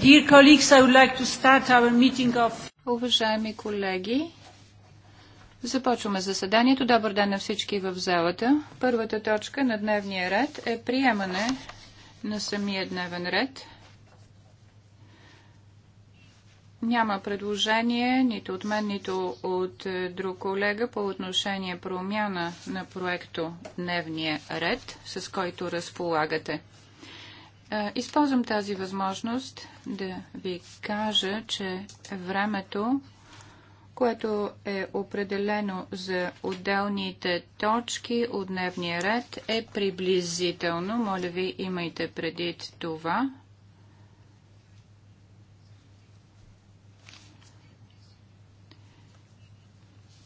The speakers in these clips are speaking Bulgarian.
Dear colleagues, I would like to start our meeting of... Уважаеми колеги, започваме заседанието. Добър ден на всички в залата. Първата точка на дневния ред е приемане на самия дневен ред. Няма предложение нито от мен, нито от е, друг колега по отношение промяна на проекто дневния ред, с който разполагате. Използвам тази възможност да ви кажа, че времето, което е определено за отделните точки от дневния ред, е приблизително. Моля ви, имайте преди това.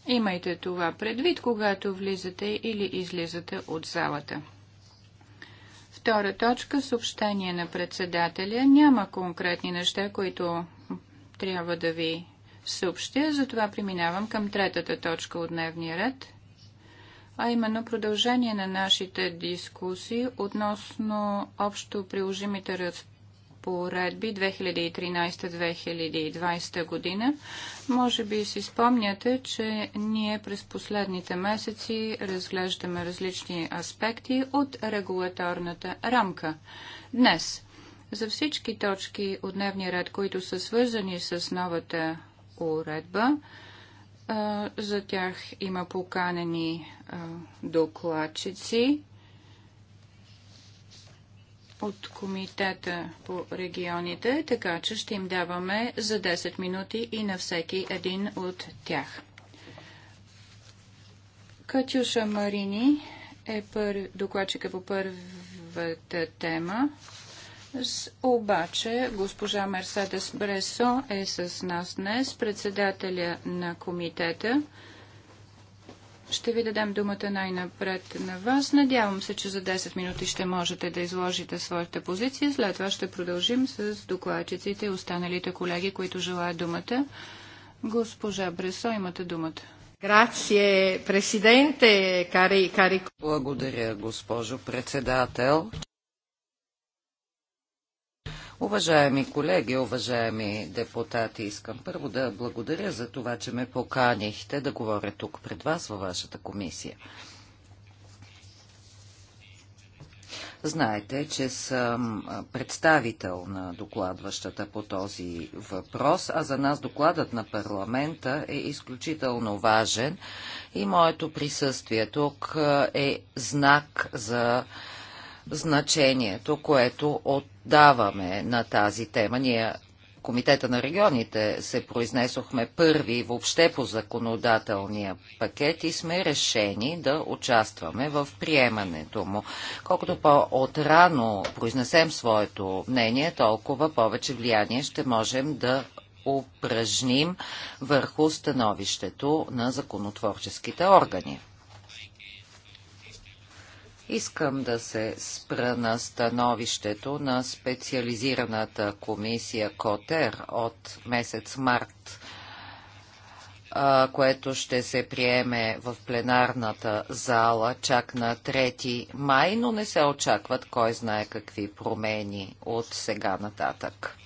Имайте това предвид, когато влизате или излизате от залата. Втора точка съобщение на председателя. Няма конкретни неща, които трябва да ви съобщя, затова преминавам към третата точка от дневния ред, а именно продължение на нашите дискусии относно общо приложимите разпоредби разпоредби 2013-2020 година. Може би си спомняте, че ние през последните месеци разглеждаме различни аспекти от регулаторната рамка. Днес за всички точки от дневния ред, които са свързани с новата уредба, за тях има поканени докладчици от комитета по регионите, така че ще им даваме за 10 минути и на всеки един от тях. Катюша Марини е пър... докладчика по първата тема. С... Обаче госпожа Мерседес Бресо е с нас днес, председателя на комитета. Ще ви дадем думата най-напред на вас. Надявам се, че за 10 минути ще можете да изложите своята позиция. След това ще продължим с докладчиците и останалите колеги, които желаят думата. Госпожа Бресо, имате думата. Благодаря, госпожо председател. Уважаеми колеги, уважаеми депутати, искам първо да благодаря за това, че ме поканихте да говоря тук пред вас във вашата комисия. Знаете, че съм представител на докладващата по този въпрос, а за нас докладът на парламента е изключително важен и моето присъствие тук е знак за значението, което отдаваме на тази тема. Ние, Комитета на регионите, се произнесохме първи въобще по законодателния пакет и сме решени да участваме в приемането му. Колкото по-отрано произнесем своето мнение, толкова повече влияние ще можем да упражним върху становището на законотворческите органи. Искам да се спра на становището на специализираната комисия Котер от месец март, което ще се приеме в пленарната зала чак на 3 май, но не се очакват кой знае какви промени от сега нататък.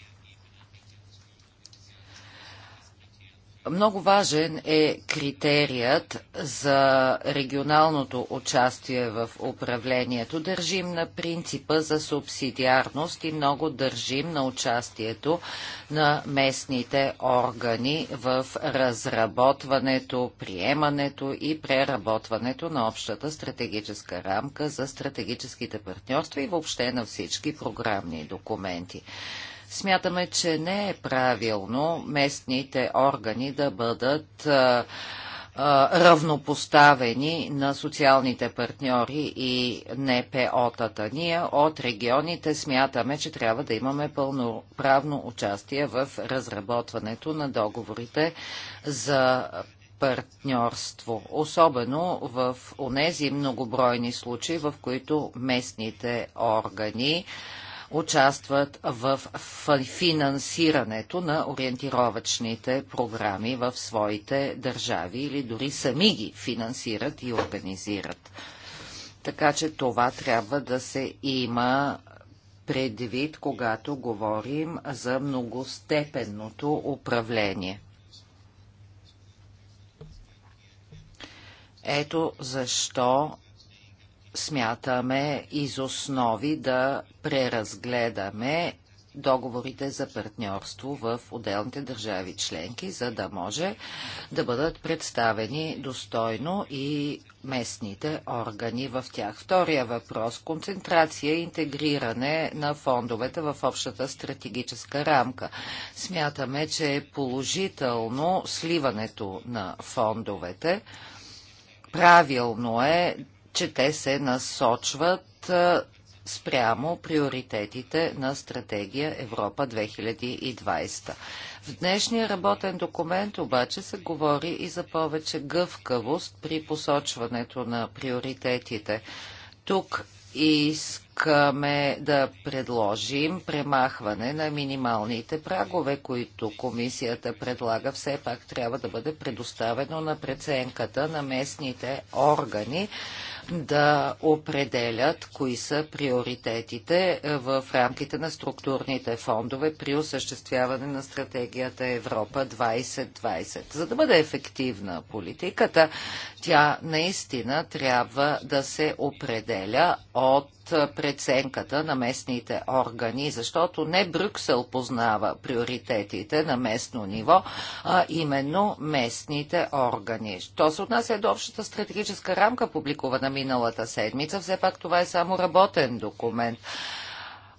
Много важен е критерият за регионалното участие в управлението. Държим на принципа за субсидиарност и много държим на участието на местните органи в разработването, приемането и преработването на общата стратегическа рамка за стратегическите партньорства и въобще на всички програмни документи. Смятаме, че не е правилно местните органи да бъдат равнопоставени на социалните партньори и НПО-тата. Ние от регионите смятаме, че трябва да имаме пълноправно участие в разработването на договорите за партньорство, особено в онези многобройни случаи, в които местните органи участват в финансирането на ориентировачните програми в своите държави или дори сами ги финансират и организират. Така че това трябва да се има предвид, когато говорим за многостепенното управление. Ето защо смятаме из основи да преразгледаме договорите за партньорство в отделните държави членки, за да може да бъдат представени достойно и местните органи в тях. Втория въпрос – концентрация и интегриране на фондовете в общата стратегическа рамка. Смятаме, че е положително сливането на фондовете. Правилно е, че те се насочват спрямо приоритетите на стратегия Европа 2020. В днешния работен документ обаче се говори и за повече гъвкавост при посочването на приоритетите. Тук искаме да предложим премахване на минималните прагове, които комисията предлага. Все пак трябва да бъде предоставено на преценката на местните органи да определят кои са приоритетите е, в рамките на структурните фондове при осъществяване на стратегията Европа 2020. За да бъде ефективна политиката, тя наистина трябва да се определя от преценката на местните органи, защото не Брюксел познава приоритетите на местно ниво, а именно местните органи. Що се отнася до общата стратегическа рамка, публикувана миналата седмица, все пак това е само работен документ.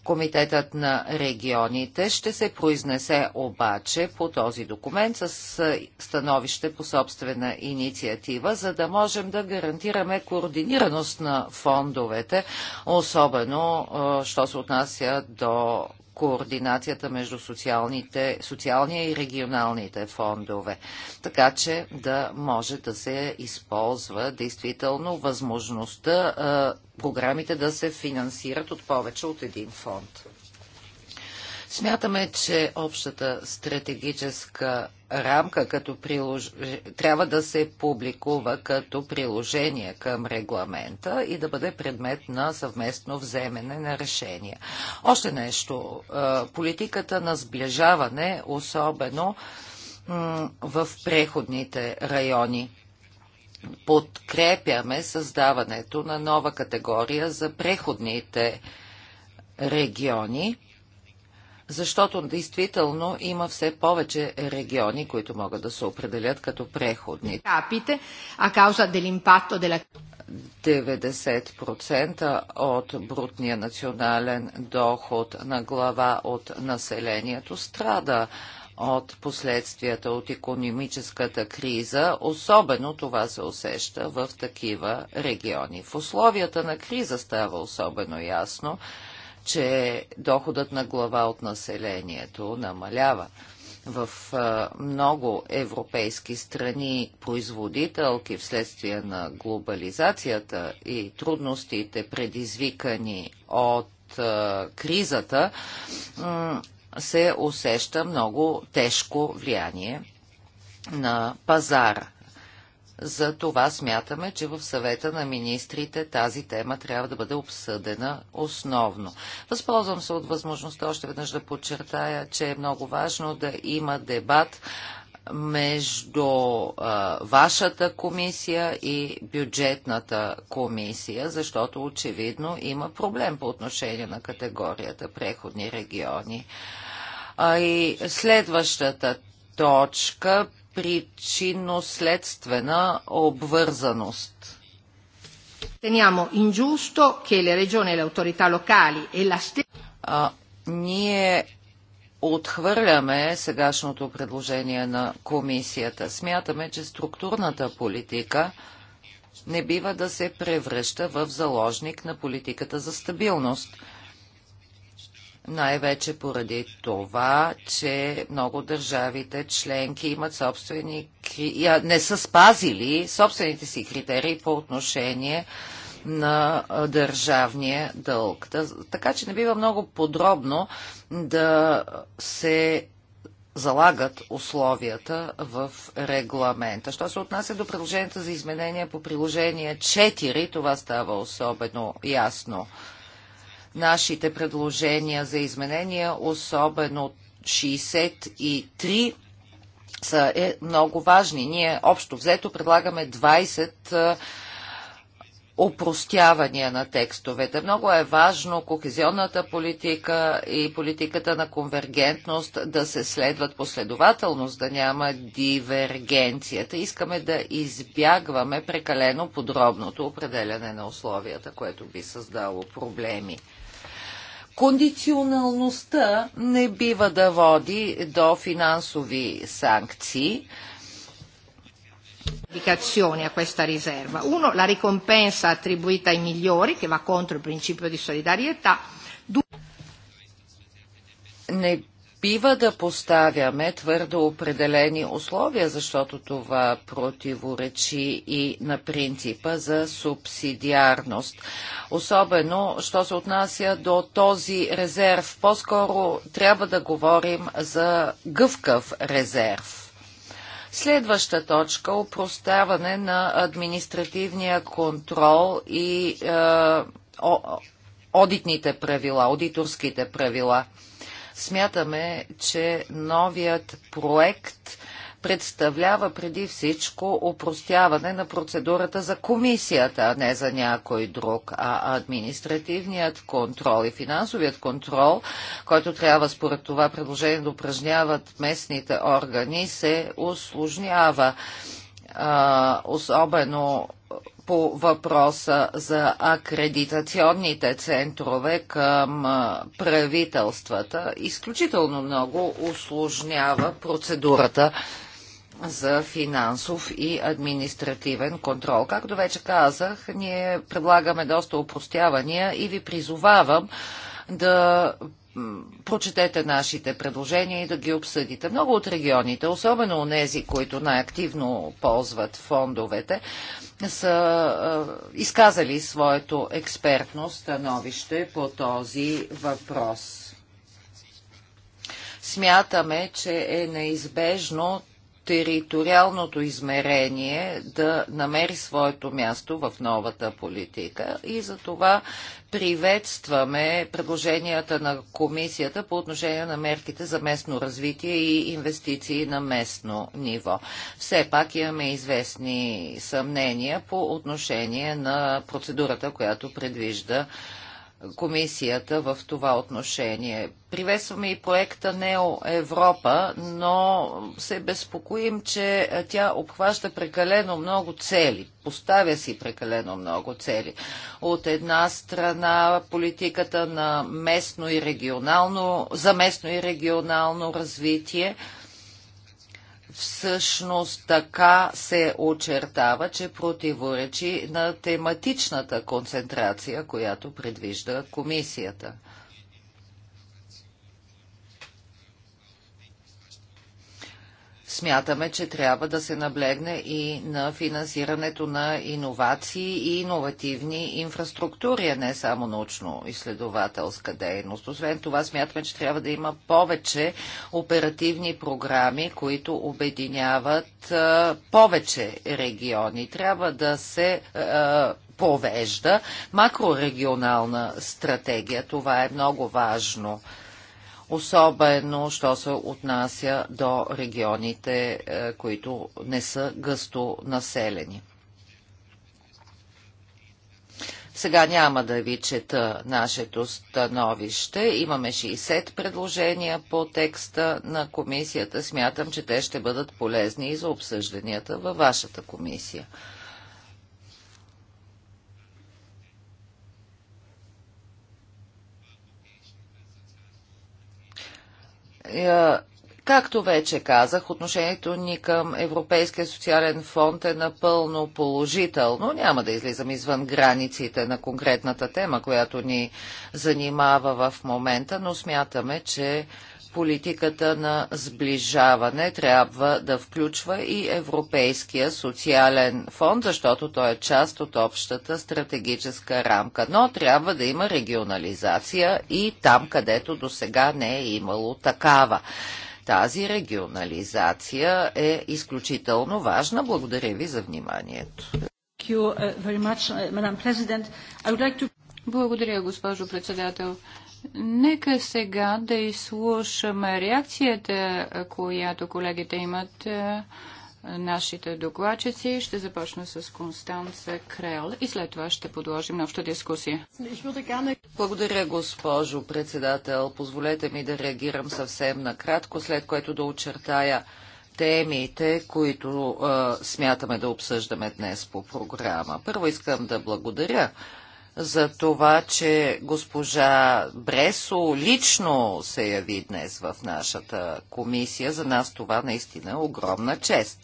Комитетът на регионите ще се произнесе обаче по този документ с становище по собствена инициатива, за да можем да гарантираме координираност на фондовете, особено що се отнася до координацията между социалните, социалния и регионалните фондове, така че да може да се използва действително възможността а, програмите да се финансират от повече от един фонд. Смятаме, че общата стратегическа рамка като прилож... трябва да се публикува като приложение към регламента и да бъде предмет на съвместно вземене на решения. Още нещо. Политиката на сближаване, особено в преходните райони подкрепяме създаването на нова категория за преходните региони, защото действително има все повече региони, които могат да се определят като преходни. 90% от брутния национален доход на глава от населението страда от последствията от економическата криза. Особено това се усеща в такива региони. В условията на криза става особено ясно, че доходът на глава от населението намалява. В много европейски страни производителки вследствие на глобализацията и трудностите предизвикани от кризата се усеща много тежко влияние на пазара. За това смятаме, че в съвета на министрите тази тема трябва да бъде обсъдена основно. Възползвам се от възможността още веднъж да подчертая, че е много важно да има дебат между а, вашата комисия и бюджетната комисия, защото очевидно има проблем по отношение на категорията преходни региони. А и следващата точка причинно-следствена обвързаност. Teniamo инжусто, че ле regioni ле авторита локали и ла сте... Ние отхвърляме сегашното предложение на комисията. Смятаме, че структурната политика не бива да се превръща в заложник на политиката за стабилност – най-вече поради това, че много държавите членки имат собствени, не са спазили собствените си критерии по отношение на държавния дълг. Така че не бива много подробно да се залагат условията в регламента. Що се отнася до предложенията за изменения по приложение 4, това става особено ясно нашите предложения за изменения, особено 63 са е много важни. Ние общо взето предлагаме 20 опростявания на текстовете. Много е важно кохезионната политика и политиката на конвергентност да се следват последователност, да няма дивергенцията. Искаме да избягваме прекалено подробното определяне на условията, което би създало проблеми. Кондиционалността не бива да води до финансови санкции. Indicazioni a questa riserva. Uno, la ricompensa attribuita ai migliori, che va contro il principio di solidarietà. Due... Не бива да поставяме твърдо определени условия, защото това противоречи и на принципа за субсидиарност. Особено, що се отнася до този резерв, по-скоро трябва да говорим за гъвкав резерв. Следваща точка – упростяване на административния контрол и е, о, одитните правила, аудиторските правила – Смятаме, че новият проект представлява преди всичко упростяване на процедурата за комисията, а не за някой друг. А административният контрол и финансовият контрол, който трябва според това предложение да упражняват местните органи, се усложнява особено по въпроса за акредитационните центрове към правителствата, изключително много усложнява процедурата за финансов и административен контрол. Както вече казах, ние предлагаме доста упростявания и ви призовавам да прочетете нашите предложения и да ги обсъдите. Много от регионите, особено у нези, които най-активно ползват фондовете, са изказали своето експертно становище по този въпрос. Смятаме, че е неизбежно териториалното измерение да намери своето място в новата политика и за това приветстваме предложенията на комисията по отношение на мерките за местно развитие и инвестиции на местно ниво. Все пак имаме известни съмнения по отношение на процедурата, която предвижда комисията в това отношение. Приветстваме и проекта Нео Европа, но се безпокоим, че тя обхваща прекалено много цели, поставя си прекалено много цели. От една страна политиката на местно и регионално, за местно и регионално развитие – всъщност така се очертава, че противоречи на тематичната концентрация, която предвижда комисията. Смятаме, че трябва да се наблегне и на финансирането на иновации и иновативни инфраструктури, а не само научно-изследователска дейност. Освен това, смятаме, че трябва да има повече оперативни програми, които обединяват повече региони. Трябва да се провежда макрорегионална стратегия. Това е много важно особено, що се отнася до регионите, е, които не са гъсто населени. Сега няма да ви чета нашето становище. Имаме 60 предложения по текста на комисията. Смятам, че те ще бъдат полезни и за обсъжданията във вашата комисия. Е, както вече казах, отношението ни към Европейския социален фонд е напълно положително. Няма да излизам извън границите на конкретната тема, която ни занимава в момента, но смятаме, че политиката на сближаване трябва да включва и Европейския социален фонд, защото той е част от общата стратегическа рамка. Но трябва да има регионализация и там, където до сега не е имало такава. Тази регионализация е изключително важна. Благодаря ви за вниманието. Uh, uh, Благодаря, госпожо председател. Нека сега да изслушаме реакцията, която колегите имат е, нашите докладчици. Ще започна с Констанца Крел и след това ще подложим обща дискусия. Благодаря, госпожо председател. Позволете ми да реагирам съвсем накратко, след което да очертая темите, които е, смятаме да обсъждаме днес по програма. Първо искам да благодаря за това, че госпожа Бресо лично се яви днес в нашата комисия. За нас това наистина е огромна чест.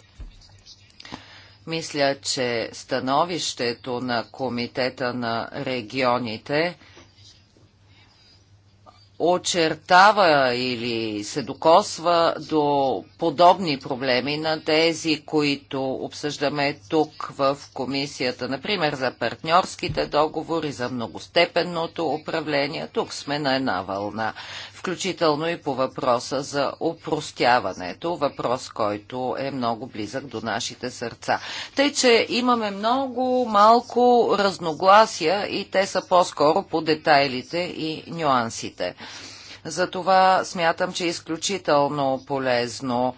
Мисля, че становището на Комитета на регионите очертава или се докосва до подобни проблеми на тези, които обсъждаме тук в комисията, например за партньорските договори, за многостепенното управление. Тук сме на една вълна включително и по въпроса за опростяването, въпрос, който е много близък до нашите сърца. Тъй, че имаме много малко разногласия и те са по-скоро по детайлите и нюансите. Затова смятам, че е изключително полезно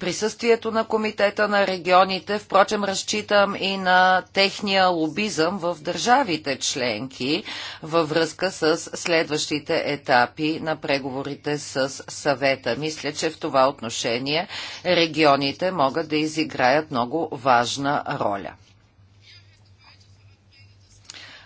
присъствието на Комитета на регионите. Впрочем, разчитам и на техния лобизъм в държавите членки във връзка с следващите етапи на преговорите с съвета. Мисля, че в това отношение регионите могат да изиграят много важна роля.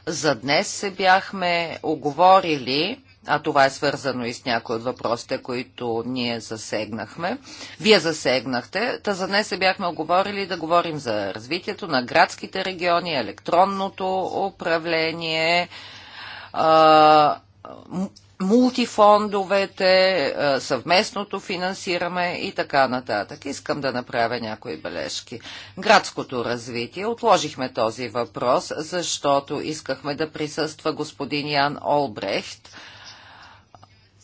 За днес се бяхме оговорили а това е свързано и с някои от въпросите, които ние засегнахме. Вие засегнахте, та за днес се бяхме оговорили да говорим за развитието на градските региони, електронното управление, мултифондовете, съвместното финансираме и така нататък. Искам да направя някои бележки. Градското развитие. Отложихме този въпрос, защото искахме да присъства господин Ян Олбрехт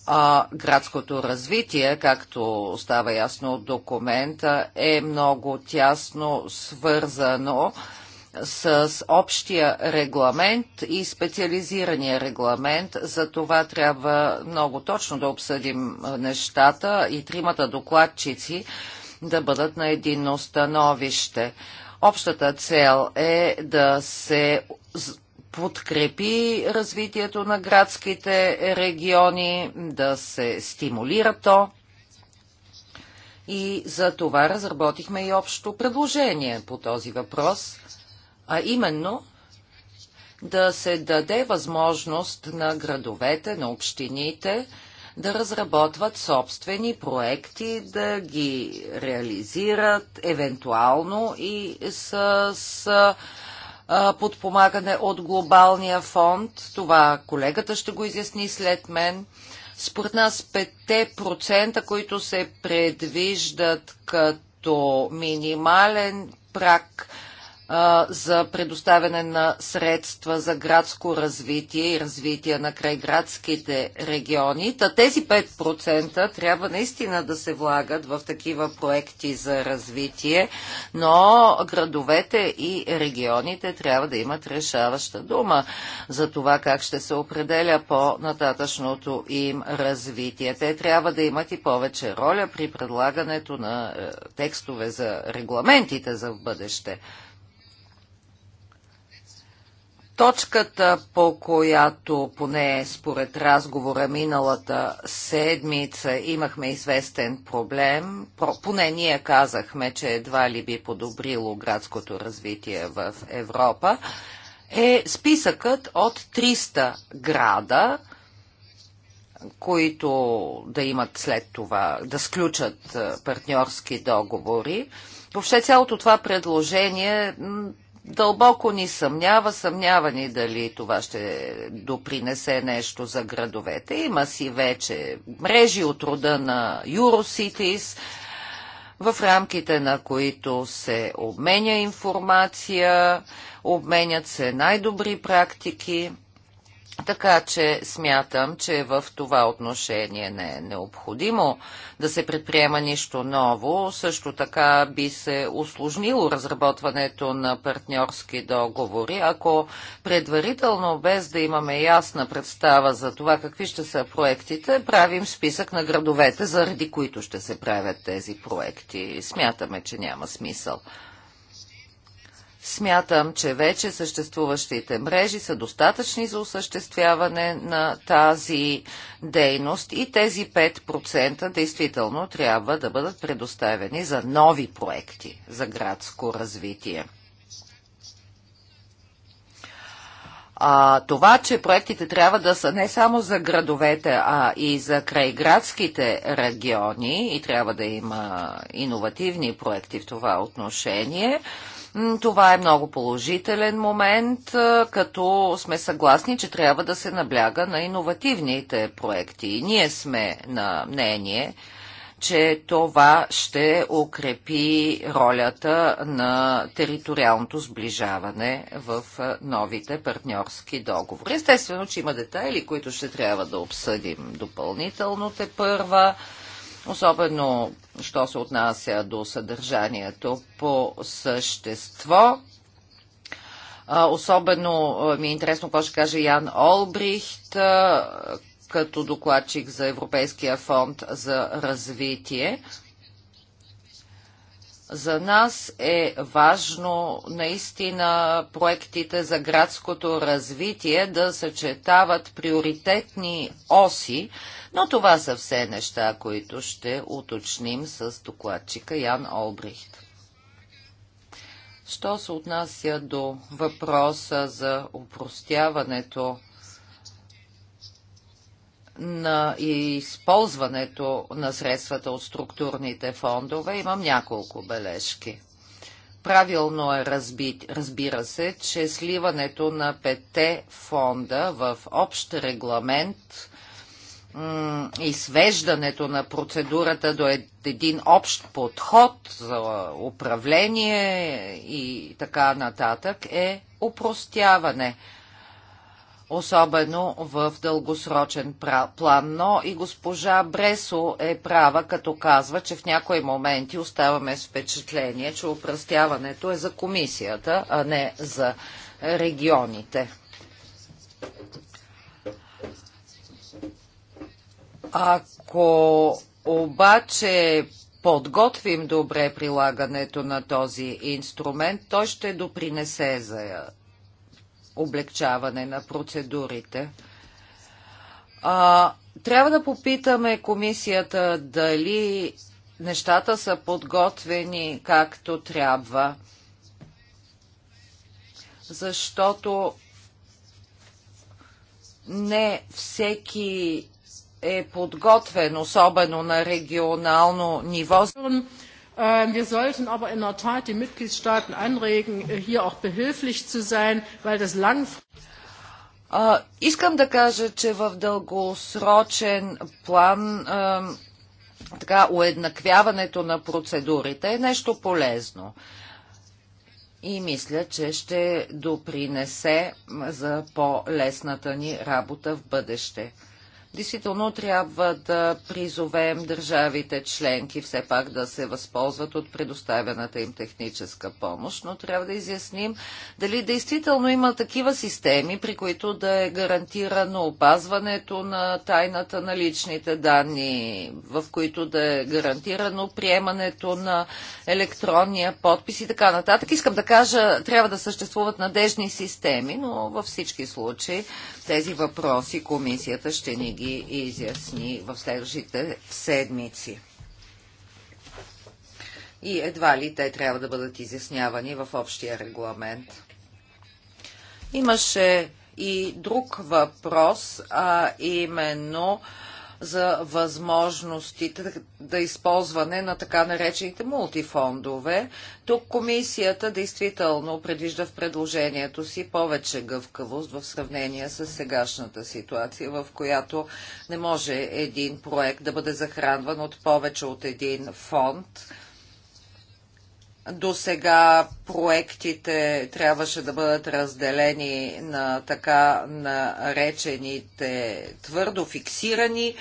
а, градското развитие, както става ясно от документа, е много тясно свързано с общия регламент и специализирания регламент. За това трябва много точно да обсъдим нещата и тримата докладчици да бъдат на едино становище. Общата цел е да се подкрепи развитието на градските региони, да се стимулира то. И за това разработихме и общо предложение по този въпрос, а именно да се даде възможност на градовете, на общините да разработват собствени проекти, да ги реализират евентуално и с, с подпомагане от глобалния фонд. Това колегата ще го изясни след мен. Според нас 5%, които се предвиждат като минимален прак за предоставяне на средства за градско развитие и развитие на крайградските региони. Та тези 5% трябва наистина да се влагат в такива проекти за развитие, но градовете и регионите трябва да имат решаваща дума за това как ще се определя по-нататъчното им развитие. Те трябва да имат и повече роля при предлагането на е, текстове за регламентите за в бъдеще. Точката, по която, поне според разговора миналата седмица, имахме известен проблем, поне ние казахме, че едва ли би подобрило градското развитие в Европа, е списъкът от 300 града, които да имат след това, да сключат партньорски договори. Въобще цялото това предложение дълбоко ни съмнява, съмнява ни дали това ще допринесе нещо за градовете. Има си вече мрежи от рода на Eurocities, в рамките на които се обменя информация, обменят се най-добри практики. Така че смятам, че в това отношение не е необходимо да се предприема нищо ново. Също така би се усложнило разработването на партньорски договори, ако предварително, без да имаме ясна представа за това какви ще са проектите, правим списък на градовете, заради които ще се правят тези проекти. Смятаме, че няма смисъл. Смятам, че вече съществуващите мрежи са достатъчни за осъществяване на тази дейност и тези 5% действително трябва да бъдат предоставени за нови проекти за градско развитие. А, това, че проектите трябва да са не само за градовете, а и за крайградските региони и трябва да има иновативни проекти в това отношение, това е много положителен момент, като сме съгласни, че трябва да се набляга на иновативните проекти. И ние сме на мнение, че това ще укрепи ролята на териториалното сближаване в новите партньорски договори. Естествено, че има детайли, които ще трябва да обсъдим допълнително те първа особено що се отнася до съдържанието по същество. Особено ми е интересно какво ще каже Ян Олбрихт като докладчик за Европейския фонд за развитие. За нас е важно наистина проектите за градското развитие да съчетават приоритетни оси, но това са все неща, които ще уточним с докладчика Ян Олбрихт. Що се отнася до въпроса за упростяването на използването на средствата от структурните фондове, имам няколко бележки. Правилно е, разби, разбира се, че сливането на пете фонда в общ регламент извеждането на процедурата до един общ подход за управление и така нататък е упростяване особено в дългосрочен план. Но и госпожа Бресо е права, като казва, че в някои моменти оставаме с впечатление, че упростяването е за комисията, а не за регионите. Ако обаче подготвим добре прилагането на този инструмент, той ще допринесе за облегчаване на процедурите. А, трябва да попитаме комисията дали нещата са подготвени както трябва, защото не всеки е подготвен, особено на регионално ниво. Äh, wir sollten aber in der Tat die Mitgliedstaaten anregen, äh, hier auch behilflich zu sein, weil das langfristig искам да кажа, че в дългосрочен план така, уеднаквяването на процедурите е нещо полезно. И мисля, че ще допринесе за по-лесната ни работа в бъдеще. Действително трябва да призовем държавите членки все пак да се възползват от предоставената им техническа помощ, но трябва да изясним дали действително има такива системи, при които да е гарантирано опазването на тайната на личните данни, в които да е гарантирано приемането на електронния подпис и така нататък. Искам да кажа, трябва да съществуват надежни системи, но във всички случаи тези въпроси комисията ще ни ги ги изясни в следващите седмици. И едва ли те трябва да бъдат изяснявани в общия регламент. Имаше и друг въпрос, а именно за възможностите да използване на така наречените мултифондове. Тук комисията действително предвижда в предложението си повече гъвкавост в сравнение с сегашната ситуация, в която не може един проект да бъде захранван от повече от един фонд до сега проектите трябваше да бъдат разделени на така наречените твърдо фиксирани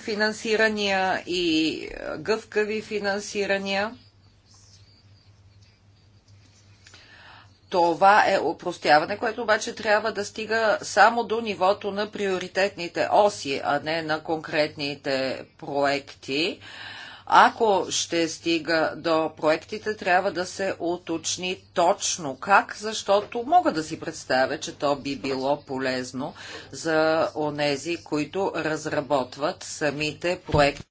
финансирания и гъвкави финансирания. Това е опростяване, което обаче трябва да стига само до нивото на приоритетните оси, а не на конкретните проекти. Ако ще стига до проектите, трябва да се уточни точно как, защото мога да си представя, че то би било полезно за онези, които разработват самите проекти.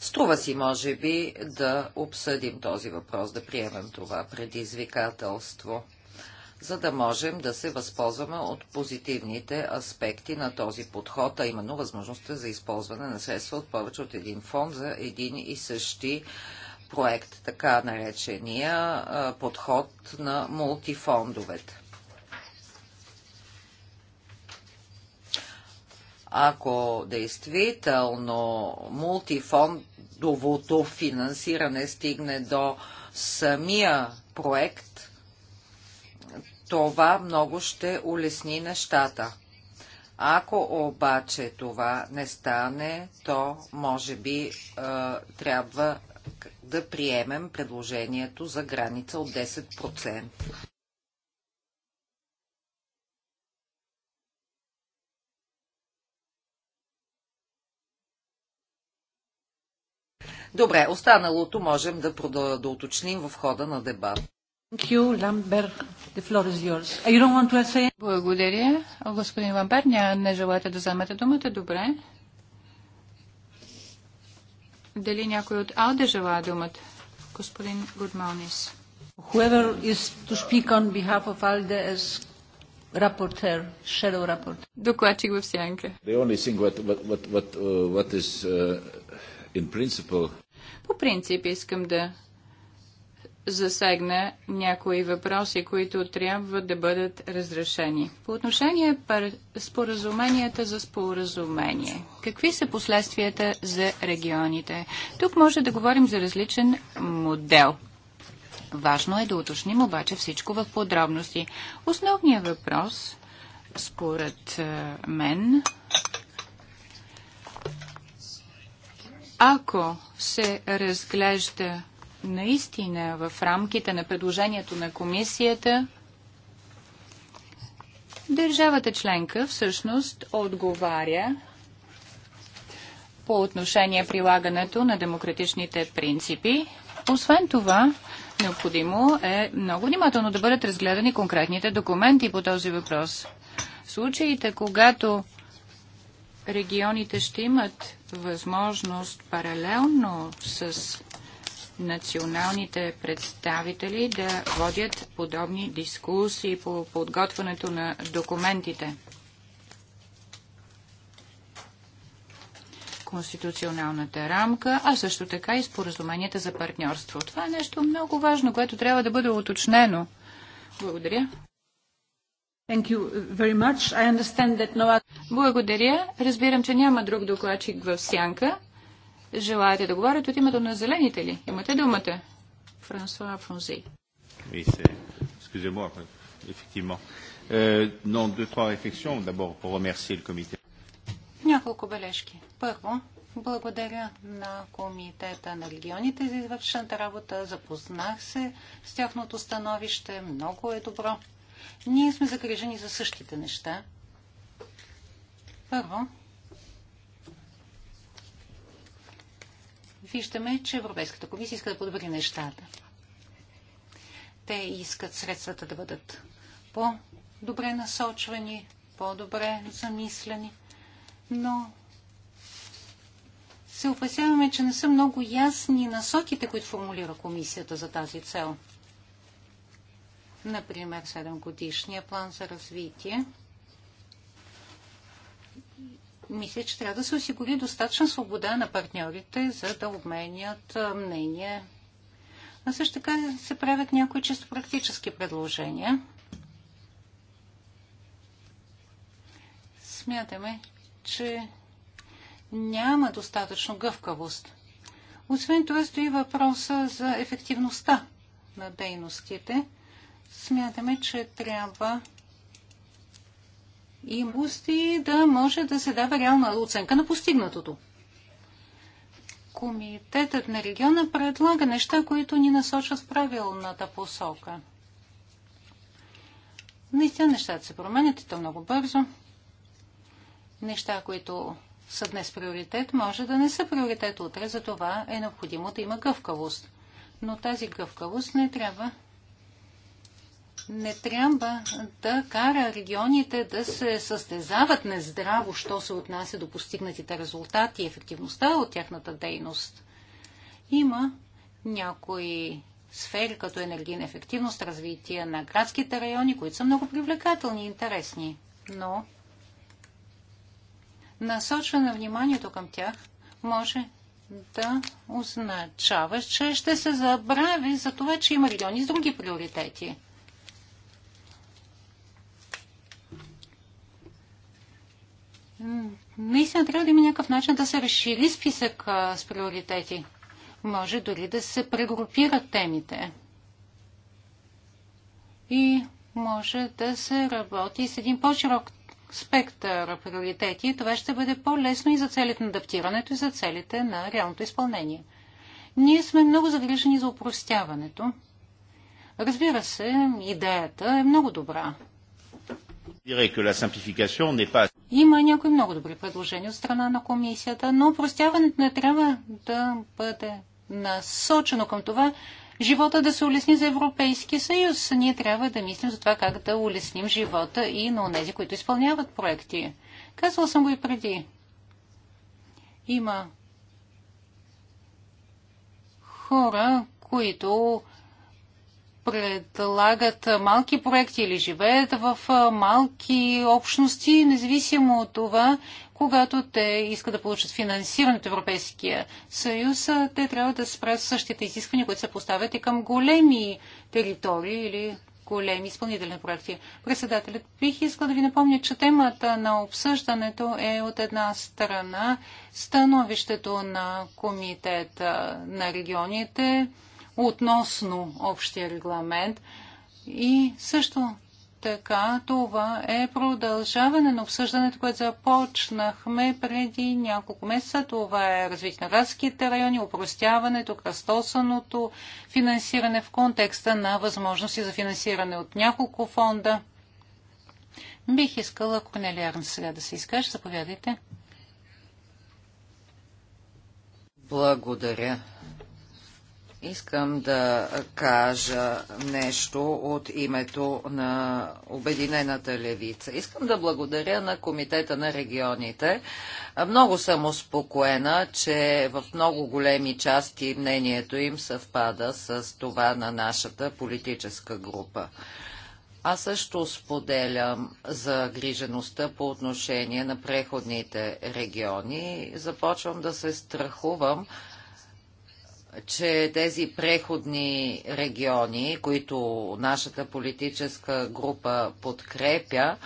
Струва си, може би, да обсъдим този въпрос, да приемем това предизвикателство за да можем да се възползваме от позитивните аспекти на този подход, а именно възможността за използване на средства от повече от един фонд за един и същи проект, така наречения подход на мултифондовете. Ако действително мултифондовото финансиране стигне до самия проект, това много ще улесни нещата. Ако обаче това не стане, то може би е, трябва да приемем предложението за граница от 10%. Добре, останалото можем да, да, да уточним в хода на дебат. Благодаря. Господин Ламбер, не желаете да вземете думата? Добре. Дали някой от АЛДЕ желая думата? Господин Гудмалнис. Whoever is to speak on behalf of ALDE as rapporteur, shadow rapporteur. Докладчик в сянка. The only thing what, what, what, what, uh, what is uh, in principle... По принцип искам да засегна някои въпроси, които трябва да бъдат разрешени. По отношение пар... споразуменията за споразумение. Какви са последствията за регионите? Тук може да говорим за различен модел. Важно е да уточним обаче всичко в подробности. Основният въпрос, според е, мен, ако се разглежда наистина в рамките на предложението на комисията държавата членка всъщност отговаря по отношение прилагането на демократичните принципи. Освен това, необходимо е много внимателно да бъдат разгледани конкретните документи по този въпрос. Случаите, когато регионите ще имат възможност паралелно с националните представители да водят подобни дискусии по подготвянето на документите. конституционалната рамка, а също така и споразуменията за партньорство. Това е нещо много важно, което трябва да бъде уточнено. Благодаря. Thank you very much. I understand that no... Благодаря. Разбирам, че няма друг докладчик в сянка. Желаете да говорите от името на зелените ли? Имате думата. Франсуа Фонзи. Oui, Excusez-moi, effectivement. Euh, non, deux, trois réflexions. D'abord, pour remercier le comité. Няколко бележки. Първо, благодаря на Комитета на регионите за извършената работа. Запознах се с тяхното становище. Много е добро. Ние сме загрижени за същите неща. Първо, виждаме, че Европейската комисия иска да подобри нещата. Те искат средствата да бъдат по-добре насочвани, по-добре замислени, но се опасяваме, че не са много ясни насоките, които формулира комисията за тази цел. Например, 7 годишния план за развитие – мисля, че трябва да се осигури достатъчна свобода на партньорите, за да обменят мнение. А също така се правят някои чисто практически предложения. Смятаме, че няма достатъчно гъвкавост. Освен това стои въпроса за ефективността на дейностите. Смятаме, че трябва и и да може да се дава реална оценка на постигнатото. Комитетът на региона предлага неща, които ни насочат в правилната посока. Наистина нещата се променят и то много бързо. Неща, които са днес приоритет, може да не са приоритет утре, за това е необходимо да има гъвкавост. Но тази гъвкавост не трябва не трябва да кара регионите да се състезават нездраво, що се отнася до постигнатите резултати и ефективността от тяхната дейност. Има някои сфери, като енергийна ефективност, развитие на градските райони, които са много привлекателни и интересни. Но насочване на вниманието към тях може да означава, че ще се забрави за това, че има региони с други приоритети. Наистина трябва да има някакъв начин да се разшири списък а, с приоритети. Може дори да се прегрупират темите. И може да се работи с един по-широк спектър приоритети. Това ще бъде по-лесно и за целите на адаптирането, и за целите на реалното изпълнение. Ние сме много загрижени за упростяването. Разбира се, идеята е много добра. Има някои много добри предложения от страна на комисията, но простяването не трябва да бъде насочено към това, живота да се улесни за Европейския съюз. Ние трябва да мислим за това как да улесним живота и на онези, които изпълняват проекти. Казвал съм го и преди. Има хора, които предлагат малки проекти или живеят в малки общности, независимо от това, когато те искат да получат финансиране от Европейския съюз, те трябва да спрят същите изисквания, които се поставят и към големи територии или големи изпълнителни проекти. Председателят, бих искал да ви напомня, че темата на обсъждането е от една страна становището на Комитета на регионите, относно общия регламент. И също така това е продължаване на обсъждането, което започнахме преди няколко месеца. Това е развитие на градските райони, упростяването, кръстосаното финансиране в контекста на възможности за финансиране от няколко фонда. Бих искала Корнелия Арнс сега да се изкаже. Заповядайте. Благодаря. Искам да кажа нещо от името на Обединената левица. Искам да благодаря на Комитета на регионите. Много съм успокоена, че в много големи части мнението им съвпада с това на нашата политическа група. Аз също споделям загрижеността по отношение на преходните региони. Започвам да се страхувам, че тези преходни региони, които нашата политическа група подкрепя,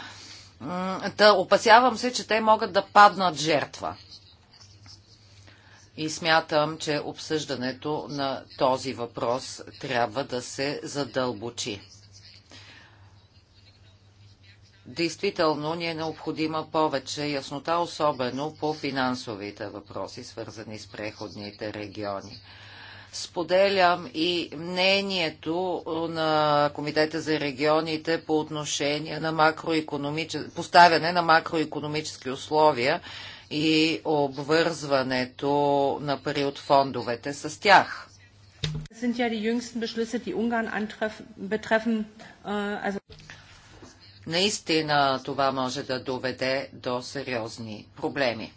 да опасявам се, че те могат да паднат жертва. И смятам, че обсъждането на този въпрос трябва да се задълбочи. Действително ни е необходима повече яснота, особено по финансовите въпроси, свързани с преходните региони. Споделям и мнението на Комитета за регионите по отношение на макроекономичес... поставяне на макроекономически условия и обвързването на пари от фондовете с тях. Äh, Наистина това може да доведе до сериозни проблеми.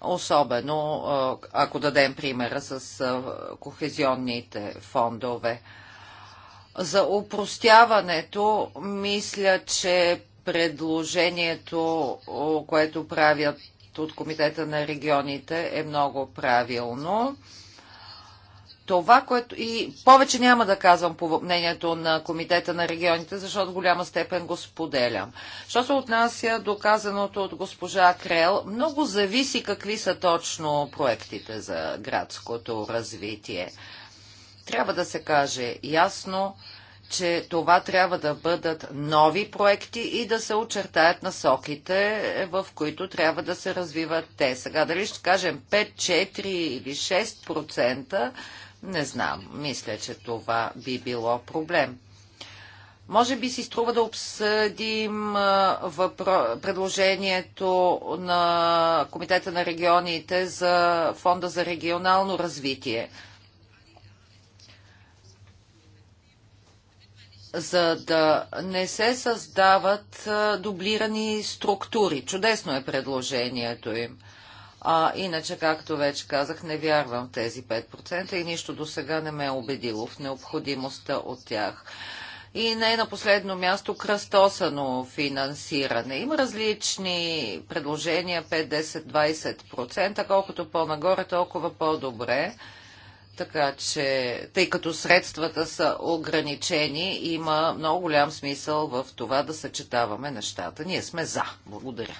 особено ако дадем примера с кохезионните фондове. За упростяването мисля, че предложението, което правят от Комитета на регионите е много правилно. Това, което и повече няма да казвам по мнението на Комитета на регионите, защото в голяма степен го споделям. Що се отнася до казаното от госпожа Крел, много зависи какви са точно проектите за градското развитие. Трябва да се каже ясно, че това трябва да бъдат нови проекти и да се очертаят насоките, в които трябва да се развиват те. Сега дали ще кажем 5, 4 или 6% не знам. Мисля, че това би било проблем. Може би си струва да обсъдим въпро... предложението на Комитета на регионите за Фонда за регионално развитие. за да не се създават дублирани структури. Чудесно е предложението им. А иначе, както вече казах, не вярвам в тези 5% и нищо до сега не ме е убедило в необходимостта от тях. И не на последно място кръстосано финансиране. Има различни предложения 5, 10, 20%, колкото по-нагоре, толкова по-добре. Така че, тъй като средствата са ограничени, има много голям смисъл в това да съчетаваме нещата. Ние сме за. Благодаря.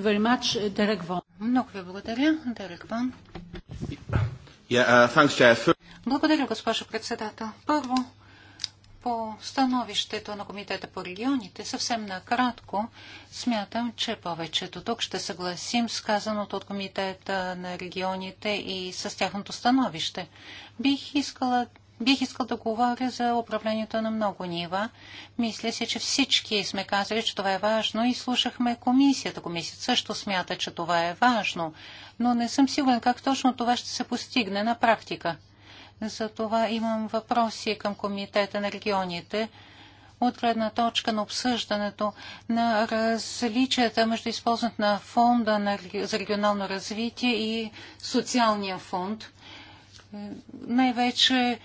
Much, много ви благодаря, Дерек Ван. Uh, благодаря, госпожо председател. Първо, по становището на Комитета по регионите, съвсем накратко, смятам, че повечето тук ще съгласим с казаното от Комитета на регионите и с тяхното становище. Бих искала Бих искал да говоря за управлението на много нива. Мисля се, че всички сме казали, че това е важно и слушахме комисията. Комисията също смята, че това е важно, но не съм сигурен как точно това ще се постигне на практика. Затова имам въпроси към Комитета на регионите от гледна точка на обсъждането на различията между използването на фонда за регионално развитие и социалния фонд. Е, най-вече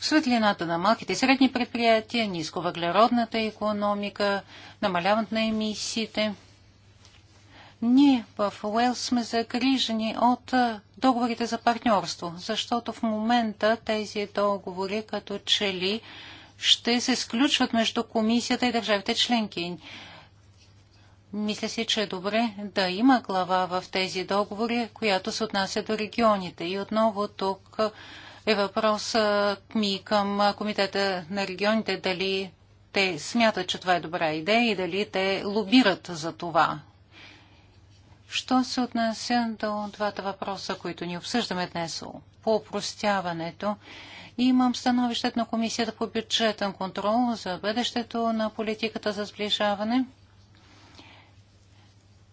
светлината на малките и средни предприятия, нисковъглеродната економика, намаляването на емисиите. Ние в Уелс сме загрижени от договорите за партньорство, защото в момента тези договори като че ли ще се сключват между комисията и държавите членки. Мисля си, че е добре да има глава в тези договори, която се отнася до регионите. И отново тук е въпрос ми към Комитета на регионите дали те смятат, че това е добра идея и дали те лобират за това. Що се отнася до двата въпроса, които ни обсъждаме днес по опростяването, имам становището на Комисията по бюджетен контрол за бъдещето на политиката за сближаване.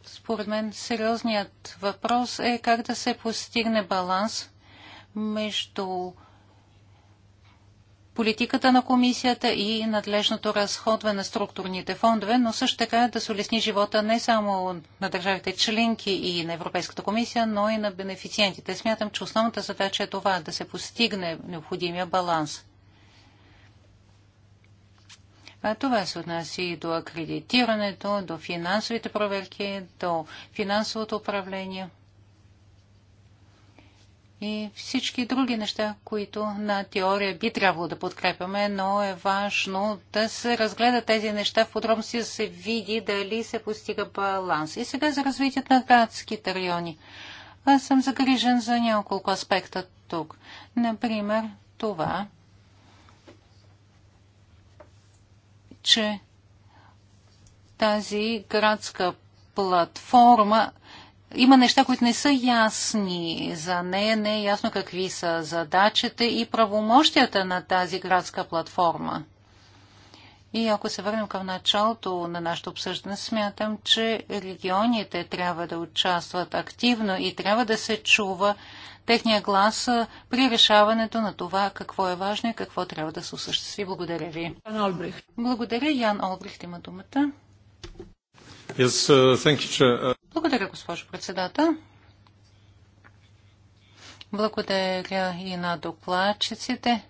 Според мен сериозният въпрос е как да се постигне баланс между политиката на комисията и надлежното разходване на структурните фондове, но също така да се улесни живота не само на държавите членки и на Европейската комисия, но и на бенефициентите. Смятам, че основната задача е това да се постигне необходимия баланс. А това се отнася и до акредитирането, до финансовите проверки, до финансовото управление – и всички други неща, които на теория би трябвало да подкрепяме, но е важно да се разгледат тези неща в подробности, да се види дали се постига баланс. И сега за развитието на градските райони. Аз съм загрижен за няколко аспекта тук. Например, това, че тази градска платформа има неща, които не са ясни за нея, не е ясно какви са задачите и правомощията на тази градска платформа. И ако се върнем към началото на нашето обсъждане, смятам, че регионите трябва да участват активно и трябва да се чува техния глас при решаването на това какво е важно и какво трябва да се осъществи. Благодаря ви. Ян Благодаря. Ян Олбрихт има думата. Yes, uh, благодаря, госпожо председател. Благодаря и на докладчиците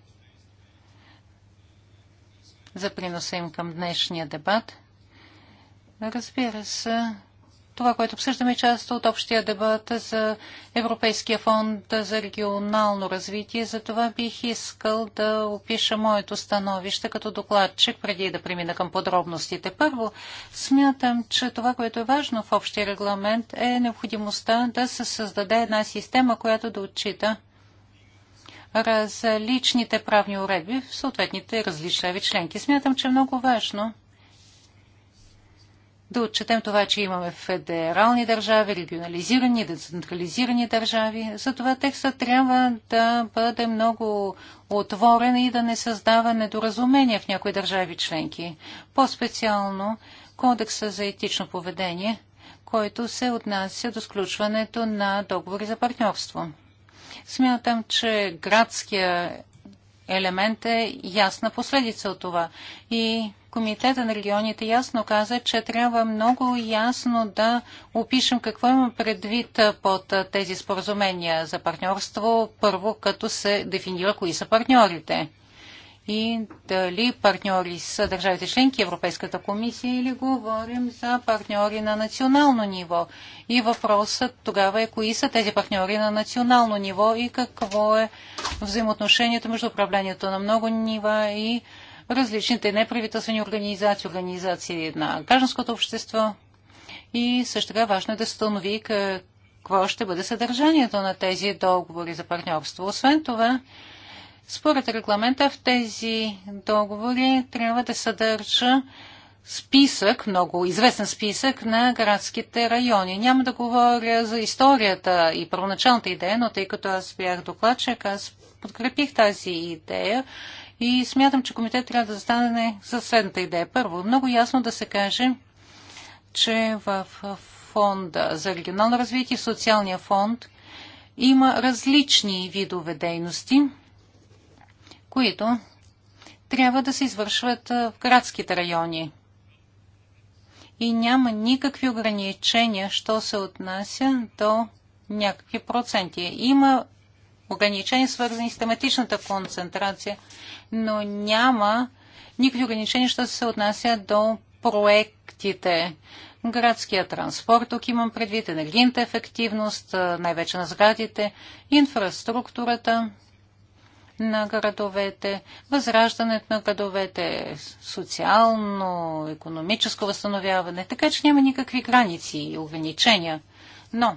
за приноса им към днешния дебат. Разбира се, това, което обсъждаме, е част от общия дебат за Европейския фонд за регионално развитие. Затова бих искал да опиша моето становище като докладчик, преди да премина към подробностите. Първо, смятам, че това, което е важно в общия регламент, е необходимостта да се създаде една система, която да отчита различните правни уредби в съответните различни членки. Смятам, че е много важно да отчетем това, че имаме федерални държави, регионализирани, децентрализирани държави. Затова текстът трябва да бъде много отворен и да не създава недоразумения в някои държави членки. По-специално Кодекса за етично поведение, който се отнася до сключването на договори за партньорство. Смятам, че градския елемент е ясна последица от това и Комитета на регионите ясно каза, че трябва много ясно да опишем какво има предвид под тези споразумения за партньорство, първо като се дефинира кои са партньорите и дали партньори са държавите членки, Европейската комисия или говорим за партньори на национално ниво. И въпросът тогава е кои са тези партньори на национално ниво и какво е взаимоотношението между управлението на много нива и различните неправителствени организации, организации на гражданското общество. И също така важно е да се установи какво ще бъде съдържанието на тези договори за партньорство. Освен това, според регламента в тези договори трябва да съдържа списък, много известен списък на градските райони. Няма да говоря за историята и първоначалната идея, но тъй като аз бях докладчик, аз подкрепих тази идея и смятам, че комитет трябва да застане със следната идея. Първо, много ясно да се каже, че в фонда за регионално развитие, социалния фонд, има различни видове дейности, които трябва да се извършват в градските райони. И няма никакви ограничения, що се отнася до някакви проценти. Има ограничения, свързани с тематичната концентрация, но няма никакви ограничения, що се отнася до проектите. Градския транспорт, тук имам предвид енергийната ефективност, най-вече на сградите, инфраструктурата на градовете, възраждането на градовете, социално, економическо възстановяване, така че няма никакви граници и ограничения. Но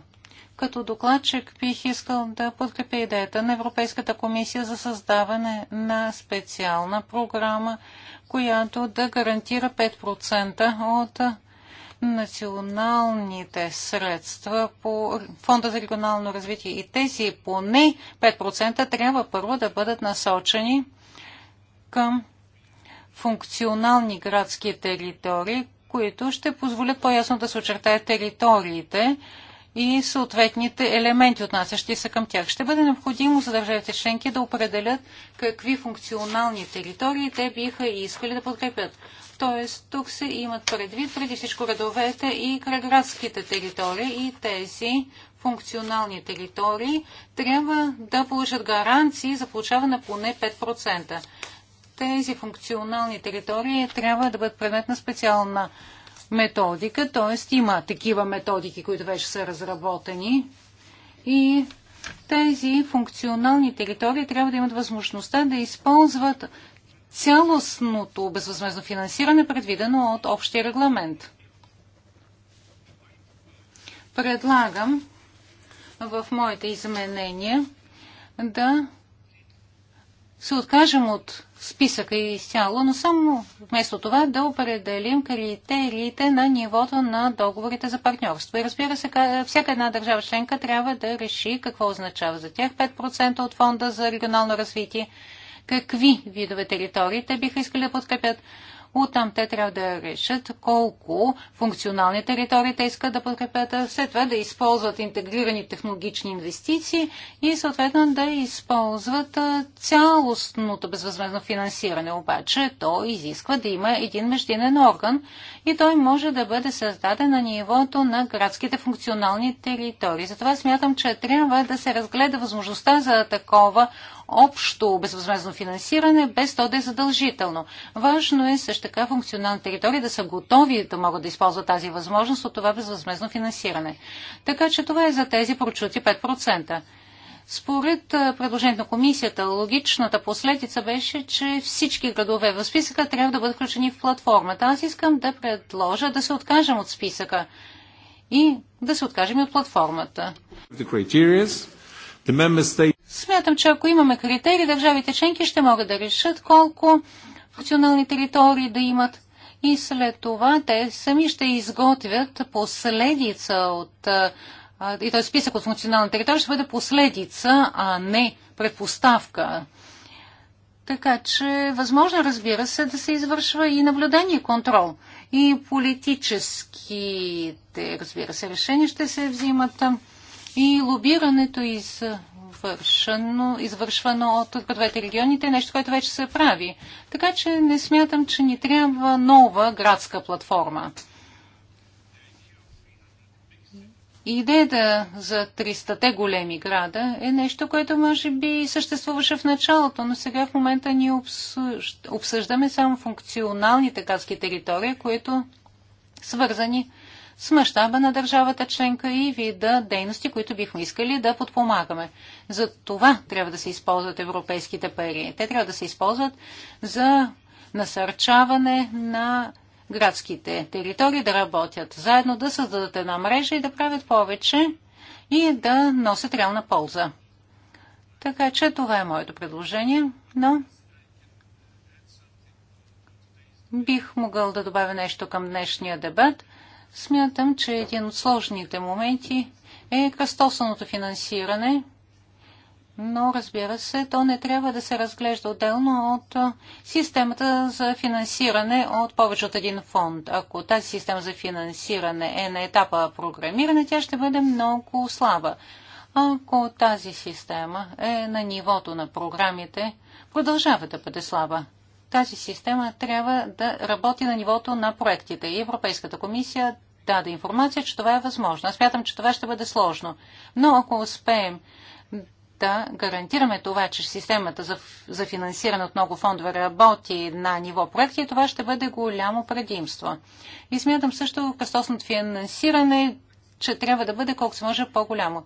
като докладчик бих искал да подкрепя идеята на Европейската комисия за създаване на специална програма, която да гарантира 5% от националните средства по Фонда за регионално развитие. И тези поне 5% трябва първо да бъдат насочени към функционални градски територии, които ще позволят по-ясно да се очертаят териториите и съответните елементи, отнасящи се към тях. Ще бъде необходимо за държавите членки да определят какви функционални територии те биха искали да подкрепят. Тоест, тук се имат предвид преди всичко градовете и крайградските територии и тези функционални територии трябва да получат гаранции за получаване поне 5%. Тези функционални територии трябва да бъдат предмет на специална методика, т.е. има такива методики, които вече са разработени и тези функционални територии трябва да имат възможността да използват цялостното безвъзмезно финансиране, предвидено от общия регламент. Предлагам в моите изменения да се откажем от списъка изцяло, но само вместо това да определим критериите на нивото на договорите за партньорство. И разбира се, всяка една държава членка трябва да реши какво означава за тях 5% от фонда за регионално развитие, какви видове територии те биха искали да подкрепят. Оттам те трябва да решат колко функционални територии те искат да подкрепят, след това да използват интегрирани технологични инвестиции и съответно да използват цялостното безвъзмезно финансиране. Обаче то изисква да има един междинен орган и той може да бъде създаден на нивото на градските функционални територии. Затова смятам, че трябва да се разгледа възможността за такова общо безвъзмезно финансиране, без то да е задължително. Важно е също така функционални територии да са готови да могат да използват тази възможност от това безвъзмезно финансиране. Така че това е за тези прочути 5%. Според предложението на комисията, логичната последица беше, че всички градове в списъка трябва да бъдат включени в платформата. Аз искам да предложа да се откажем от списъка и да се откажем и от платформата. Смятам, че ако имаме критерии, държавите членки ще могат да решат колко функционални територии да имат и след това те сами ще изготвят последица от и т.е. списък от функционални територии ще бъде последица, а не предпоставка. Така че възможно, разбира се, да се извършва и наблюдение и контрол. И политическите, разбира се, решения ще се взимат. И лобирането из извършено, извършвано от региони, регионите, нещо, което вече се прави. Така че не смятам, че ни трябва нова градска платформа. Идеята за 300-те големи града е нещо, което може би съществуваше в началото, но сега в момента ние обсъждаме само функционалните градски територии, които свързани с мащаба на държавата членка и вида дейности, които бихме искали да подпомагаме. За това трябва да се използват европейските пари. Те трябва да се използват за насърчаване на градските територии да работят заедно, да създадат една мрежа и да правят повече и да носят реална полза. Така че това е моето предложение, но бих могъл да добавя нещо към днешния дебат. Смятам, че един от сложните моменти е кръстосаното финансиране, но разбира се, то не трябва да се разглежда отделно от системата за финансиране от повече от един фонд. Ако тази система за финансиране е на етапа програмиране, тя ще бъде много слаба. Ако тази система е на нивото на програмите, продължава да бъде слаба тази система трябва да работи на нивото на проектите. И Европейската комисия даде информация, че това е възможно. Аз мятам, че това ще бъде сложно. Но ако успеем да гарантираме това, че системата за, за финансиране от много фондове работи на ниво проекти, това ще бъде голямо предимство. И смятам също кръстосното финансиране че трябва да бъде колко се може по-голямо.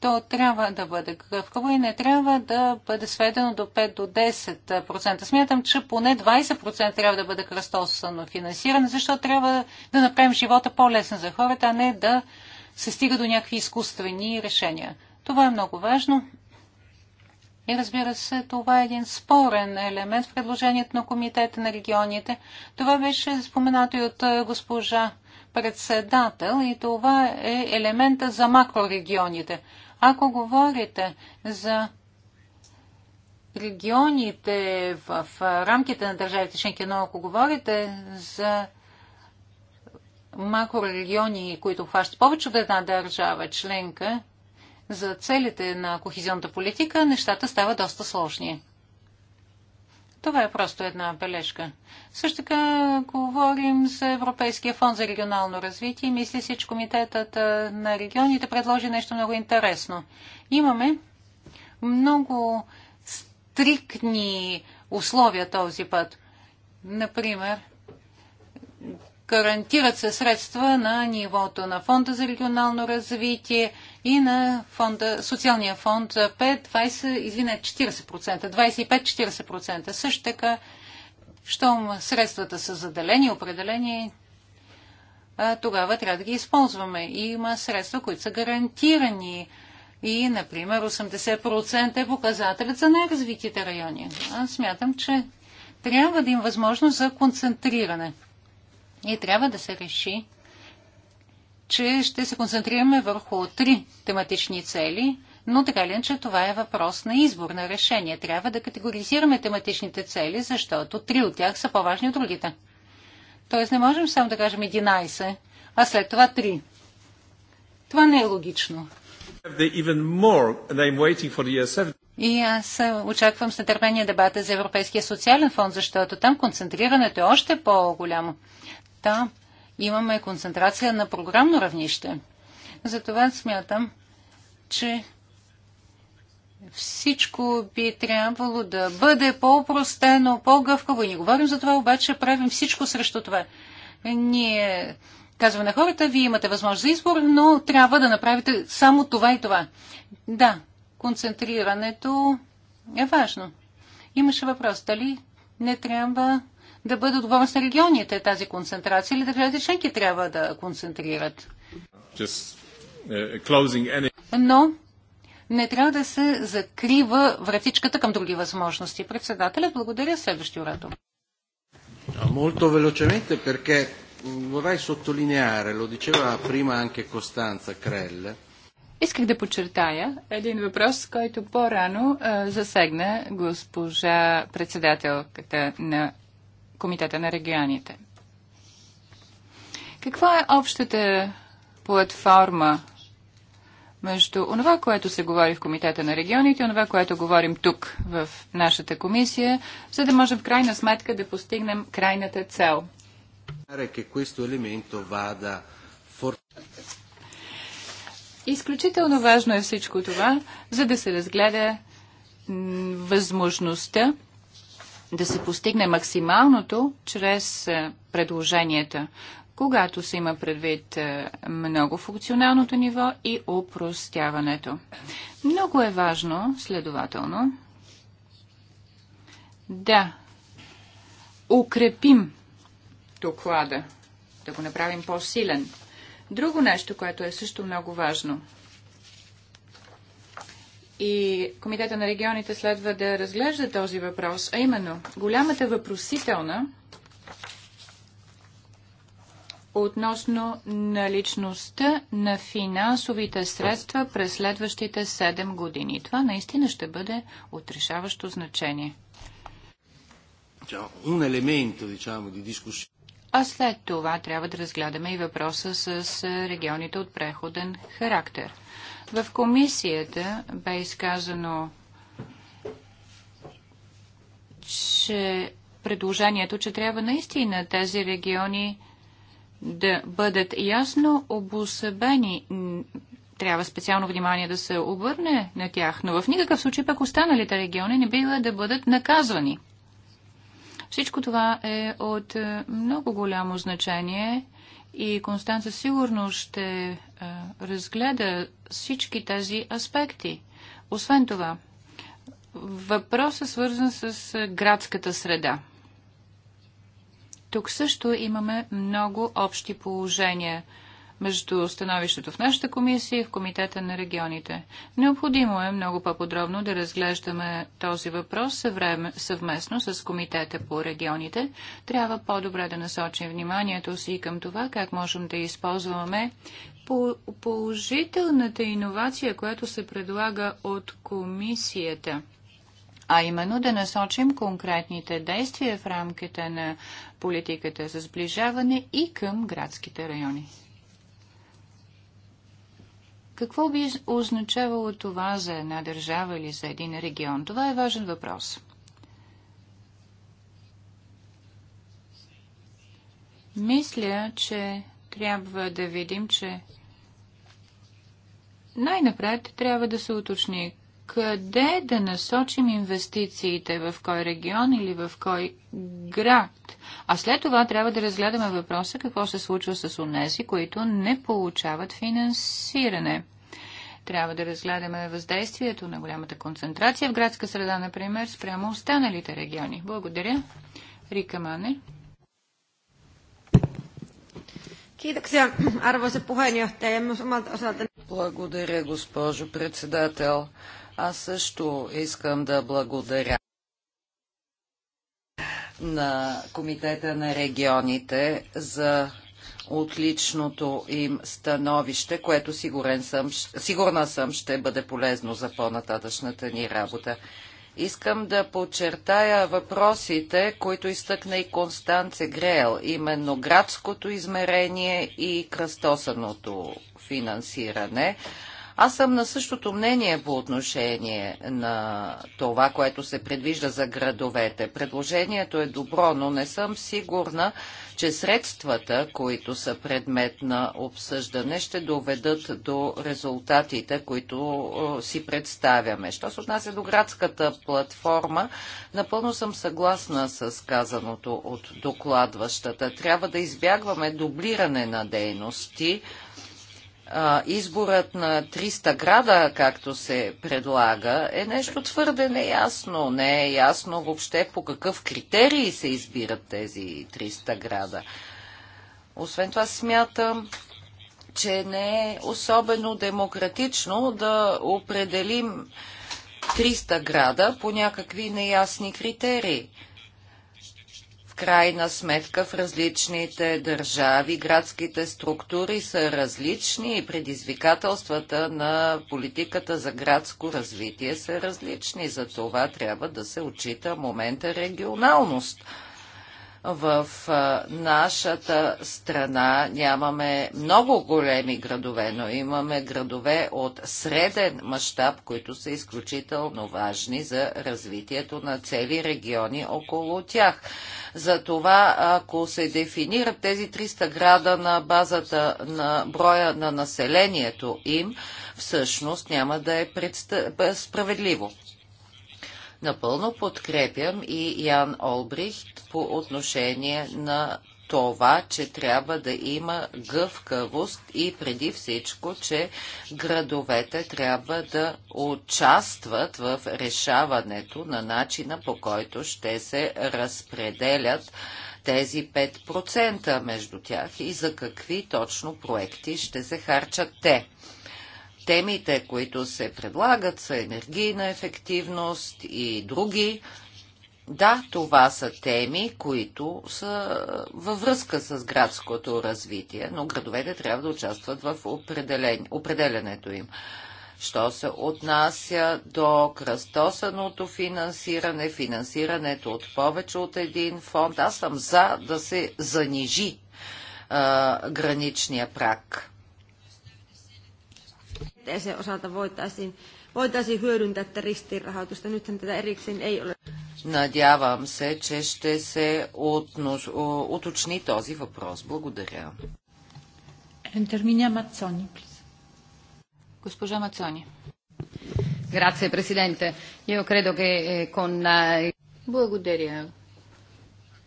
То трябва да бъде гъвкаво и не трябва да бъде сведено до 5 до 10%. Смятам, че поне 20% трябва да бъде кръстосано финансиране, защото трябва да направим живота по-лесен за хората, а не да се стига до някакви изкуствени решения. Това е много важно. И разбира се, това е един спорен елемент в предложението на Комитета на регионите. Това беше споменато и от госпожа председател и това е елемента за макрорегионите. Ако говорите за регионите в рамките на държавите членки, но ако говорите за макрорегиони, които хващат повече от една държава членка, за целите на кохезионната политика нещата стават доста сложни. Това е просто една бележка. Също така говорим за Европейския фонд за регионално развитие. Мисля си, че комитетът на регионите предложи нещо много интересно. Имаме много стрикни условия този път. Например, гарантират се средства на нивото на Фонда за регионално развитие и на фонда, социалния фонд за 5, 20, извине, 40%, 25-40%. Също така, щом средствата са заделени, определени, тогава трябва да ги използваме. И има средства, които са гарантирани. И, например, 80% е показателят за най-развитите райони. Аз смятам, че трябва да им възможност за концентриране. И трябва да се реши, че ще се концентрираме върху три тематични цели, но така ли, че това е въпрос на избор, на решение. Трябва да категоризираме тематичните цели, защото три от тях са по-важни от другите. Тоест не можем само да кажем 11, а след това 3. Това не е логично. И аз очаквам с нетърпение дебата за Европейския социален фонд, защото там концентрирането е още по-голямо места имаме концентрация на програмно равнище. Затова смятам, че всичко би трябвало да бъде по-простено, по-гъвкаво. И не говорим за това, обаче правим всичко срещу това. Ние казваме на хората, вие имате възможност за избор, но трябва да направите само това и това. Да, концентрирането е важно. Имаше въпрос, дали не трябва да бъде отговорност на регионите тази концентрация или държавите членки трябва да концентрират. Just, uh, any... Но не трябва да се закрива вратичката към други възможности. Председателят, благодаря. Следващия оратор. Molto velocemente перке vorrei sottolineare, lo diceva prima anche Costanza Крел. Исках да подчертая един въпрос, който по-рано засегна госпожа председателката на Комитета на регионите. Каква е общата платформа между онова, което се говори в Комитета на регионите и онова, което говорим тук в нашата комисия, за да можем в крайна сметка да постигнем крайната цел? Е, Изключително важно е всичко това, за да се разгледа възможността да се постигне максималното чрез е, предложенията, когато се има предвид е, много функционалното ниво и упростяването. Много е важно, следователно, да укрепим доклада, да го направим по-силен. Друго нещо, което е също много важно – и Комитета на регионите следва да разглежда този въпрос, а именно голямата въпросителна относно наличността на финансовите средства през следващите 7 години. Това наистина ще бъде отрешаващо значение. А след това трябва да разгледаме и въпроса с регионите от преходен характер – в комисията бе изказано, че предложението, че трябва наистина тези региони да бъдат ясно обособени. Трябва специално внимание да се обърне на тях, но в никакъв случай пък останалите региони не бива да бъдат наказвани. Всичко това е от много голямо значение и Констанца сигурно ще разгледа всички тези аспекти. Освен това, въпросът е свързан с градската среда. Тук също имаме много общи положения между становището в нашата комисия и в Комитета на регионите. Необходимо е много по-подробно да разглеждаме този въпрос съвместно с Комитета по регионите. Трябва по-добре да насочим вниманието си към това, как можем да използваме положителната иновация, която се предлага от комисията а именно да насочим конкретните действия в рамките на политиката за сближаване и към градските райони. Какво би означавало това за една държава или за един регион? Това е важен въпрос. Мисля, че трябва да видим, че най-напред трябва да се уточни къде да насочим инвестициите, в кой регион или в кой град. А след това трябва да разгледаме въпроса какво се случва с унези, които не получават финансиране. Трябва да разгледаме въздействието на голямата концентрация в градска среда, например, спрямо останалите региони. Благодаря. Рика Мане. Kiitoksia, arvoisa puheenjohtaja. Благодаря, госпожо председател. Аз също искам да благодаря на Комитета на регионите за отличното им становище, което сигурен съм, сигурна съм ще бъде полезно за по-нататъчната ни работа. Искам да подчертая въпросите, които изтъкна и Констанце Греел, именно градското измерение и кръстосаното финансиране. Аз съм на същото мнение по отношение на това, което се предвижда за градовете. Предложението е добро, но не съм сигурна, че средствата, които са предмет на обсъждане, ще доведат до резултатите, които си представяме. Що се отнася до градската платформа, напълно съм съгласна с казаното от докладващата. Трябва да избягваме дублиране на дейности, изборът на 300 града, както се предлага, е нещо твърде неясно. Не е ясно въобще по какъв критерий се избират тези 300 града. Освен това смятам, че не е особено демократично да определим 300 града по някакви неясни критерии крайна сметка в различните държави градските структури са различни и предизвикателствата на политиката за градско развитие са различни. За това трябва да се отчита момента регионалност в нашата страна нямаме много големи градове, но имаме градове от среден мащаб, които са изключително важни за развитието на цели региони около тях. Затова, ако се дефинират тези 300 града на базата на броя на населението им, всъщност няма да е предста... справедливо. Напълно подкрепям и Ян Олбрихт по отношение на това, че трябва да има гъвкавост и преди всичко, че градовете трябва да участват в решаването на начина по който ще се разпределят тези 5% между тях и за какви точно проекти ще се харчат те темите, които се предлагат, са енергийна ефективност и други. Да, това са теми, които са във връзка с градското развитие, но градовете трябва да участват в определен... определенето им. Що се отнася до кръстосаното финансиране, финансирането от повече от един фонд, аз съм за да се занижи а, граничния прак liikenteeseen osalta voitaisiin, voitaisiin hyödyntää tätä ristiinrahoitusta. Nythän tätä erikseen ei ole. Надявам се, че ще се отнош... уточни този въпрос. Благодаря. Терминя Мацони, Госпожа Мацони. Grazie Presidente. Io credo che con... Благодаря,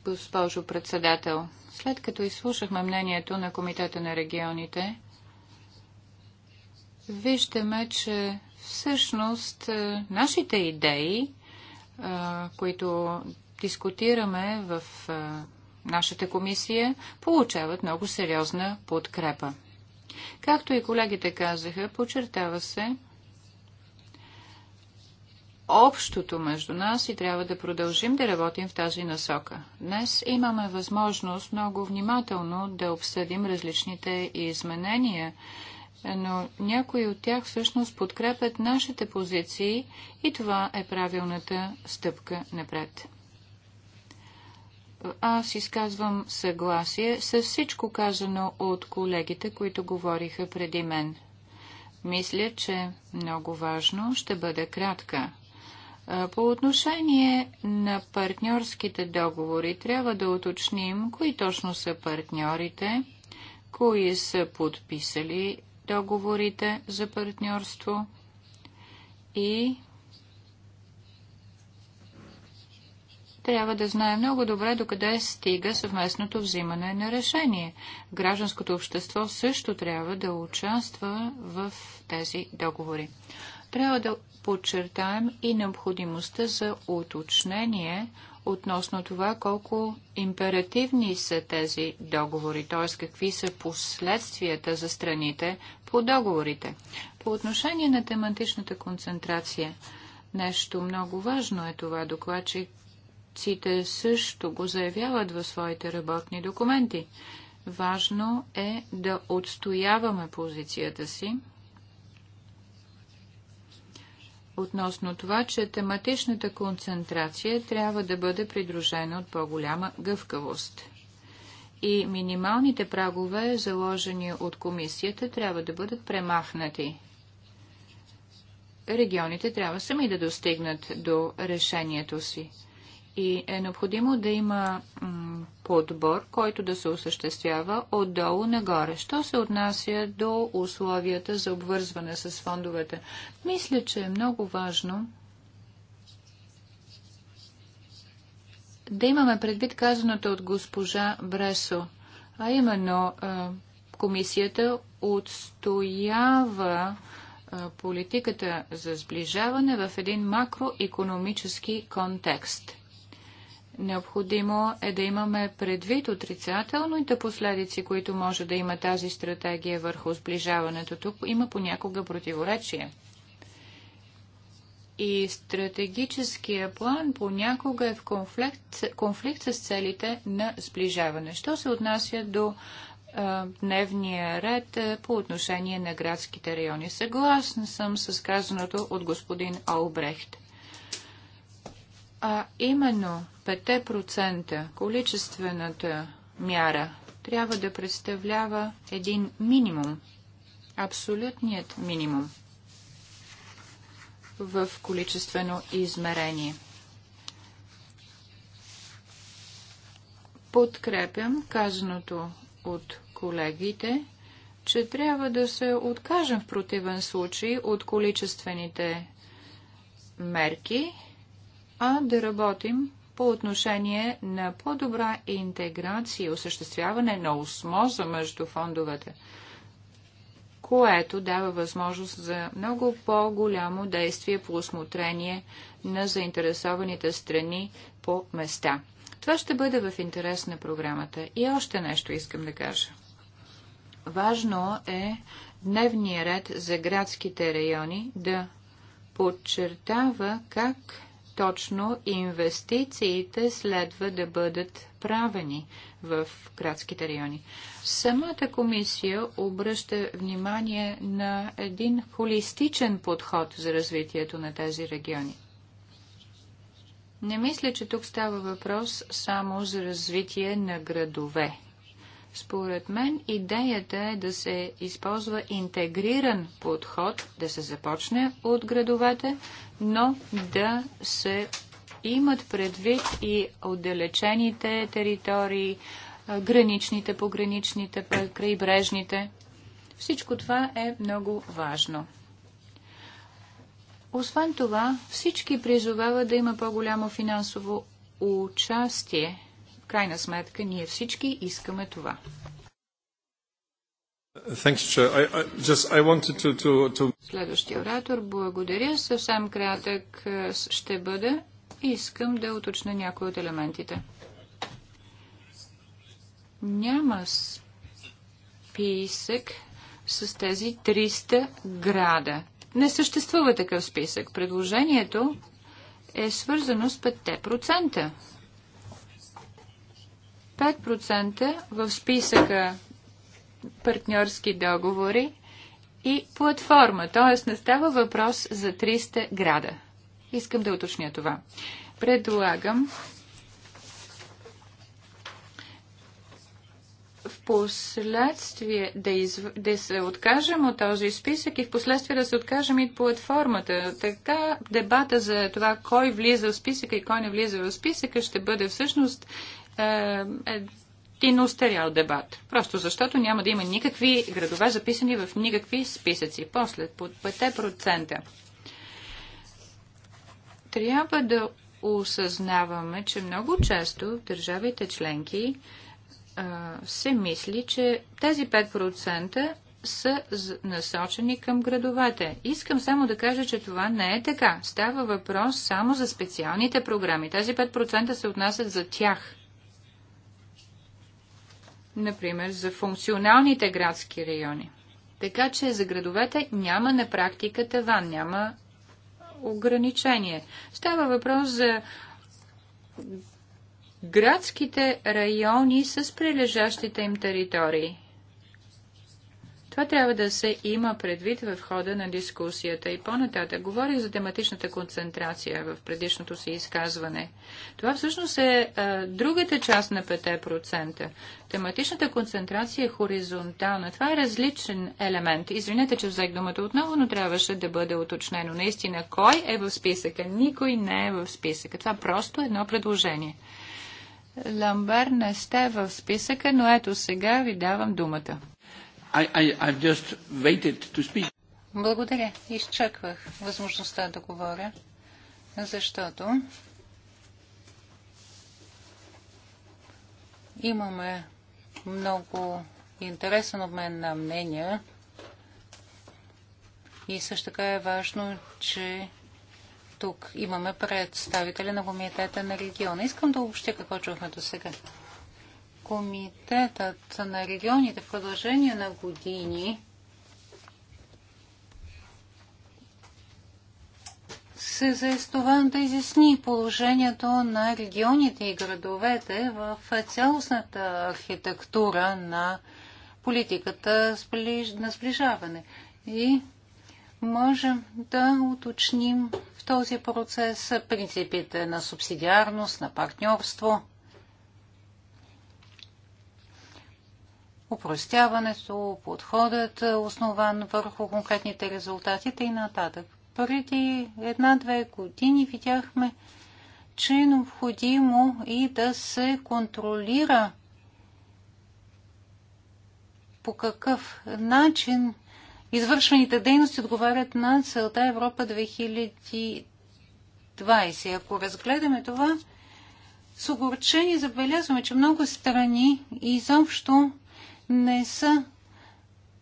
госпожо председател. След като изслушахме мнението на Комитета на регионите, виждаме, че всъщност е, нашите идеи, е, които дискутираме в е, нашата комисия, получават много сериозна подкрепа. Както и колегите казаха, подчертава се общото между нас и трябва да продължим да работим в тази насока. Днес имаме възможност много внимателно да обсъдим различните изменения но някои от тях всъщност подкрепят нашите позиции и това е правилната стъпка напред. Аз изказвам съгласие с всичко казано от колегите, които говориха преди мен. Мисля, че много важно ще бъде кратка. По отношение на партньорските договори трябва да уточним кои точно са партньорите, кои са подписали договорите за партньорство и трябва да знае много добре докъде стига съвместното взимане на решение. Гражданското общество също трябва да участва в тези договори. Трябва да подчертаем и необходимостта за уточнение относно това колко императивни са тези договори, т.е. какви са последствията за страните по договорите. По отношение на тематичната концентрация, нещо много важно е това докладчиците също го заявяват в своите работни документи. Важно е да отстояваме позицията си относно това, че тематичната концентрация трябва да бъде придружена от по-голяма гъвкавост. И минималните прагове, заложени от комисията, трябва да бъдат премахнати. Регионите трябва сами да достигнат до решението си и е необходимо да има подбор, който да се осъществява отдолу нагоре. Що се отнася до условията за обвързване с фондовете? Мисля, че е много важно да имаме предвид казаното от госпожа Бресо, а именно комисията отстоява политиката за сближаване в един макроекономически контекст. Необходимо е да имаме предвид отрицателните последици, които може да има тази стратегия върху сближаването. Тук има понякога противоречие. И стратегическия план понякога е в конфликт, конфликт с целите на сближаване. Що се отнася до дневния ред по отношение на градските райони. Съгласна съм с казаното от господин Олбрехт. А именно 5% количествената мяра трябва да представлява един минимум, абсолютният минимум в количествено измерение. Подкрепям казаното от колегите, че трябва да се откажем в противен случай от количествените мерки а да работим по отношение на по-добра интеграция и осъществяване на осмоза между фондовете, което дава възможност за много по-голямо действие по осмотрение на заинтересованите страни по места. Това ще бъде в интерес на програмата. И още нещо искам да кажа. Важно е дневния ред за градските райони да подчертава как точно инвестициите следва да бъдат правени в градските райони. Самата комисия обръща внимание на един холистичен подход за развитието на тези региони. Не мисля, че тук става въпрос само за развитие на градове според мен идеята е да се използва интегриран подход, да се започне от градовете, но да се имат предвид и отдалечените територии, граничните, пограничните, крайбрежните. Всичко това е много важно. Освен това, всички призовават да има по-голямо финансово участие крайна сметка ние всички искаме това. Следващия оратор, благодаря. Съвсем кратък е, ще бъде. Искам да уточня някои от елементите. Няма списък с тези 300 града. Не съществува такъв списък. Предложението е свързано с 5%. 5% в списъка партньорски договори и платформа, т.е. не става въпрос за 300 града. Искам да уточня това. Предлагам в последствие да, изв... да се откажем от този списък и в последствие да се откажем и от платформата. Така дебата за това кой влиза в списъка и кой не влиза в списъка ще бъде всъщност е, е, един устарял дебат. Просто защото няма да има никакви градове записани в никакви списъци. После, под 5%. Трябва да осъзнаваме, че много често в държавите членки а, е, се мисли, че тези 5% са насочени към градовете. Искам само да кажа, че това не е така. Става въпрос само за специалните програми. Тези 5% се отнасят за тях например, за функционалните градски райони. Така че за градовете няма на практика таван, няма ограничение. Става въпрос за градските райони с прилежащите им територии. Това трябва да се има предвид в хода на дискусията и по-нататък. Говорих за тематичната концентрация в предишното си изказване. Това всъщност е а, другата част на 5%. Тематичната концентрация е хоризонтална. Това е различен елемент. Извинете, че взех думата отново, но трябваше да бъде уточнено. Наистина, кой е в списъка? Никой не е в списъка. Това просто е едно предложение. Ламбар, не сте в списъка, но ето сега ви давам думата. I, I, Благодаря. Изчаквах възможността да говоря, защото имаме много интересен обмен на мнения и също така е важно, че тук имаме представители на комитета на региона. Искам да обобщя какво чухме до сега. Комитетът на регионите в продължение на години се зае това да изясни положението на регионите и градовете в цялостната архитектура на политиката на сближаване. И можем да уточним в този процес принципите на субсидиарност, на партньорство – упростяването, подходът е, основан върху конкретните резултати и нататък. Преди една-две години видяхме, че е необходимо и да се контролира по какъв начин извършваните дейности отговарят на целта Европа 2020. Ако разгледаме това, с огорчение забелязваме, че много страни изобщо не са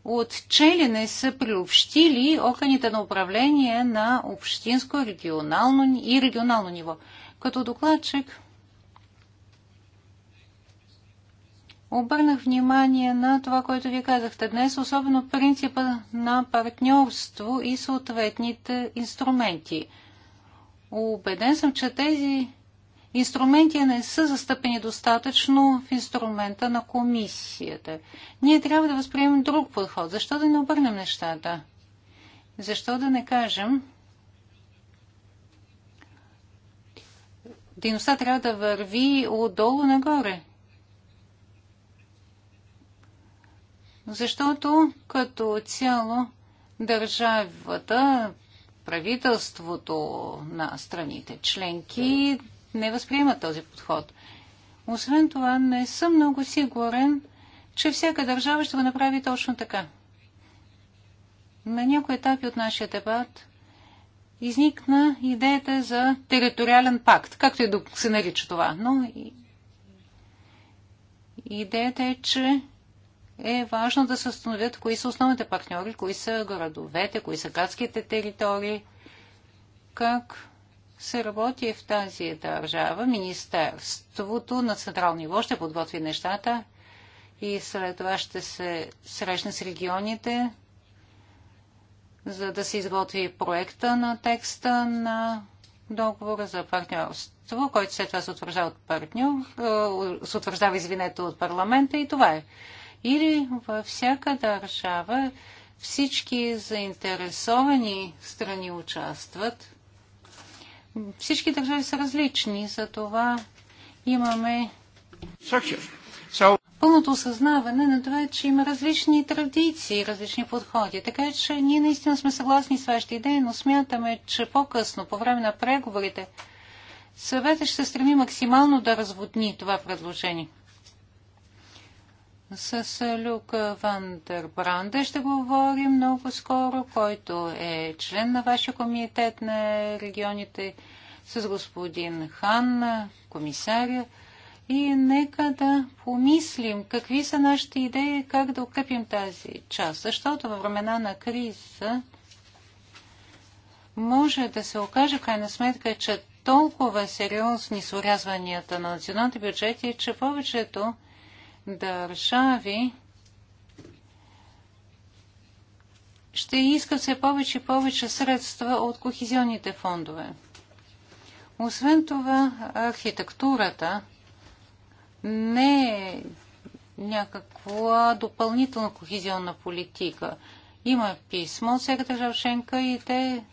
отчели, не са приобщили органите на управление на общинско регионално и регионално ниво. Като докладчик обърнах внимание на това, което ви казахте днес, особено принципа на партньорство и съответните инструменти. Убеден съм, че тези инструменти не са застъпени достатъчно в инструмента на комисията. Ние трябва да възприемем друг подход. Защо да не обърнем нещата? Защо да не кажем, дейността трябва да върви отдолу нагоре. Защото като цяло държавата, правителството на страните членки не възприемат този подход. Освен това, не съм много сигурен, че всяка държава ще го направи точно така. На някои етапи от нашия дебат изникна идеята за териториален пакт, както и да се нарича това. Но идеята е, че е важно да се установят кои са основните партньори, кои са градовете, кои са градските територии, как се работи в тази държава. Министерството на централно ниво ще подготви нещата и след това ще се срещне с регионите, за да се изготви проекта на текста на договора за партньорство, който след това се утвърждава от партньор, е, се утвърждава, извинете, от парламента и това е. Или във всяка държава всички заинтересовани страни участват – всички държави са различни, за това имаме пълното осъзнаване на това, че има различни традиции, различни подходи. Така че ние наистина сме съгласни с вашите идеи, но смятаме, че по-късно, по време на преговорите, съветът ще се стреми максимално да разводни това предложение с Люк Вандербранде ще говорим много скоро, който е член на вашия комитет на регионите, с господин Хан, комисаря. И нека да помислим какви са нашите идеи, как да укрепим тази част. Защото във времена на криза може да се окаже, крайна сметка, че толкова сериозни са урязванията на националните бюджети, че повечето държави ще искат все повече и повече средства от кохезионните фондове. Освен това, архитектурата не е някаква допълнителна кохезионна политика. Има писмо от всяка държава и те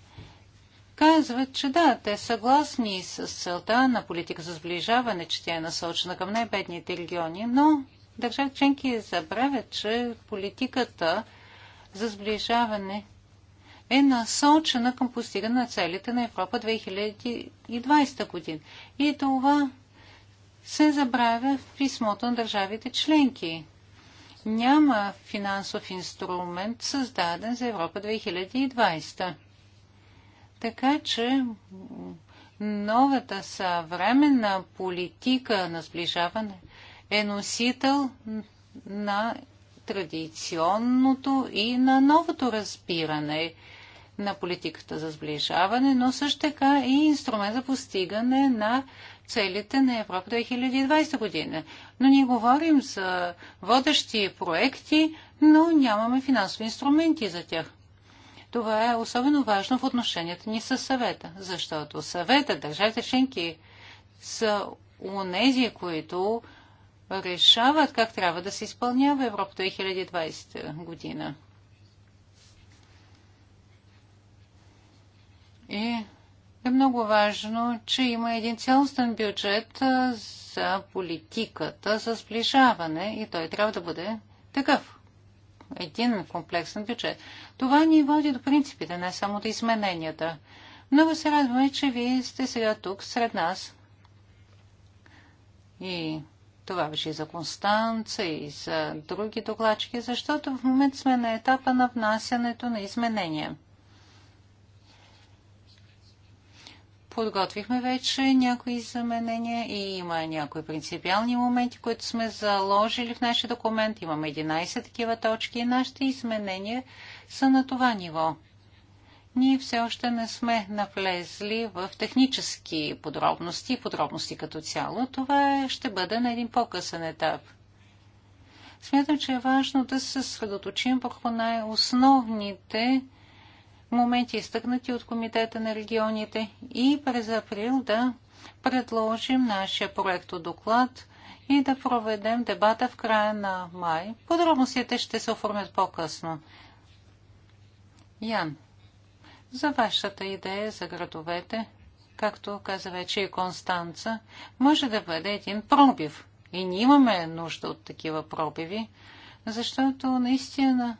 казват, че да, те съгласни с целта на политика за сближаване, че тя е насочена към най-бедните региони, но държави членки забравят, че политиката за сближаване е насочена към постигане на целите на Европа 2020 година. И това се забравя в писмото на държавите членки. Няма финансов инструмент създаден за Европа 2020. Така че новата съвременна политика на сближаване е носител на традиционното и на новото разбиране на политиката за сближаване, но също така и инструмент за постигане на целите на Европа 2020 година. Но ние говорим за водещи проекти, но нямаме финансови инструменти за тях. Това е особено важно в отношенията ни с съвета, защото съвета, държавите членки са унези, които решават как трябва да се изпълнява Европа 2020 година. И е много важно, че има един цялостен бюджет за политиката за сближаване и той трябва да бъде такъв. Един комплексен бюджет. Това ни води до принципите, не само до измененията. Много се радваме, че вие сте сега тук сред нас. И това беше и за Констанца, и за други докладчики, защото в момента сме на етапа на внасянето на изменения. Подготвихме вече някои изменения и има някои принципиални моменти, които сме заложили в нашия документ. Имаме 11 такива точки и нашите изменения са на това ниво. Ние все още не сме навлезли в технически подробности, подробности като цяло. Това е, ще бъде на един по-късен етап. Смятам, че е важно да се съсредоточим върху най-основните моменти, изтъкнати от Комитета на регионите и през април да предложим нашия проекто доклад и да проведем дебата в края на май. Подробностите ще се оформят по-късно. Ян за вашата идея за градовете, както каза вече и Констанца, може да бъде един пробив. И ние имаме нужда от такива пробиви, защото наистина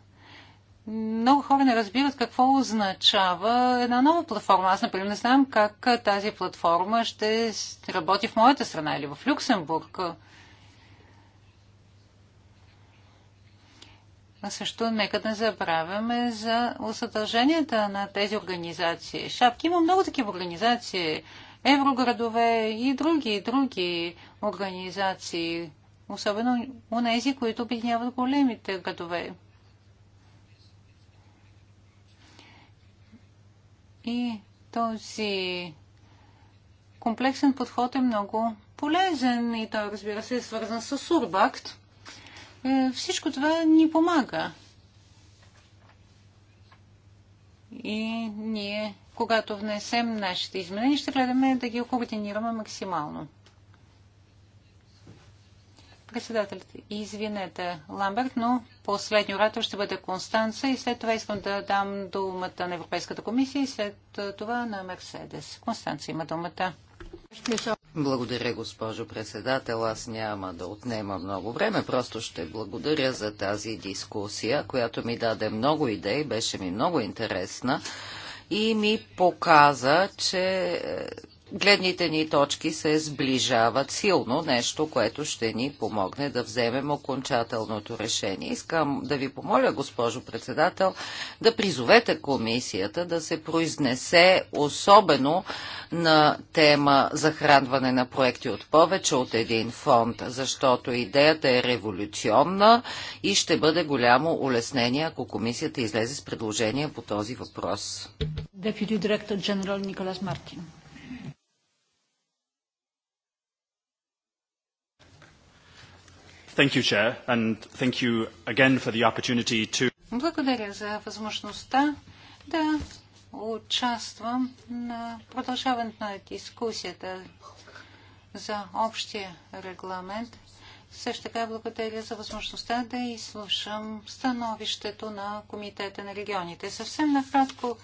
много хора не разбират какво означава една нова платформа. Аз, например, не знам как тази платформа ще работи в моята страна или в Люксембург. А също нека да не забравяме за задълженията на тези организации. Шапки има много такива организации. Евроградове и други, други организации. Особено у нези, които обединяват големите градове. И този комплексен подход е много полезен и той, разбира се, е свързан с Урбакт. Е, всичко това ни помага. И ние, когато внесем нашите изменения, ще гледаме да ги координираме максимално. Председателят, извинете, Ламберт, но последния оратор ще бъде Констанца и след това искам да дам думата на Европейската комисия и след това на Мерседес. Констанца има думата. Благодаря, госпожо председател. Аз няма да отнема много време, просто ще благодаря за тази дискусия, която ми даде много идеи, беше ми много интересна и ми показа, че е, гледните ни точки се сближават силно, нещо, което ще ни помогне да вземем окончателното решение. Искам да ви помоля, госпожо председател, да призовете комисията да се произнесе особено на тема захранване на проекти от повече от един фонд, защото идеята е революционна и ще бъде голямо улеснение, ако комисията излезе с предложение по този въпрос. Депутат директор генерал Николас Мартин. Thank you, Chair, and thank you again for the opportunity to... Благодаря за възможността да участвам на продължаването на дискусията за общия регламент. Също така благодаря за възможността да изслушам становището на Комитета на регионите. Съвсем накратко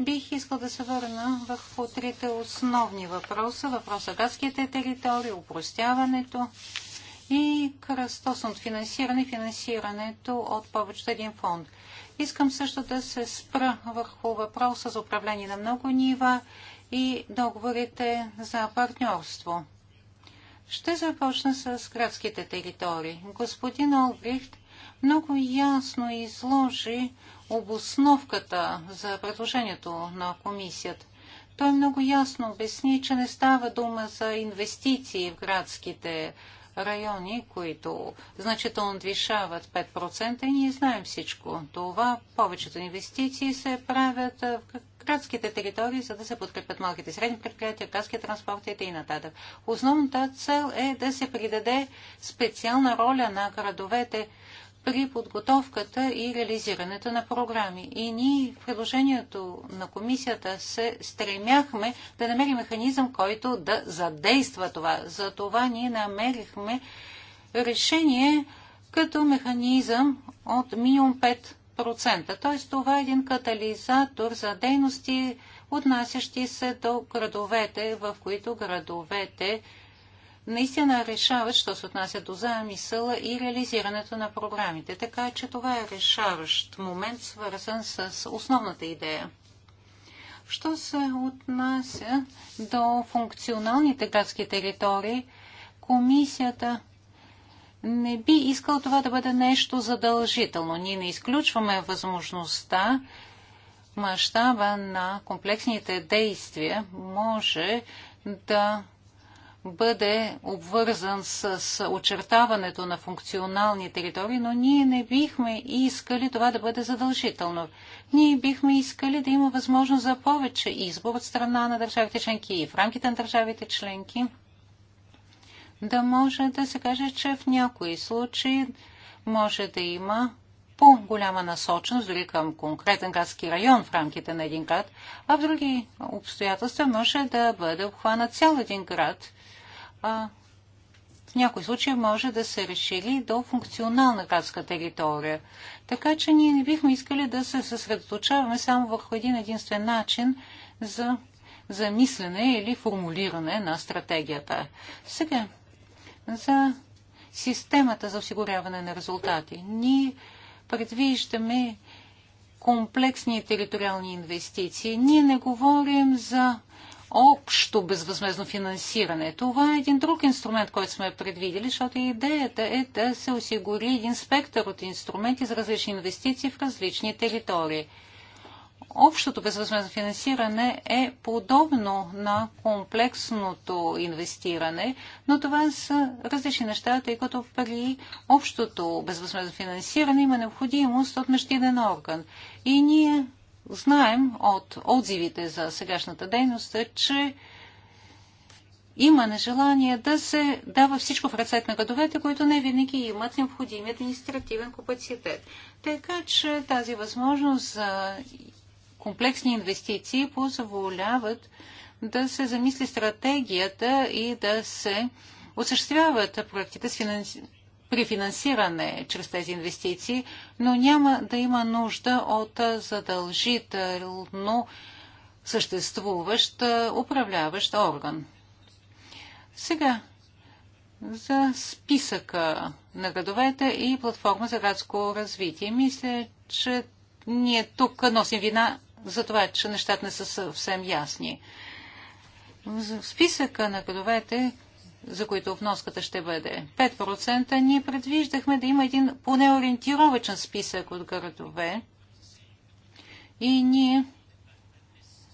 бих искал да се върна върху трите основни въпроса. Въпроса гадските територии, упростяването и кръстосното финансиране, финансирането от повече от един фонд. Искам също да се спра върху въпроса за управление на много нива и договорите за партньорство. Ще започна с градските територии. Господин Олбрихт много ясно изложи обосновката за предложението на комисията. Той много ясно обясни, че не става дума за инвестиции в градските територии райони, които значително надвишават 5% и ние знаем всичко. Това повечето инвестиции се правят в градските територии, за да се подкрепят малките и средни предприятия, градски транспорти и т.н. Основната цел е да се придаде специална роля на градовете при подготовката и реализирането на програми. И ние в предложението на комисията се стремяхме да намерим механизъм, който да задейства това. За това ние намерихме решение като механизъм от минимум 5%. Т.е. това е един катализатор за дейности, отнасящи се до градовете, в които градовете наистина решаващ, що се отнася до замисъла и реализирането на програмите. Така че това е решаващ момент, свързан с основната идея. Що се отнася до функционалните градски територии, комисията не би искал това да бъде нещо задължително. Ние не изключваме възможността мащаба на комплексните действия може да бъде обвързан с очертаването на функционални територии, но ние не бихме искали това да бъде задължително. Ние бихме искали да има възможност за повече избор от страна на държавите членки и в рамките на държавите членки да може да се каже, че в някои случаи може да има по-голяма насоченост дори към конкретен градски район в рамките на един град, а в други обстоятелства може да бъде обхванат цял един град. А в някои случаи може да се решили до функционална градска територия. Така че ние не бихме искали да се съсредоточаваме само върху един единствен начин за за мислене или формулиране на стратегията. Сега, за системата за осигуряване на резултати. Ние предвиждаме комплексни териториални инвестиции. Ние не говорим за общо безвъзмезно финансиране. Това е един друг инструмент, който сме предвидели, защото идеята е да се осигури един спектър от инструменти за различни инвестиции в различни територии общото безвъзмезно финансиране е подобно на комплексното инвестиране, но това са различни неща, тъй като при общото безвъзмезно финансиране има необходимост от междинен орган. И ние знаем от отзивите за сегашната дейност, че има нежелание да се дава всичко в ръцете на градовете, които не винаги имат необходимия административен капацитет. Така че тази възможност за комплексни инвестиции позволяват да се замисли стратегията и да се осъществяват проектите с финанси... при финансиране чрез тези инвестиции, но няма да има нужда от задължително съществуващ управляващ орган. Сега за списъка на градовете и платформа за градско развитие. Мисля, че ние тук носим вина за това, че нещата не са съвсем ясни. В списъка на градовете, за които вноската ще бъде 5%, ние предвиждахме да има един поне ориентировачен списък от градове. И ние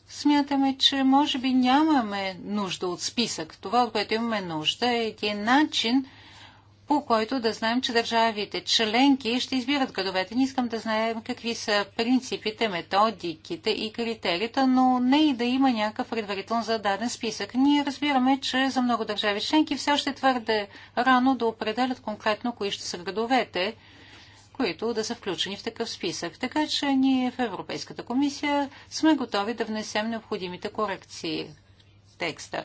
смятаме, че може би нямаме нужда от списък. Това, от което имаме нужда, е един начин – по който да знаем, че държавите членки ще избират градовете. Не искам да знаем какви са принципите, методиките и критериите, но не и да има някакъв предварително зададен списък. Ние разбираме, че за много държави членки все още е твърде рано да определят конкретно кои ще са градовете, които да са включени в такъв списък. Така че ние в Европейската комисия сме готови да внесем необходимите корекции в текста.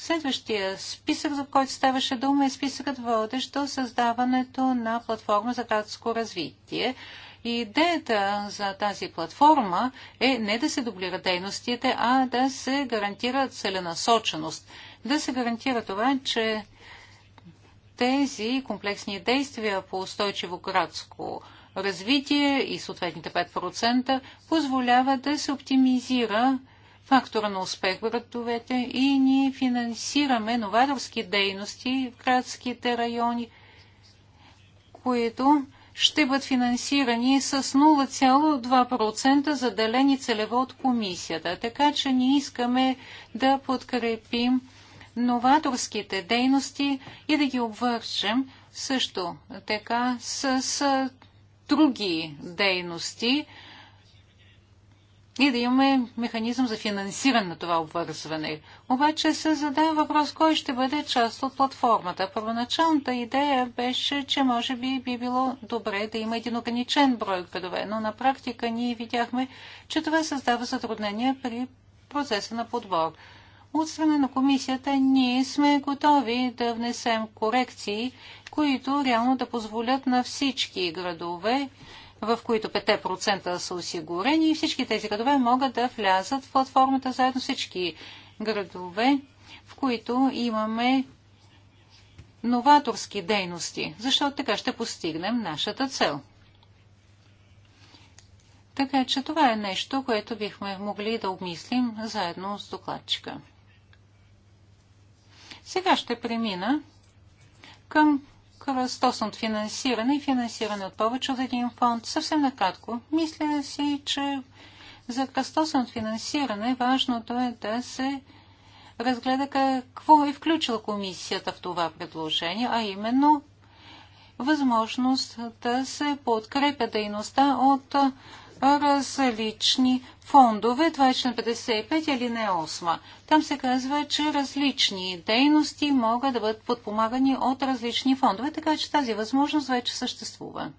Следващия списък, за който ставаше дума, е списъкът водещ до създаването на платформа за градско развитие. Идеята за тази платформа е не да се дублират дейностите, а да се гарантира целенасоченост. Да се гарантира това, че тези комплексни действия по устойчиво градско развитие и съответните 5% позволяват да се оптимизира Фактора на успех в градовете и ние финансираме новаторски дейности в градските райони, които ще бъдат финансирани с 0,2% заделени целево от комисията. Така че ние искаме да подкрепим новаторските дейности и да ги обвържем също така с други дейности, и да имаме механизъм за финансиране на това обвързване. Обаче се задава въпрос, кой ще бъде част от платформата. Първоначалната идея беше, че може би би било добре да има един ограничен брой градове, но на практика ние видяхме, че това създава затруднения при процеса на подбор. От страна на комисията ние сме готови да внесем корекции, които реално да позволят на всички градове в които 5% са осигурени и всички тези градове могат да влязат в платформата заедно всички градове, в които имаме новаторски дейности, защото така ще постигнем нашата цел. Така че това е нещо, което бихме могли да обмислим заедно с докладчика. Сега ще премина към от финансиране и финансиране от повече от един фонд. Съвсем накратко, мисля си, че за от финансиране важното е да се разгледа какво е включила комисията в това предложение, а именно възможност да се подкрепя дейността от различни фондове, това е член 55 или не 8. Там се казва, че различни дейности могат да бъдат подпомагани от различни фондове, така че тази възможност вече съществува.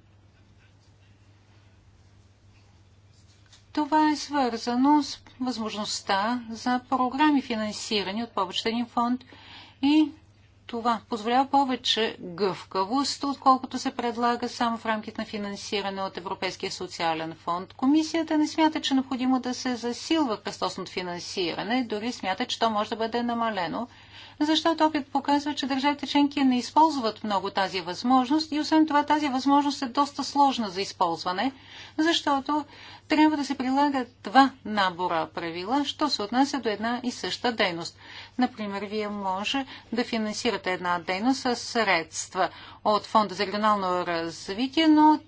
Това е свързано с възможността за програми, финансирани от повечетен фонд и това позволява повече гъвкавост, отколкото се предлага само в рамките на финансиране от Европейския социален фонд. Комисията не смята, че е необходимо да се засилва кръстосното финансиране, дори смята, че то може да бъде намалено защото опит показва, че държавите членки не използват много тази възможност и освен това тази възможност е доста сложна за използване, защото трябва да се прилагат два набора правила, що се отнася до една и съща дейност. Например, вие може да финансирате една дейност с средства от Фонда за регионално развитие, но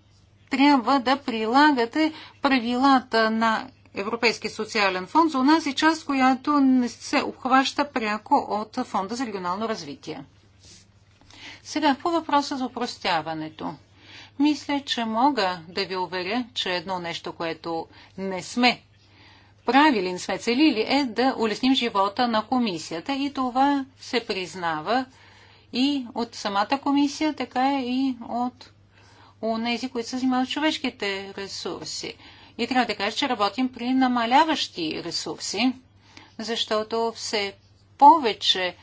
трябва да прилагате правилата на Европейски социален фонд за унази част, която не се обхваща пряко от Фонда за регионално развитие. Сега по въпроса за упростяването. Мисля, че мога да ви уверя, че едно нещо, което не сме правили, не сме целили, е да улесним живота на комисията и това се признава и от самата комисия, така и от у нези, които са занимават човешките ресурси. И трябва да кажа, че работим при намаляващи ресурси, защото все повече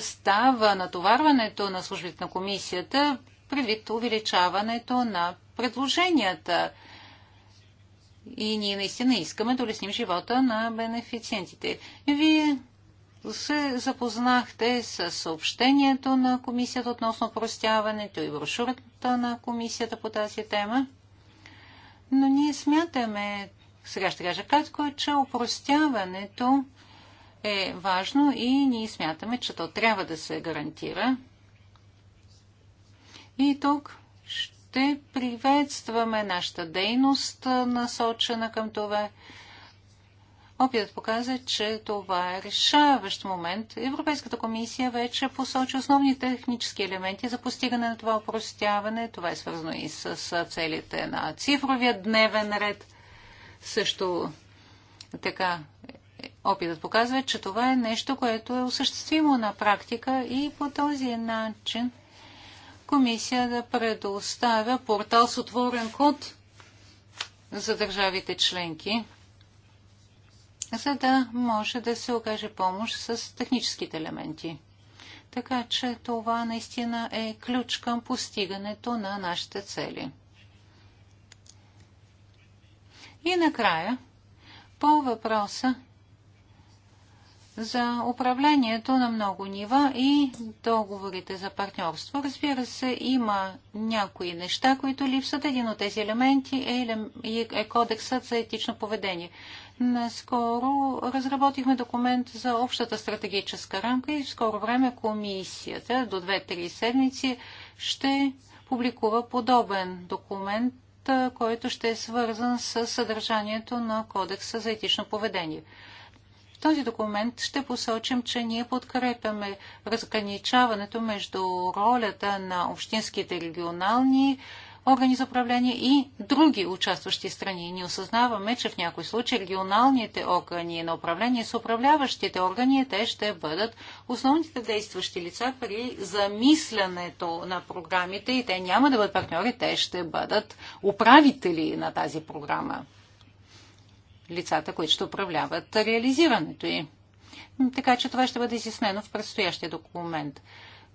става натоварването на службите на комисията предвид увеличаването на предложенията. И ние наистина искаме да улесним живота на бенефициентите. Вие се запознахте с съобщението на комисията относно простяването и брошурата на комисията по тази тема. Но ние смятаме, сега ще кажа кратко, че упростяването е важно и ние смятаме, че то трябва да се гарантира. И тук ще приветстваме нашата дейност, насочена към това Опитът показа, че това е решаващ момент. Европейската комисия вече посочи основни технически елементи за постигане на това опростяване. Това е свързано и с целите на цифровия дневен ред. Също така опитът показва, че това е нещо, което е осъществимо на практика и по този начин комисия да предоставя портал с отворен код за държавите членки за да може да се окаже помощ с техническите елементи. Така че това наистина е ключ към постигането на нашите цели. И накрая, по въпроса за управлението на много нива и договорите за партньорство. Разбира се, има някои неща, които липсват. Един от тези елементи е, е кодексът за етично поведение. Наскоро разработихме документ за общата стратегическа рамка и в скоро време комисията до 2-3 седмици ще публикува подобен документ, който ще е свързан с съдържанието на Кодекса за етично поведение. В този документ ще посочим, че ние подкрепяме разграничаването между ролята на общинските регионални органи за управление и други участващи страни. Ние осъзнаваме, че в някои случаи регионалните органи на управление с управляващите органи, те ще бъдат основните действащи лица при замислянето на програмите и те няма да бъдат партньори, те ще бъдат управители на тази програма. Лицата, които ще управляват реализирането й. Така че това ще бъде изяснено в предстоящия документ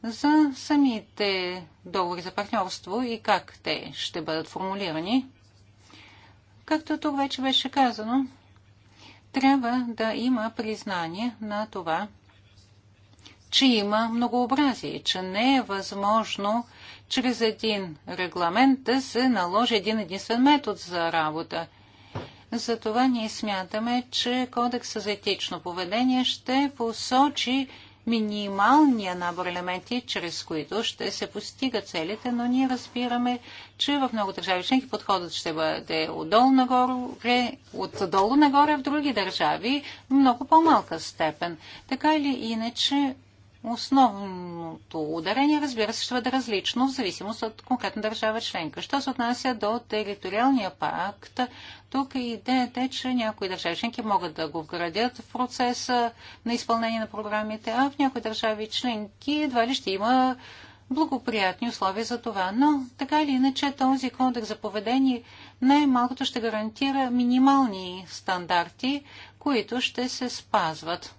за самите договори за партньорство и как те ще бъдат формулирани. Както тук вече беше казано, трябва да има признание на това, че има многообразие, че не е възможно чрез един регламент да се наложи един единствен метод за работа. Затова ние смятаме, че Кодекса за етично поведение ще посочи минималния набор елементи, чрез които ще се постига целите, но ние разбираме, че в много държави членки подходът ще бъде отдолу нагоре, отдолу нагоре, в други държави много по-малка степен. Така или иначе, Основното ударение, разбира се, ще бъде различно в зависимост от конкретна държава членка. Що се отнася до териториалния пакт, тук идеята е, че някои държави членки могат да го вградят в процеса на изпълнение на програмите, а в някои държави членки едва ли ще има благоприятни условия за това. Но така или иначе този кодекс за поведение най-малкото ще гарантира минимални стандарти, които ще се спазват.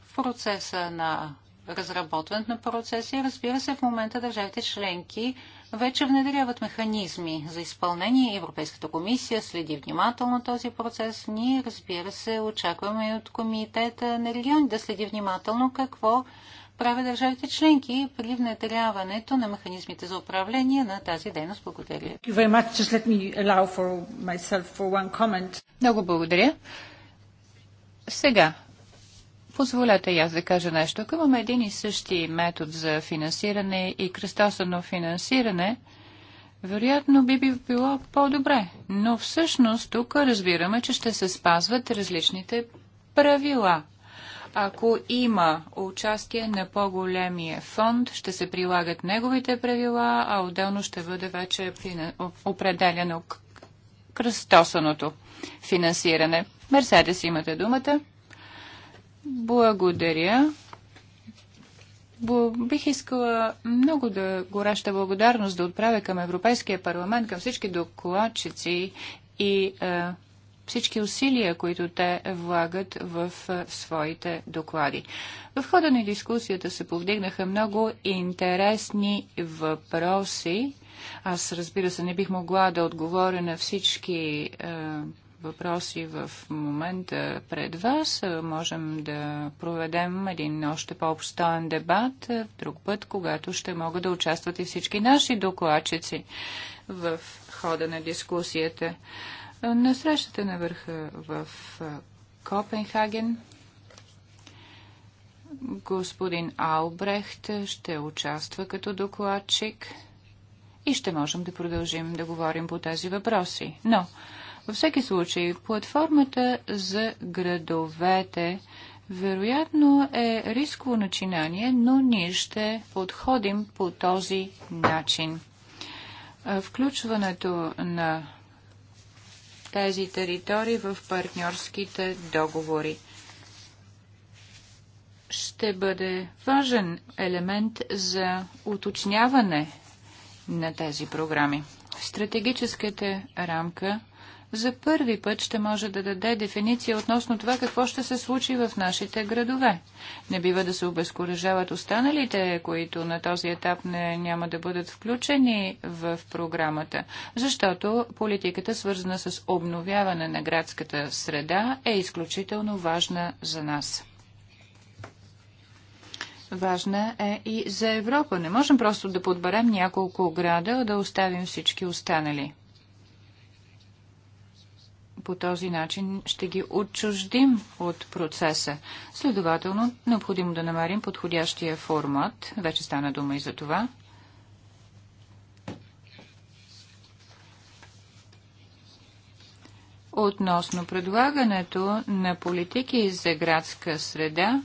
В процеса на разработването на процеси, разбира се, в момента държавите членки вече внедряват механизми за изпълнение. Европейската комисия следи внимателно този процес. Ние, разбира се, очакваме и от комитета на региони да следи внимателно какво правят държавите членки при внедряването на механизмите за управление на тази дейност. Благодаря. Много благодаря. Сега Позволете и аз да кажа нещо. Ако имаме един и същи метод за финансиране и кръстосано финансиране, вероятно би, би било по-добре. Но всъщност тук разбираме, че ще се спазват различните правила. Ако има участие на по-големия фонд, ще се прилагат неговите правила, а отделно ще бъде вече определено кръстосаното финансиране. Мерседес, имате думата. Благодаря. Бих искала много да гореща благодарност да отправя към Европейския парламент, към всички докладчици и е, всички усилия, които те влагат в е, своите доклади. В хода на дискусията се повдигнаха много интересни въпроси. Аз, разбира се, не бих могла да отговоря на всички е, въпроси в момента пред вас. Можем да проведем един още по-обстоен дебат в е, друг път, когато ще могат да участват и всички наши докладчици в хода на дискусията. Е, на срещата на върха в е, Копенхаген господин Албрехт ще участва като докладчик и ще можем да продължим да говорим по тези въпроси. Но във всеки случай, платформата за градовете вероятно е рисково начинание, но ние ще подходим по този начин. Включването на тези територии в партньорските договори ще бъде важен елемент за уточняване на тези програми. Стратегическата рамка – за първи път ще може да даде дефиниция относно това какво ще се случи в нашите градове. Не бива да се обезкуражават останалите, които на този етап не, няма да бъдат включени в програмата, защото политиката, свързана с обновяване на градската среда, е изключително важна за нас. Важна е и за Европа. Не можем просто да подберем няколко града, да оставим всички останали. По този начин ще ги отчуждим от процеса. Следователно, необходимо да намерим подходящия формат. Вече стана дума и за това. Относно предлагането на политики за градска среда,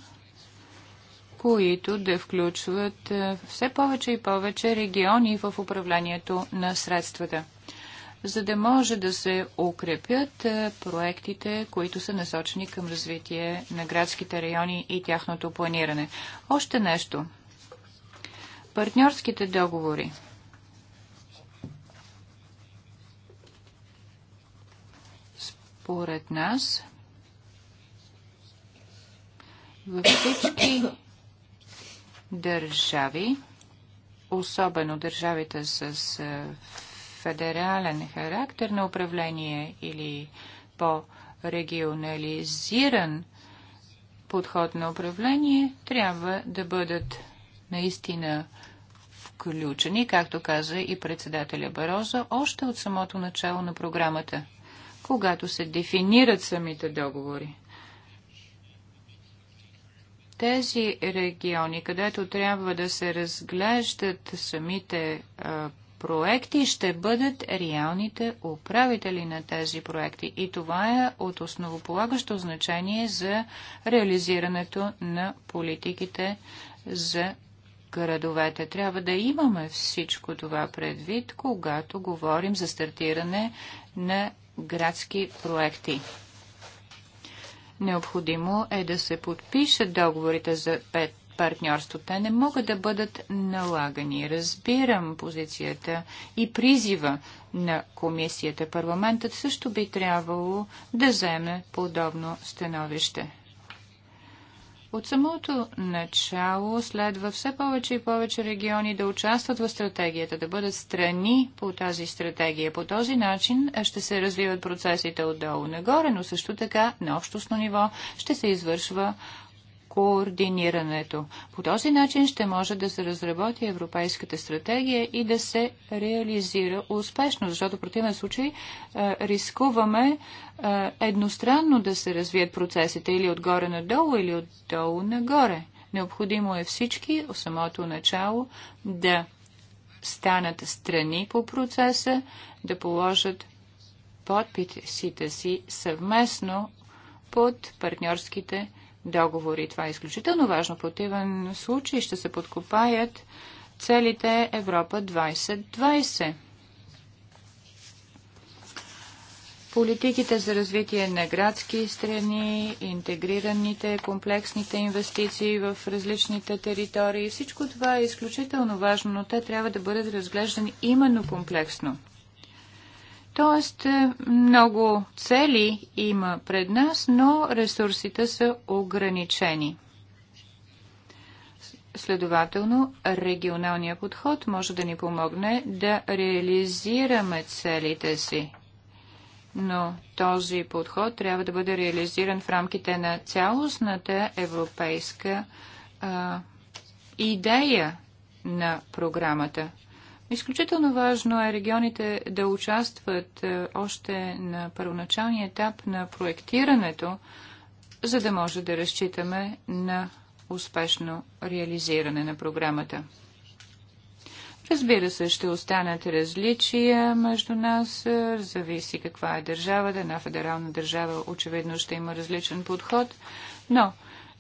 които да включват е, все повече и повече региони в управлението на средствата за да може да се укрепят е, проектите, които са насочени към развитие на градските райони и тяхното планиране. Още нещо. Партньорските договори. Според нас, във всички държави, особено държавите с е, федерален характер на управление или по-регионализиран подход на управление трябва да бъдат наистина включени, както каза и председателя Бароза, още от самото начало на програмата, когато се дефинират самите договори. Тези региони, където трябва да се разглеждат самите а, проекти ще бъдат реалните управители на тези проекти. И това е от основополагащо значение за реализирането на политиките за градовете. Трябва да имаме всичко това предвид, когато говорим за стартиране на градски проекти. Необходимо е да се подпишат договорите за пет партньорство. Те не могат да бъдат налагани. Разбирам позицията и призива на комисията. Парламентът също би трябвало да вземе подобно становище. От самото начало следва все повече и повече региони да участват в стратегията, да бъдат страни по тази стратегия. По този начин ще се развиват процесите отдолу нагоре, но също така на общностно ниво ще се извършва координирането. По този начин ще може да се разработи европейската стратегия и да се реализира успешно, защото в противен случай е, рискуваме е, едностранно да се развият процесите или отгоре надолу, или отдолу нагоре. Необходимо е всички в самото начало да станат страни по процеса, да положат подписите си съвместно под партньорските договори. Това е изключително важно. Противен случай ще се подкопаят целите Европа 2020. Политиките за развитие на градски страни, интегрираните, комплексните инвестиции в различните територии, всичко това е изключително важно, но те трябва да бъдат разглеждани именно комплексно. Тоест, е, много цели има пред нас, но ресурсите са ограничени. Следователно, регионалният подход може да ни помогне да реализираме целите си. Но този подход трябва да бъде реализиран в рамките на цялостната европейска а, идея на програмата – Изключително важно е регионите да участват е, още на първоначалния етап на проектирането, за да може да разчитаме на успешно реализиране на програмата. Разбира се, ще останат различия между нас, е, зависи каква е държавата. Една федерална държава очевидно ще има различен подход, но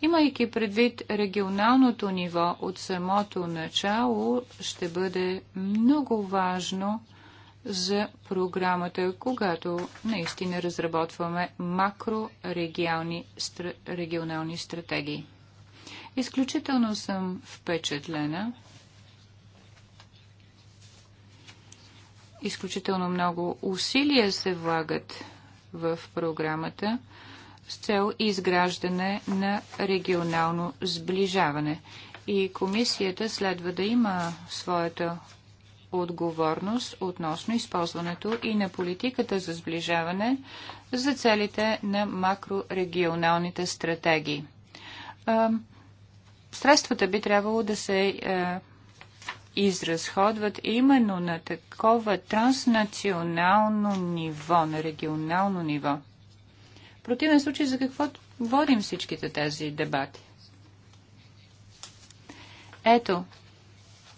Имайки предвид регионалното ниво от самото начало, ще бъде много важно за програмата, когато наистина разработваме макрорегионални регионални стратегии. Изключително съм впечатлена. Изключително много усилия се влагат в програмата – с цел изграждане на регионално сближаване. И комисията следва да има своята отговорност относно използването и на политиката за сближаване за целите на макрорегионалните стратегии. Средствата би трябвало да се изразходват именно на такова транснационално ниво, на регионално ниво – в противен случай за какво водим всичките тези дебати? Ето,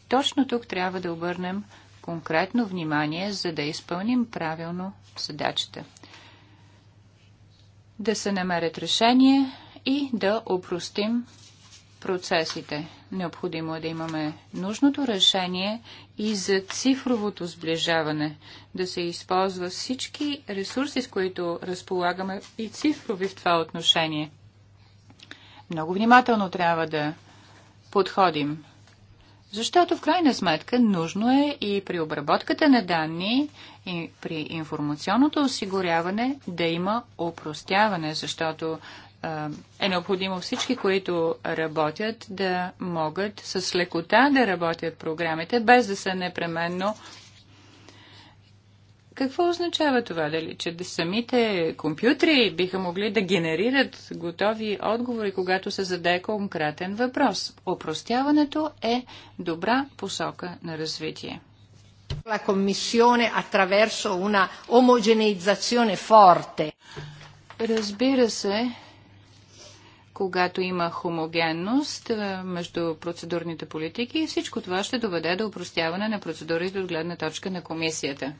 точно тук трябва да обърнем конкретно внимание, за да изпълним правилно задачата. Да се намерят решение и да опростим процесите. Необходимо е да имаме нужното решение и за цифровото сближаване, да се използва всички ресурси, с които разполагаме и цифрови в това отношение. Много внимателно трябва да подходим, защото в крайна сметка нужно е и при обработката на данни и при информационното осигуряване да има опростяване, защото е необходимо всички, които работят, да могат с лекота да работят програмите, без да са непременно. Какво означава това? Дали, че самите компютри биха могли да генерират готови отговори, когато се задае конкретен въпрос? Опростяването е добра посока на развитие. La Commissione attraverso una omogeneizzazione forte. Разбира се, когато има хомогенност между процедурните политики и всичко това ще доведе до упростяване на процедурите от гледна точка на комисията.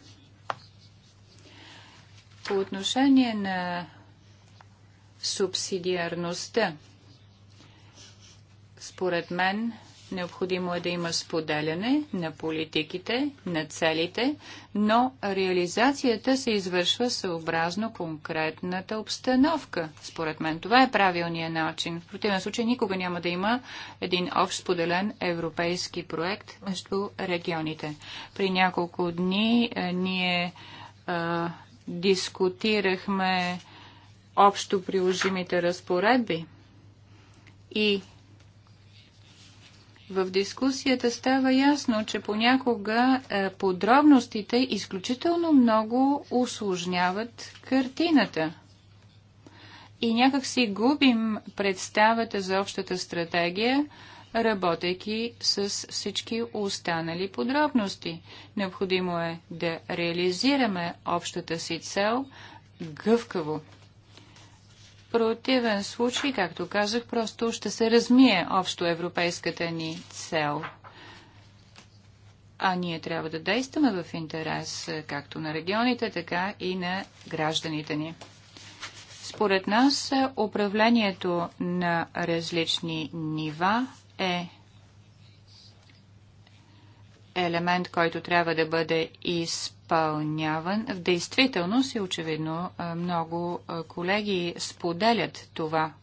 По отношение на субсидиарността, според мен, Необходимо е да има споделяне на политиките, на целите, но реализацията се извършва съобразно конкретната обстановка. Според мен това е правилният начин. В противен случай никога няма да има един общ споделен европейски проект между регионите. При няколко дни е, ние а, е, дискутирахме общо приложимите разпоредби и в дискусията става ясно, че понякога е, подробностите изключително много усложняват картината. И някак си губим представата за общата стратегия, работейки с всички останали подробности. Необходимо е да реализираме общата си цел гъвкаво противен случай, както казах, просто ще се размие общо европейската ни цел. А ние трябва да действаме в интерес е, както на регионите, така и на гражданите ни. Според нас е, управлението на различни нива е елемент, който трябва да бъде изпълнен изпълняван. В действителност и очевидно много колеги споделят това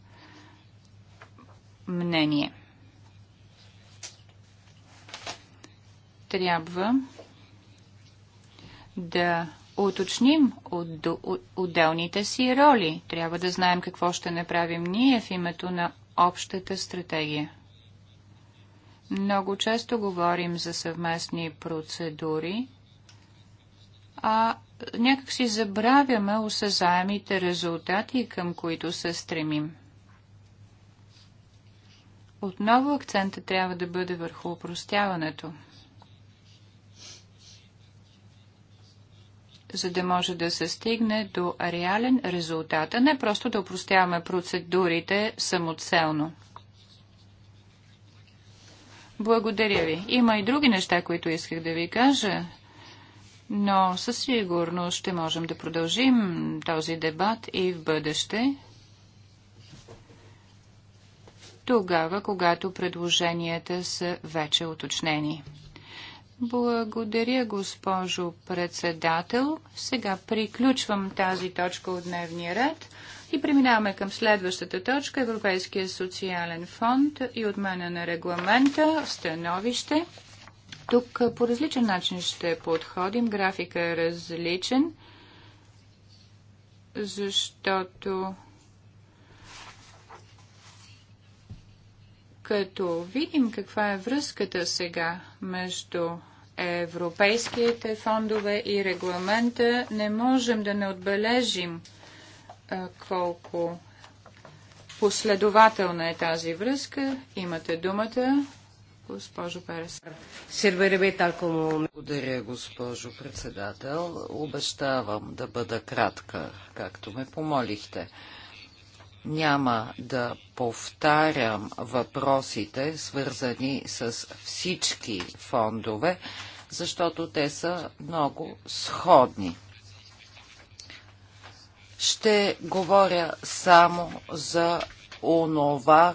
мнение. Трябва да уточним от, отделните си роли. Трябва да знаем какво ще направим ние в името на общата стратегия. Много често говорим за съвместни процедури, а някак си забравяме осъзаемите резултати, към които се стремим. Отново акцента трябва да бъде върху упростяването. за да може да се стигне до реален резултат, а не просто да упростяваме процедурите самоцелно. Благодаря ви. Има и други неща, които исках да ви кажа, но със сигурност ще можем да продължим този дебат и в бъдеще, тогава, когато предложенията са вече уточнени. Благодаря, госпожо председател. Сега приключвам тази точка от дневния ред и преминаваме към следващата точка Европейския социален фонд и отмена на регламента в становище. Тук по различен начин ще подходим. Графика е различен, защото като видим каква е връзката сега между европейските фондове и регламента, не можем да не отбележим колко последователна е тази връзка. Имате думата госпожо Перес. Благодаря, госпожо председател. Обещавам да бъда кратка, както ме помолихте. Няма да повтарям въпросите, свързани с всички фондове, защото те са много сходни. Ще говоря само за онова,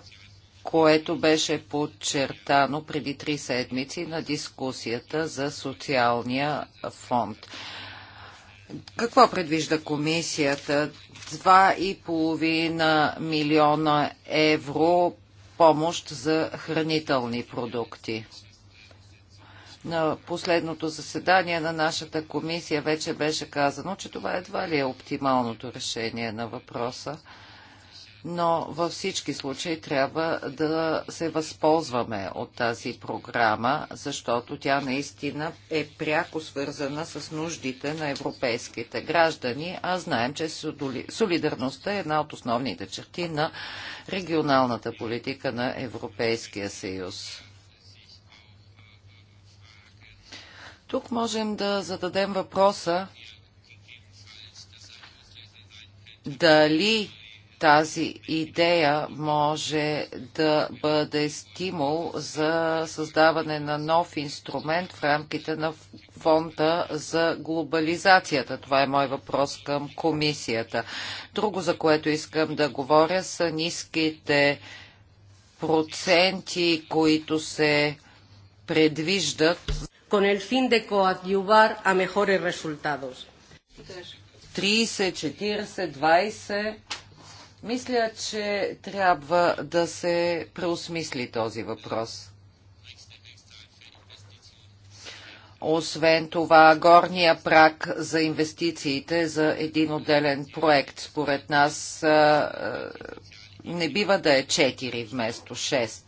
което беше подчертано преди три седмици на дискусията за социалния фонд. Какво предвижда комисията? 2,5 милиона евро помощ за хранителни продукти. На последното заседание на нашата комисия вече беше казано, че това едва ли е оптималното решение на въпроса но във всички случаи трябва да се възползваме от тази програма, защото тя наистина е пряко свързана с нуждите на европейските граждани, а знаем, че солидарността е една от основните черти на регионалната политика на Европейския съюз. Тук можем да зададем въпроса дали тази идея може да бъде стимул за създаване на нов инструмент в рамките на фонда за глобализацията. Това е мой въпрос към комисията. Друго, за което искам да говоря, са ниските проценти, които се предвиждат con el fin de coadyuvar a mejores resultados. 30, 40, 20 мисля, че трябва да се преосмисли този въпрос. Освен това, горния прак за инвестициите за един отделен проект, според нас, не бива да е 4 вместо 6.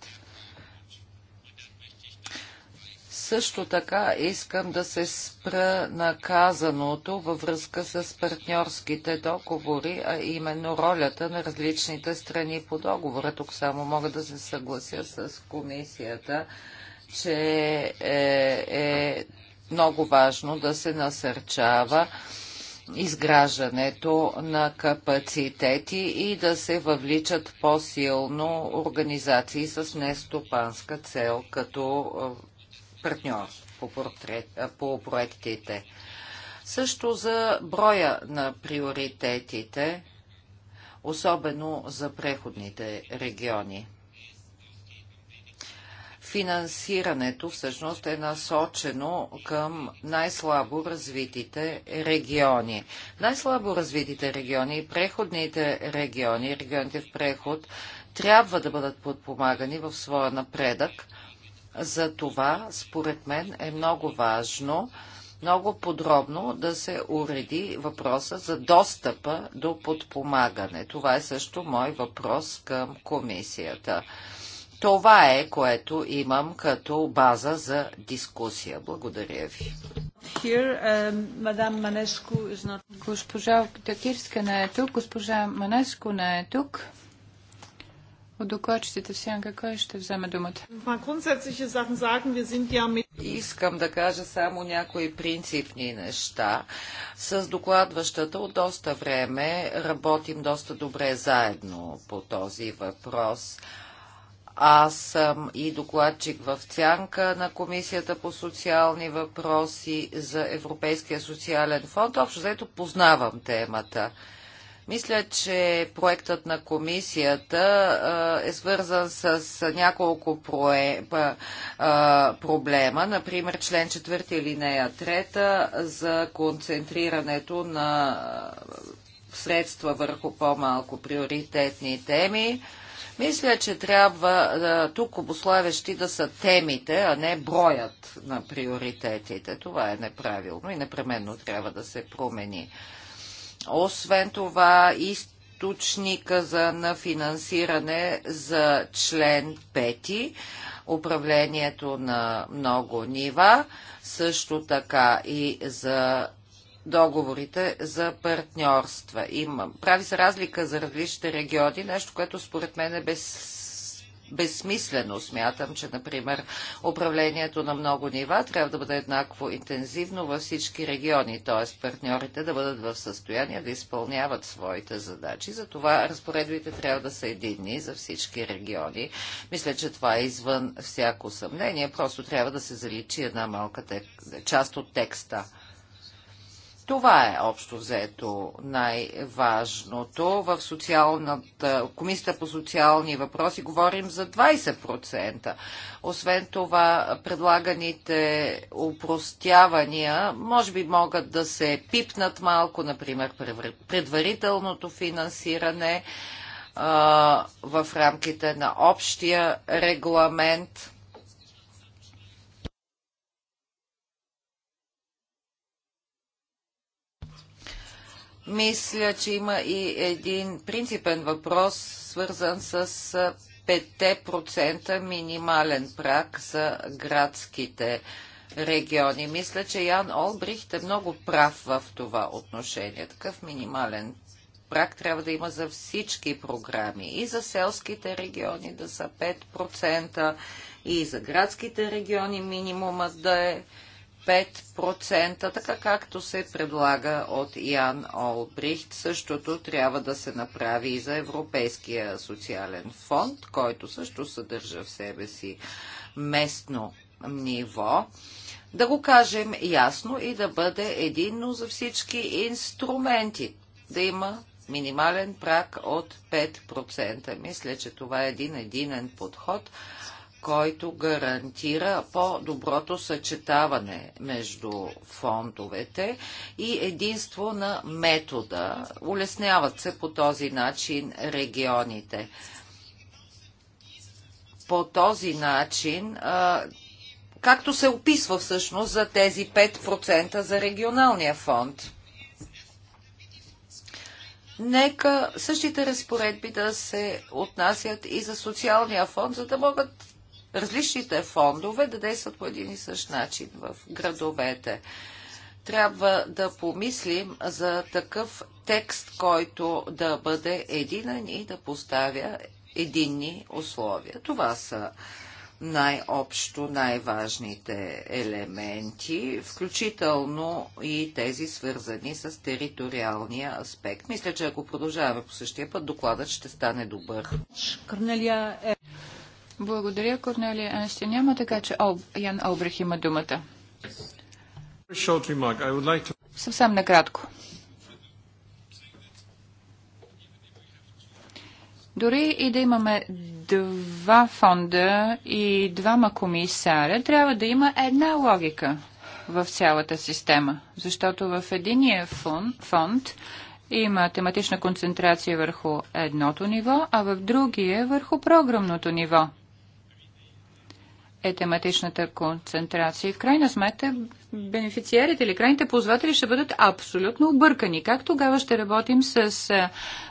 Също така искам да се спра на казаното във връзка с партньорските договори, а именно ролята на различните страни по договора. Тук само мога да се съглася с комисията, че е, е много важно да се насърчава изграждането на капацитети и да се въвличат по-силно организации с нестопанска цел, като партньор по, портрет, по проектите. Също за броя на приоритетите, особено за преходните региони. Финансирането всъщност е насочено към най-слабо развитите региони. Най-слабо развитите региони и преходните региони, регионите в преход, трябва да бъдат подпомагани в своя напредък – за това, според мен, е много важно много подробно да се уреди въпроса за достъпа до подпомагане. Това е също мой въпрос към комисията. Това е, което имам като база за дискусия. Благодаря ви. Um, госпожа Такирска не е тук, госпожа Манеско не е тук. От докладчиците в сянка, кой ще вземе думата? Искам да кажа само някои принципни неща. С докладващата от доста време работим доста добре заедно по този въпрос. Аз съм и докладчик в Цянка на Комисията по социални въпроси за Европейския социален фонд. Общо заето познавам темата. Мисля, че проектът на комисията е свързан с няколко проблема, например член 4 или нея 3 за концентрирането на средства върху по-малко приоритетни теми. Мисля, че трябва тук обославящи да са темите, а не броят на приоритетите. Това е неправилно и непременно трябва да се промени. Освен това, източника за, на финансиране за член 5, управлението на много нива, също така и за договорите за партньорства. Има. Прави се разлика за различните региони, нещо, което според мен е без безсмислено. Смятам, че, например, управлението на много нива трябва да бъде еднакво интензивно във всички региони, т.е. партньорите да бъдат в състояние да изпълняват своите задачи. Затова разпоредбите трябва да са единни за всички региони. Мисля, че това е извън всяко съмнение. Просто трябва да се заличи една малка тек... част от текста. Това е общо взето най-важното. В социалната, комисията по социални въпроси говорим за 20%. Освен това, предлаганите упростявания може би могат да се пипнат малко, например предварителното финансиране а, в рамките на общия регламент – Мисля, че има и един принципен въпрос, свързан с 5% минимален прак за градските региони. Мисля, че Ян Олбрихт е много прав в това отношение. Такъв минимален прак трябва да има за всички програми. И за селските региони да са 5%, и за градските региони минимумът да е 5%, така както се предлага от Ян Олбрихт. Същото трябва да се направи и за Европейския социален фонд, който също съдържа в себе си местно ниво. Да го кажем ясно и да бъде единно за всички инструменти. Да има минимален прак от 5%. Мисля, че това е един единен подход, който гарантира по-доброто съчетаване между фондовете и единство на метода. Улесняват се по този начин регионите. По този начин както се описва всъщност за тези 5% за регионалния фонд. Нека същите разпоредби да се отнасят и за социалния фонд, за да могат различните фондове да действат по един и същ начин в градовете. Трябва да помислим за такъв текст, който да бъде единен и да поставя единни условия. Това са най-общо най-важните елементи, включително и тези свързани с териториалния аспект. Мисля, че ако продължаваме по същия път, докладът ще стане добър. Благодаря, Корнелия Ансти. Няма така, че Ол... Ян Олбрих има думата. Съвсем накратко. Дори и да имаме два фонда и двама комисаря, трябва да има една логика в цялата система. Защото в единия фонд има тематична концентрация върху едното ниво, а в другия върху програмното ниво е тематичната концентрация. в крайна сметка бенефициарите или крайните ползватели ще бъдат абсолютно объркани. Как тогава ще работим с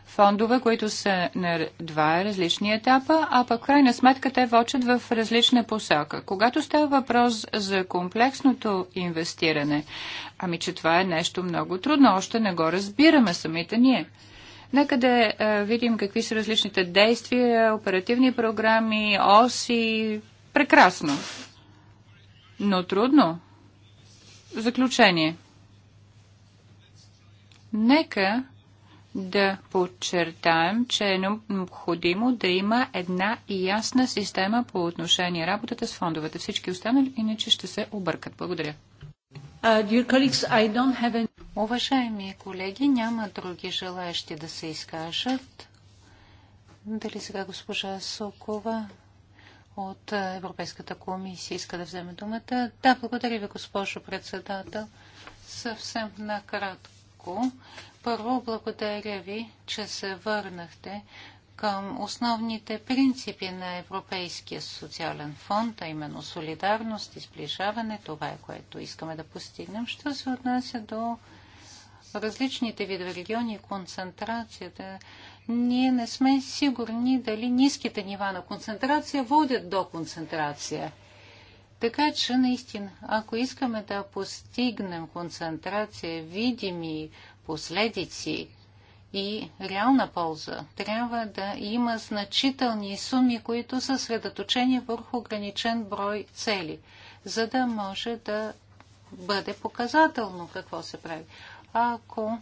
фондове, които са на два различни етапа, а пък крайна сметка те вочат в различна посока. Когато става въпрос за комплексното инвестиране, ами че това е нещо много трудно, още не го разбираме самите ние. Нека да видим какви са различните действия, оперативни програми, оси, Прекрасно. Но трудно. Заключение. Нека да подчертаем, че е необходимо да има една и ясна система по отношение работата с фондовете. Всички останали иначе ще се объркат. Благодаря. Uh, any... Уважаеми колеги, няма други желаящи да се изкажат. Дали сега госпожа Сокова от Европейската комисия иска да вземе думата. Да, благодаря ви, госпожо председател. Съвсем накратко. Първо, благодаря ви, че се върнахте към основните принципи на Европейския социален фонд, а именно солидарност, изближаване, това е което искаме да постигнем. Що се отнася до различните видове региони и концентрацията, ние не сме сигурни дали ниските нива на концентрация водят до концентрация. Така че, наистина, ако искаме да постигнем концентрация, видими последици и реална полза, трябва да има значителни суми, които са средоточени върху ограничен брой цели, за да може да бъде показателно какво се прави ако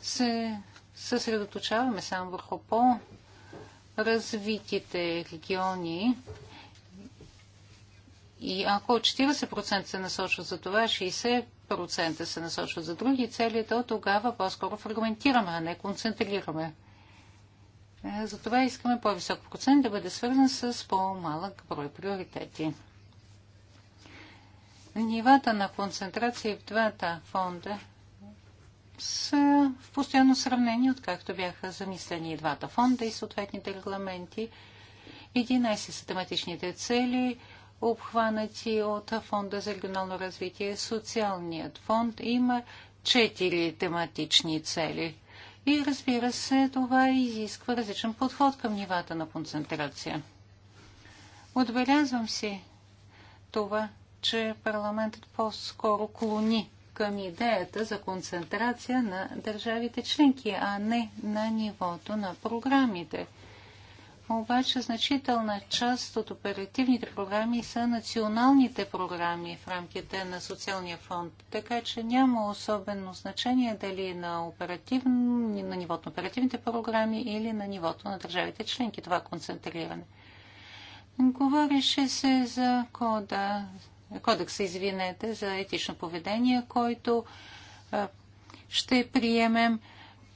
се съсредоточаваме само върху по-развитите региони и ако 40% се насочват за това, 60% се насочват за други цели, то тогава по-скоро фрагментираме, а не концентрираме. Е, затова искаме по-висок процент да бъде свързан с по-малък брой приоритети. Нивата на концентрация в двата фонда са в постоянно сравнение, откакто бяха замислени и двата фонда и съответните регламенти. 11 са тематичните цели, обхванати от Фонда за регионално развитие. Социалният фонд има 4 тематични цели. И разбира се, това изисква различен подход към нивата на концентрация. Отбелязвам си това, че парламентът по-скоро клони към идеята за концентрация на държавите членки, а не на нивото на програмите. Обаче значителна част от оперативните програми са националните програми в рамките на социалния фонд, така че няма особено значение дали на, оператив... на нивото на оперативните програми или на нивото на държавите членки това концентриране. Говореше се за кода кодекса, извинете, за етично поведение, който ще приемем.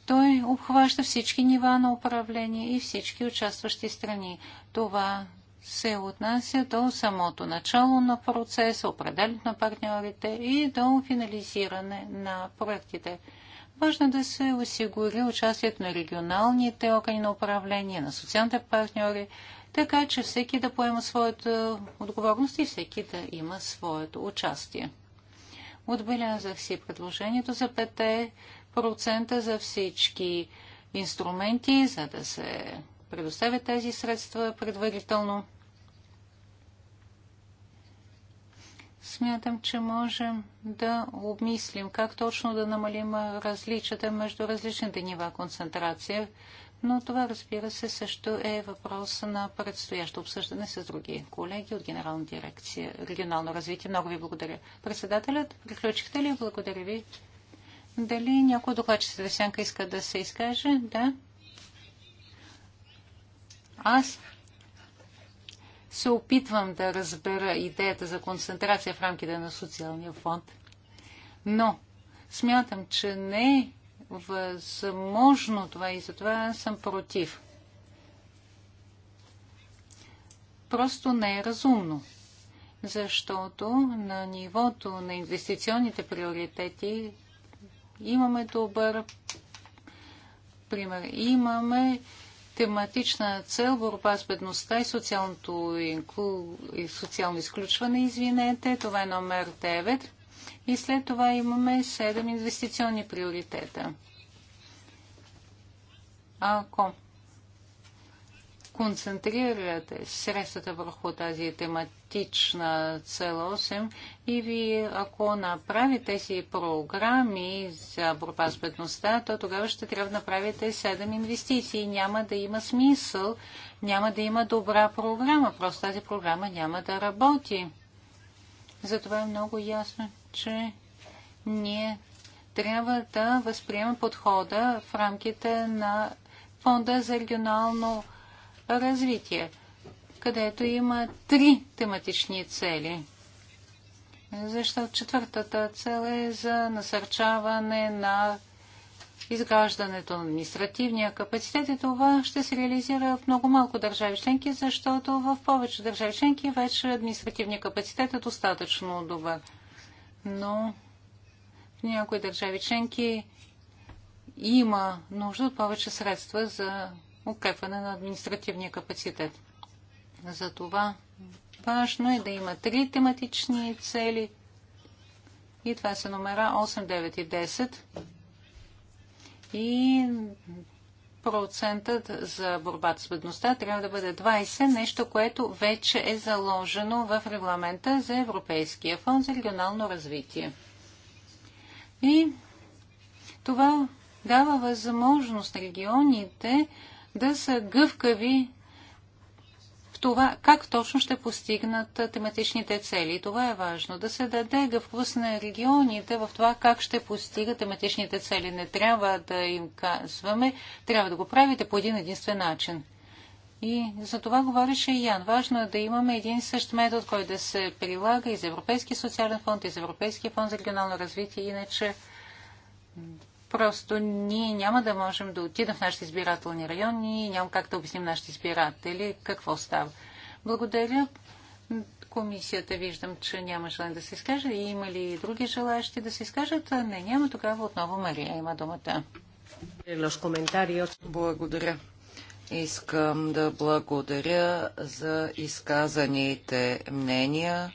Той обхваща всички нива на управление и всички участващи страни. Това се отнася до самото начало на процеса, определят на партньорите и до финализиране на проектите. Важно е да се осигури участието на регионалните органи на управление, на социалните партньори, така че всеки да поема своята отговорност и всеки да има своето участие. Отбелязах си предложението за 5% за всички инструменти, за да се предоставят тези средства предварително. Смятам, че можем да обмислим как точно да намалим различията между различните нива концентрация но това, разбира се, също е въпрос на предстоящо обсъждане с други колеги от Генерална дирекция регионално развитие. Много ви благодаря. Председателят, приключихте ли? Благодаря ви. Дали някой докладчица Весянка иска да се изкаже? Да. Аз се опитвам да разбера идеята за концентрация в рамките на социалния фонд, но смятам, че не е възможно това и затова съм против. Просто не е разумно, защото на нивото на инвестиционните приоритети имаме добър пример. Имаме тематична цел борба с бедността и социалното инклю... и социално изключване, извинете. Това е номер 9 и след това имаме 7 инвестиционни приоритета. Ако концентрирате средствата върху тази тематична цел 8 и ви, ако направите тези програми за борба с бедността, то тогава ще трябва да направите 7 инвестиции. Няма да има смисъл, няма да има добра програма, просто тази програма няма да работи. Затова е много ясно, че ние трябва да възприемем подхода в рамките на Фонда за регионално развитие, където има три тематични цели. Защото четвъртата цел е за насърчаване на изграждането на административния капацитет и това ще се реализира в много малко държави членки, защото в повече държави членки вече административния капацитет е достатъчно добър но в някои държави членки има нужда от повече средства за укрепване на административния капацитет. Затова важно е да има три тематични цели и това са номера 8, 9 и 10. И процентът за борбата с бедността трябва да бъде 20, нещо, което вече е заложено в регламента за Европейския фонд за регионално развитие. И това дава възможност регионите да са гъвкави това как точно ще постигнат тематичните цели. Това е важно. Да се даде гъвкост на регионите в това как ще постигат тематичните цели. Не трябва да им казваме, трябва да го правите по един единствен начин. И за това говореше и Ян. Важно е да имаме един същ метод, който да се прилага и за Европейски социален фонд, и за Европейския фонд за регионално развитие. Иначе Просто ние няма да можем да отидем в нашите избирателни райони и няма как да обясним нашите избиратели какво става. Благодаря. Комисията виждам, че няма желание да се изкаже. Има ли други желаящи да се изкажат? Не, няма. Тогава отново Мария има думата. Благодаря. Искам да благодаря за изказаните мнения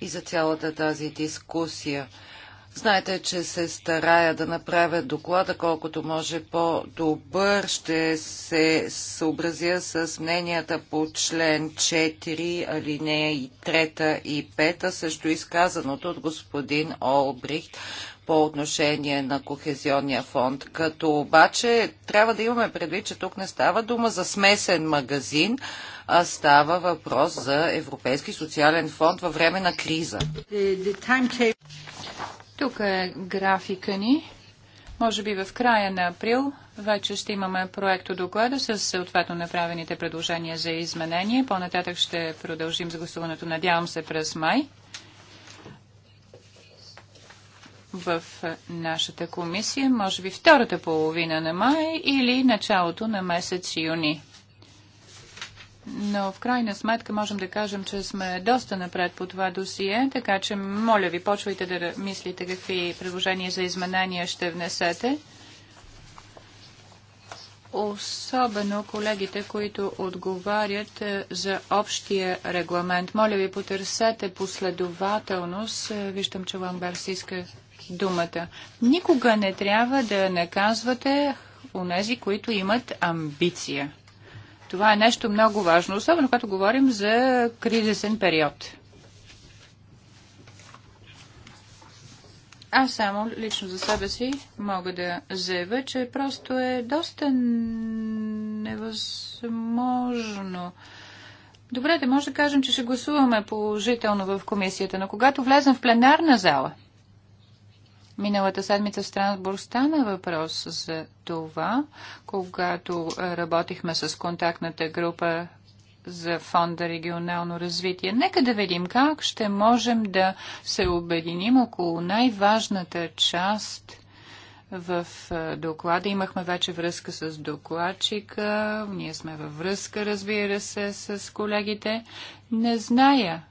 и за цялата тази дискусия. Знаете, че се старая да направя доклада колкото може по-добър. Ще се съобразя с мненията по член 4, алинея и 3 и 5, също изказаното от господин Олбрихт по отношение на Кохезионния фонд. Като обаче трябва да имаме предвид, че тук не става дума за смесен магазин, а става въпрос за Европейски социален фонд във време на криза. Тук е графика ни. Може би в края на април вече ще имаме проекто доклада с съответно направените предложения за изменение. По-нататък ще продължим с гласуването, надявам се, през май в нашата комисия, може би втората половина на май или началото на месец юни но в крайна сметка можем да кажем, че сме доста напред по това досие, така че моля ви, почвайте да мислите какви предложения за изменения ще внесете. Особено колегите, които отговарят е, за общия регламент. Моля ви, потърсете последователност. Е, виждам, че си иска думата. Никога не трябва да наказвате онези, които имат амбиция. Това е нещо много важно, особено когато говорим за кризисен период. Аз само лично за себе си мога да заявя, че просто е доста невъзможно. Добре, да може да кажем, че ще гласуваме положително в комисията, но когато влезем в пленарна зала – Миналата седмица в Странсбург стана въпрос за това, когато е, работихме с контактната група за фонда регионално развитие. Нека да видим как ще можем да се обединим около най-важната част в е, доклада. Имахме вече връзка с докладчика, ние сме във връзка, разбира се, с колегите. Не зная,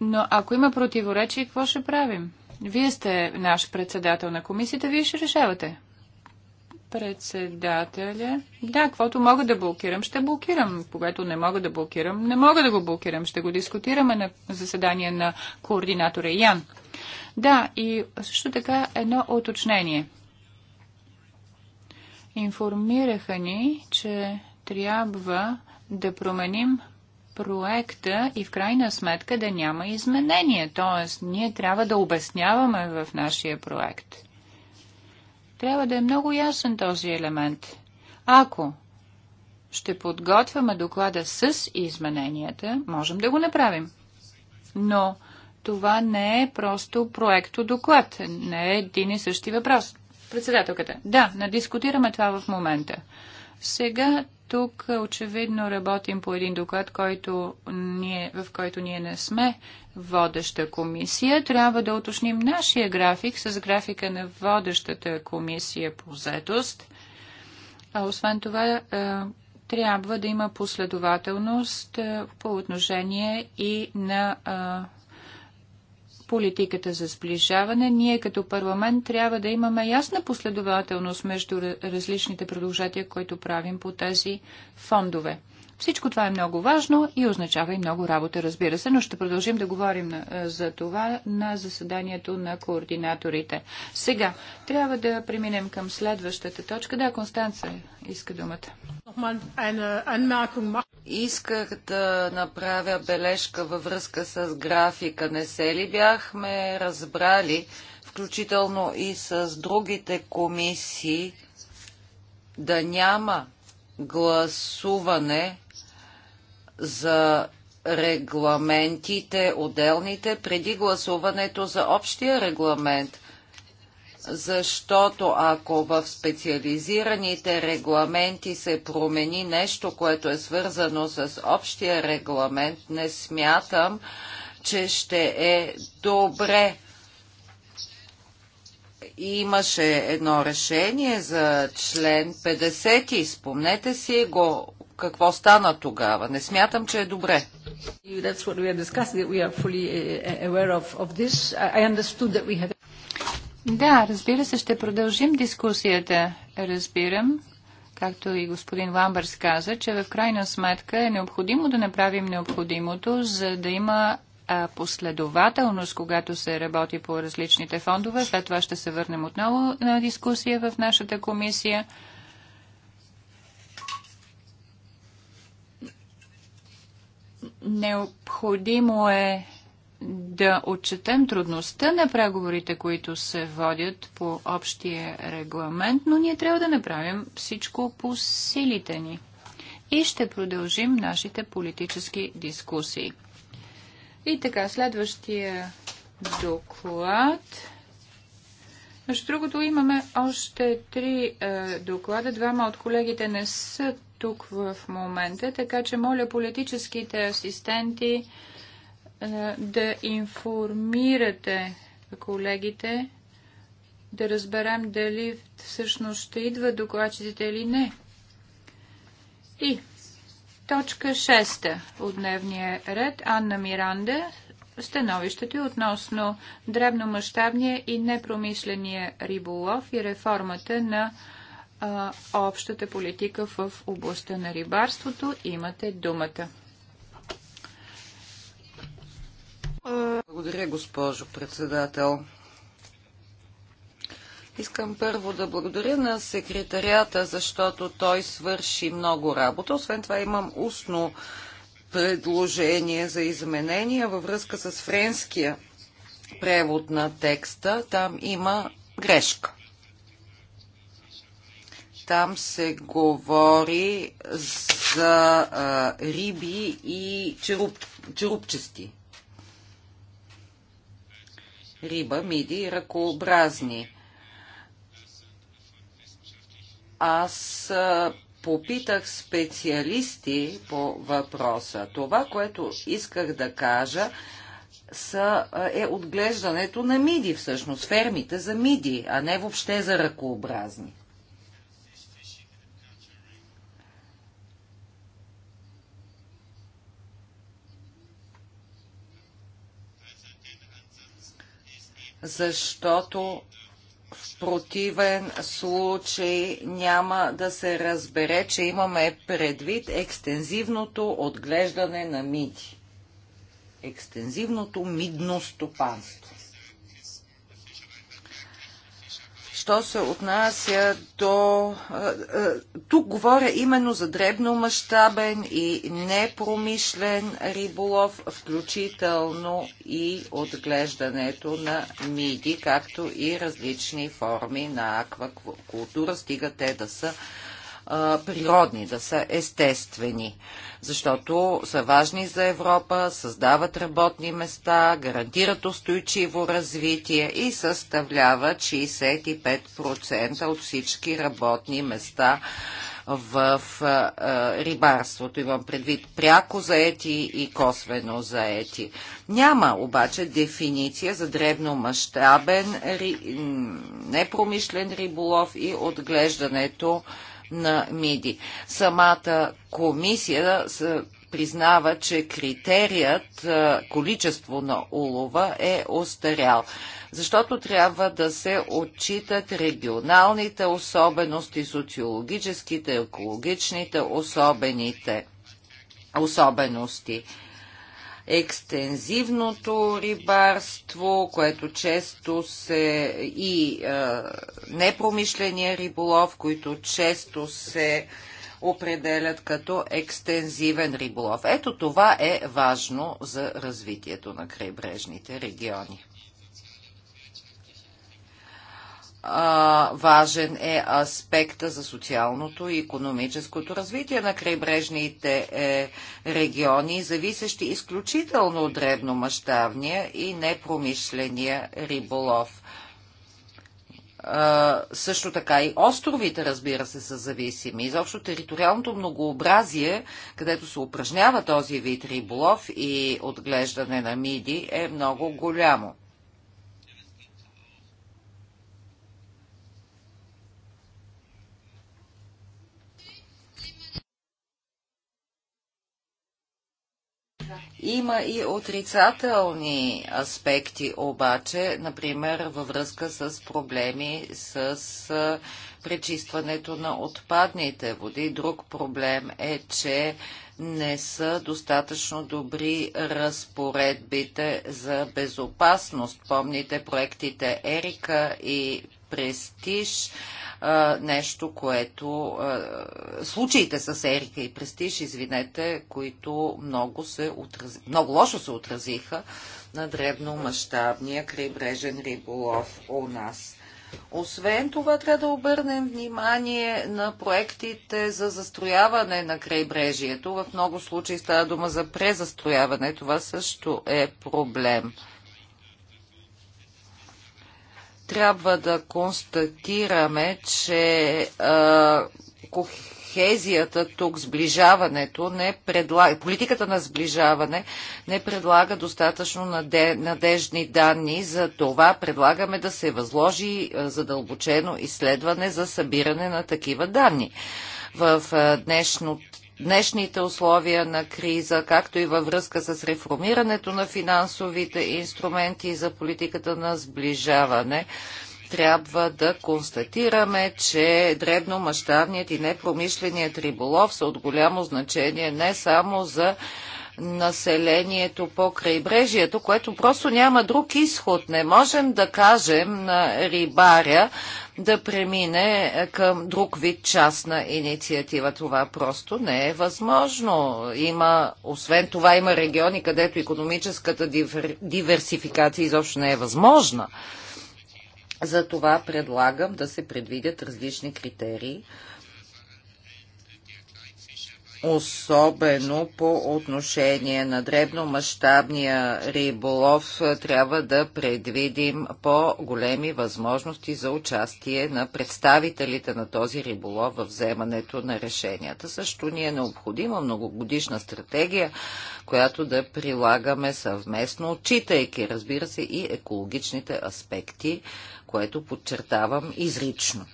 но ако има противоречие, какво ще правим? Вие сте наш председател на комисията, вие ще решавате. Председателя. Да, каквото мога да блокирам, ще блокирам. Когато не мога да блокирам, не мога да го блокирам. Ще го дискутираме на заседание на координатора Ян. Да, и също така едно уточнение. Информираха ни, че трябва да променим проекта и в крайна сметка да няма изменение. Тоест, ние трябва да обясняваме в нашия проект. Трябва да е много ясен този елемент. Ако ще подготвяме доклада с измененията, можем да го направим. Но това не е просто проекто доклад. Не е един и същи въпрос. Председателката. Да, надискутираме това в момента. Сега тук очевидно работим по един доклад, който ние, в който ние не сме водеща комисия. Трябва да уточним нашия график с графика на водещата комисия по заетост. А освен това, трябва да има последователност по отношение и на политиката за сближаване, ние като парламент трябва да имаме ясна последователност между различните предложения, които правим по тези фондове. Всичко това е много важно и означава и много работа, разбира се, но ще продължим да говорим за това на заседанието на координаторите. Сега трябва да преминем към следващата точка. Да, Констанция иска думата. Исках да направя бележка във връзка с графика. Не се ли бяхме разбрали, включително и с другите комисии, да няма гласуване за регламентите, отделните, преди гласуването за общия регламент. Защото ако в специализираните регламенти се промени нещо, което е свързано с общия регламент, не смятам, че ще е добре. Имаше едно решение за член 50, спомнете си го, какво стана тогава. Не смятам, че е добре. Uh, uh, да, разбира се, ще продължим дискусията. Разбирам, както и господин Ламбърс каза, че в крайна сметка е необходимо да направим необходимото, за да има последователност, когато се работи по различните фондове. След това ще се върнем отново на дискусия в нашата комисия. Необходимо е да отчетем трудността на преговорите, които се водят по общия регламент, но ние трябва да направим всичко по силите ни. И ще продължим нашите политически дискусии. И така, следващия доклад. Между другото, имаме още три е, доклада. Двама от колегите не са тук в момента, така че моля политическите асистенти е, да информирате колегите, да разберем дали всъщност ще идват докладчиците или не. И точка 6 от дневния ред Анна Миранда становището е относно дребномащабния и непромисления риболов и реформата на а, общата политика в областта на рибарството. Имате думата. Благодаря, госпожо председател. Искам първо да благодаря на секретарията, защото той свърши много работа. Освен това имам устно предложение за изменения във връзка с френския превод на текста. Там има грешка. Там се говори за а, риби и черуп, черупчести. Риба, миди и ръкообразни. Аз а, попитах специалисти по въпроса. Това, което исках да кажа, са, е отглеждането на миди, всъщност фермите за миди, а не въобще за ръкообразни. защото в противен случай няма да се разбере, че имаме предвид екстензивното отглеждане на миди. Екстензивното мидно стопанство. що се отнася до... Тук говоря именно за дребномащабен и непромишлен риболов, включително и отглеждането на миди, както и различни форми на аквакултура, стига те да са а, природни, да са естествени, защото са важни за Европа, създават работни места, гарантират устойчиво развитие и съставляват 65% от всички работни места в а, рибарството. Имам предвид пряко заети и косвено заети. Няма обаче дефиниция за дребномащабен ри... непромишлен риболов и отглеждането на МИДИ. Самата комисия признава, че критерият количество на улова е остарял, защото трябва да се отчитат регионалните особености, социологическите, екологичните особените, особености екстензивното рибарство, което често се и е, непромишления риболов, които често се определят като екстензивен риболов. Ето това е важно за развитието на крайбрежните региони. важен е аспекта за социалното и економическото развитие на крайбрежните е, региони, зависещи изключително от древномащабния и непромишления риболов. също така и островите, разбира се, са зависими. Изобщо териториалното многообразие, където се упражнява този вид риболов и отглеждане на миди, е много голямо. Има и отрицателни аспекти обаче, например във връзка с проблеми с пречистването на отпадните води. Друг проблем е, че не са достатъчно добри разпоредбите за безопасност. Помните проектите Ерика и Престиж нещо, което... А, случаите с Ерика и Престиж, извинете, които много, се отрази, много лошо се отразиха на дребномащабния крайбрежен риболов у нас. Освен това, трябва да обърнем внимание на проектите за застрояване на крайбрежието. В много случаи става дума за презастрояване. Това също е проблем трябва да констатираме, че а, кохезията тук, сближаването, не предлага, политиката на сближаване не предлага достатъчно надежни данни, за това предлагаме да се възложи задълбочено изследване за събиране на такива данни. В днешното днешните условия на криза, както и във връзка с реформирането на финансовите инструменти за политиката на сближаване, трябва да констатираме, че дребномащабният и непромишленият риболов са от голямо значение не само за населението по крайбрежието, което просто няма друг изход. Не можем да кажем на рибаря, да премине е, към друг вид частна инициатива. Това просто не е възможно. Има, освен това има региони, където економическата дивер, диверсификация изобщо не е възможна. Затова предлагам да се предвидят различни критерии, особено по отношение на дребномащабния риболов, е, трябва да предвидим по-големи възможности за участие на представителите на този риболов в вземането на решенията. Също ни е необходима многогодишна стратегия, която да прилагаме съвместно, отчитайки, разбира се, и екологичните аспекти, което подчертавам изрично.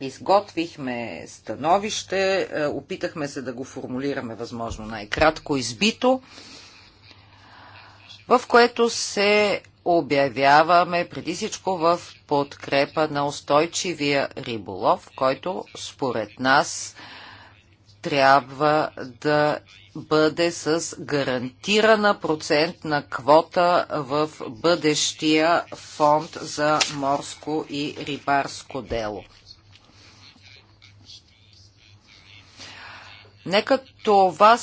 Изготвихме становище, е, опитахме се да го формулираме възможно най-кратко, избито, в което се обявяваме преди всичко в подкрепа на устойчивия риболов, който според нас трябва да бъде с гарантирана процентна квота в бъдещия фонд за морско и рибарско дело. Нека това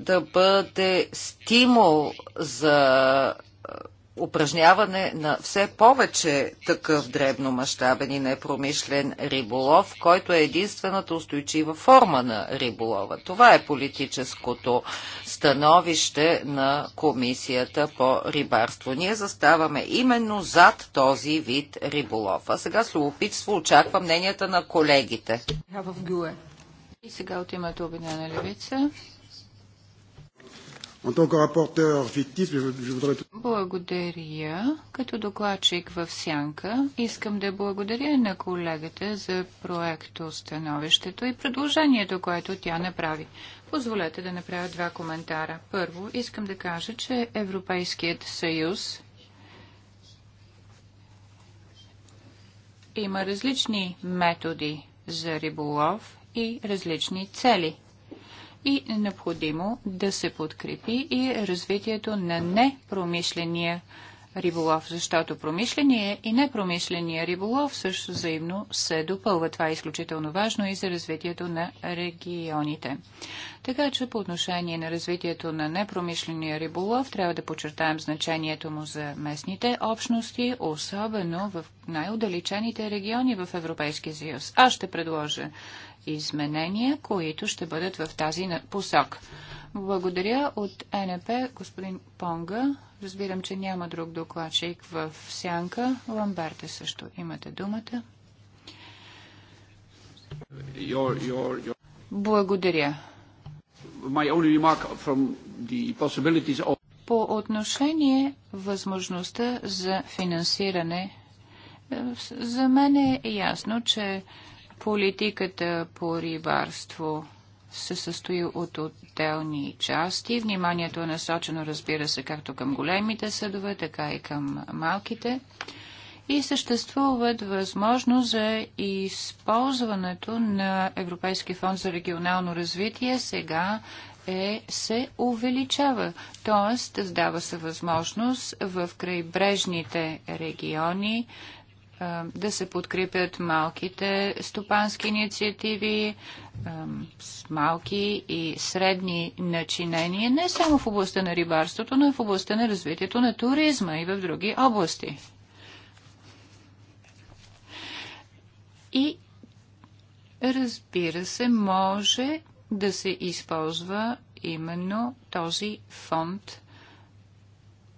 да бъде стимул за е, упражняване на все повече такъв дребномащабен и непромишлен риболов, който е единствената устойчива форма на риболова. Това е политическото становище на Комисията по рибарство. Ние заставаме именно зад този вид риболов. А сега с любопитство очаква мненията на колегите. И сега от името Обединена левица. Благодаря. Като докладчик в Сянка, искам да благодаря на колегата за проекто становището и предложението, което тя направи. Позволете да направя два коментара. Първо, искам да кажа, че Европейският съюз има различни методи за риболов и различни цели. И е необходимо да се подкрепи и развитието на непромишления риболов, защото промишления и непромишления риболов също взаимно се допълва. Това е изключително важно и за развитието на регионите. Така че по отношение на развитието на непромишления риболов трябва да подчертаем значението му за местните общности, особено в най-удалечените региони в Европейския съюз. Аз ще предложа изменения, които ще бъдат в тази посок. Благодаря от НП, господин Понга. Разбирам, че няма друг докладчик в сянка. Ламберте също имате думата. Your, your, your... Благодаря. Of... По отношение възможността за финансиране, е, за мен е ясно, че Политиката по рибарство се състои от отделни части. Вниманието е насочено, разбира се, както към големите съдове, така и към малките. И съществуват възможност за използването на Европейски фонд за регионално развитие. Сега е, се увеличава. Тоест, дава се възможност в крайбрежните региони да се подкрепят малките стопански инициативи, с малки и средни начинения, не само в областта на рибарството, но и в областта на развитието на туризма и в други области. И разбира се, може да се използва именно този фонд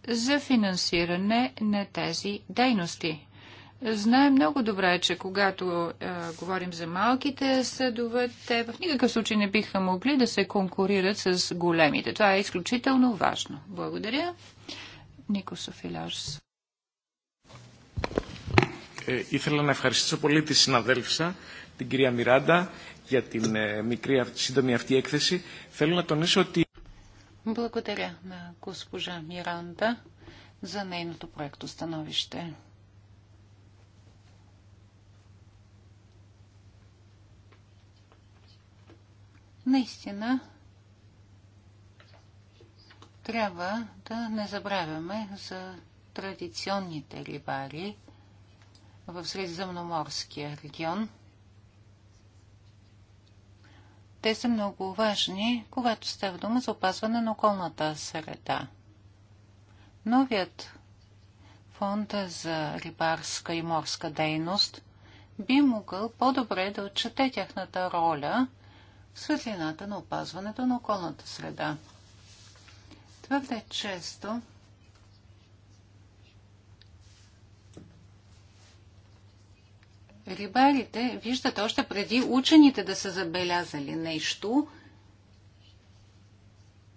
за финансиране на тези дейности. Знаем много добре, че когато е, говорим за малките съдове, те в никакъв случай не биха могли да се конкурират с големите. Това е изключително важно. Благодаря. Нико Софилярс. Е, ήθελα να ευχαριστήσω πολύ τη συναδέλφισσα, την κυρία Μιράντα, για την ε, μικρή σύντομη αυτή έκθεση. Θέλω να τονίσω ότι... Благодаря на госпожа Миранда за нейното проекто становище. Наистина трябва да не забравяме за традиционните рибари в Средиземноморския регион. Те са много важни, когато става дума за опазване на околната среда. Новият фонд за рибарска и морска дейност би могъл по-добре да отчете тяхната роля – в светлината на опазването на околната среда. Твърде често рибарите виждат още преди учените да са забелязали нещо.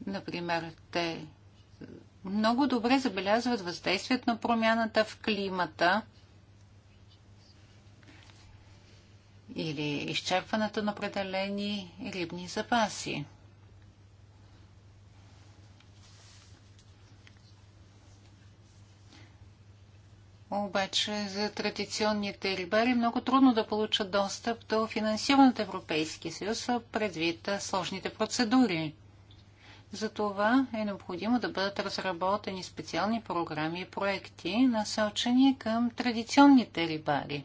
Например, те много добре забелязват въздействието на промяната в климата – или изчерпването на определени рибни запаси. Обаче за традиционните рибари е много трудно да получат достъп до финансиране от Европейския съюз предвид сложните процедури. Затова е необходимо да бъдат разработени специални програми и проекти, насочени към традиционните рибари.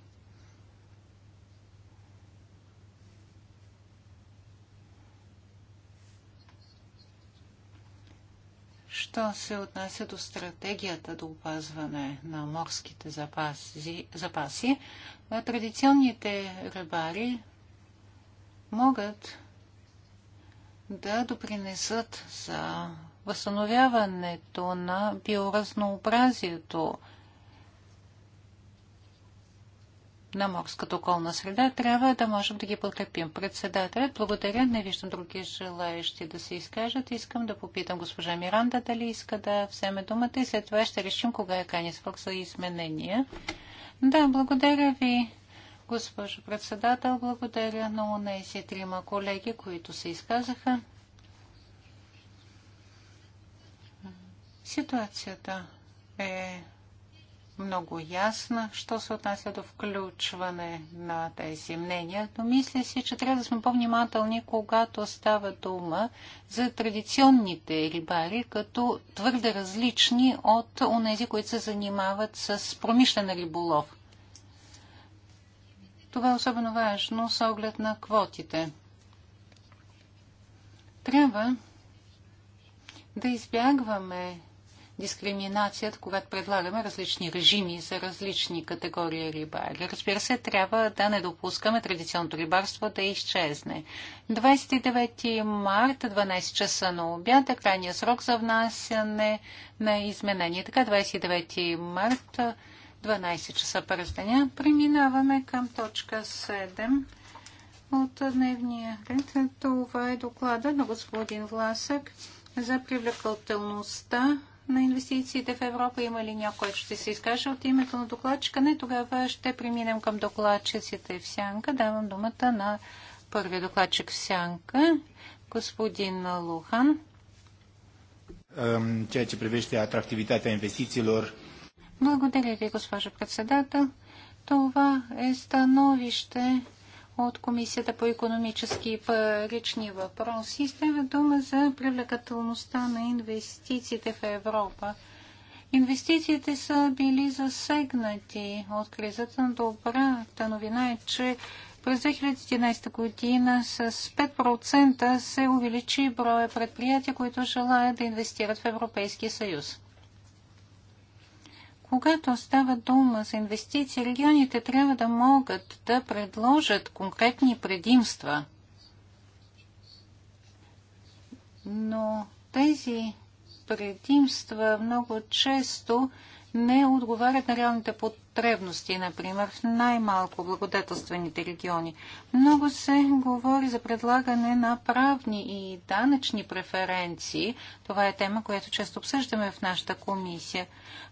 Що се отнася до стратегията до опазване на морските запаси, запаси традиционните рибари могат да допринесат за възстановяването на биоразнообразието на морската околна среда, трябва да можем да ги подкрепим. Председателят, благодаря. Не виждам други желаящи да се изкажат. Искам да попитам госпожа Миранда дали иска да вземе думата и след това ще решим кога е крайният срок за изменения. Да, благодаря ви, госпожо председател. Благодаря на унези трима колеги, които се изказаха. Ситуацията е много ясна, що се отнася до включване на тези мнения, но мисля си, че трябва да сме по-внимателни, когато става дума за традиционните рибари, като твърде различни от онези, които се занимават с промишлен риболов. Това е особено важно с оглед на квотите. Трябва да избягваме дискриминацията, когато предлагаме различни режими за различни категории рибари. Разбира се, трябва да не допускаме традиционното рибарство да изчезне. 29 март, 12 часа на обяд е крайният срок за внасяне на изменения. Така, 29 март, 12 часа през деня. Преминаваме към точка 7 от дневния ред. Това е доклада на господин Власък за привлекателността на инвестициите в Европа. Има ли някой, който ще се изкаже от името на докладчика? Не, тогава ще преминем към докладчиците в сянка. Давам думата на първия докладчик в сянка, господин Лухан. Ceea ce privește atractivitatea investițiilor. Благодаря ви, госпожо председател. Това е становище от Комисията по економически и парични въпроси. Става дума за привлекателността на инвестициите в Европа. Инвестициите са били засегнати от кризата. Добрата новина е, че през 2011 година с 5% се увеличи броя предприятия, които желаят да инвестират в Европейския съюз. Когато става дума за инвестиции, регионите трябва да могат да предложат конкретни предимства. Но тези предимства много често не отговарят на реалните потребности, например, в най-малко благодетелствените региони. Много се говори за предлагане на правни и данъчни преференции. Това е тема, която често обсъждаме в нашата комисия.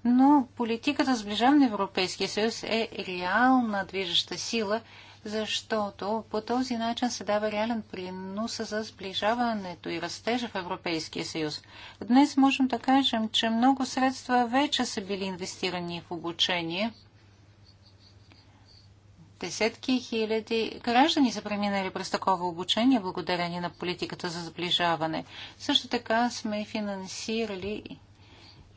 Но политиката сближаване на Европейския съюз е реална движеща сила защото по този начин се дава реален принос за сближаването и растежа в Европейския съюз. Днес можем да кажем, че много средства вече са били инвестирани в обучение – десетки хиляди граждани са преминали през такова обучение благодарение на политиката за сближаване. Също така сме финансирали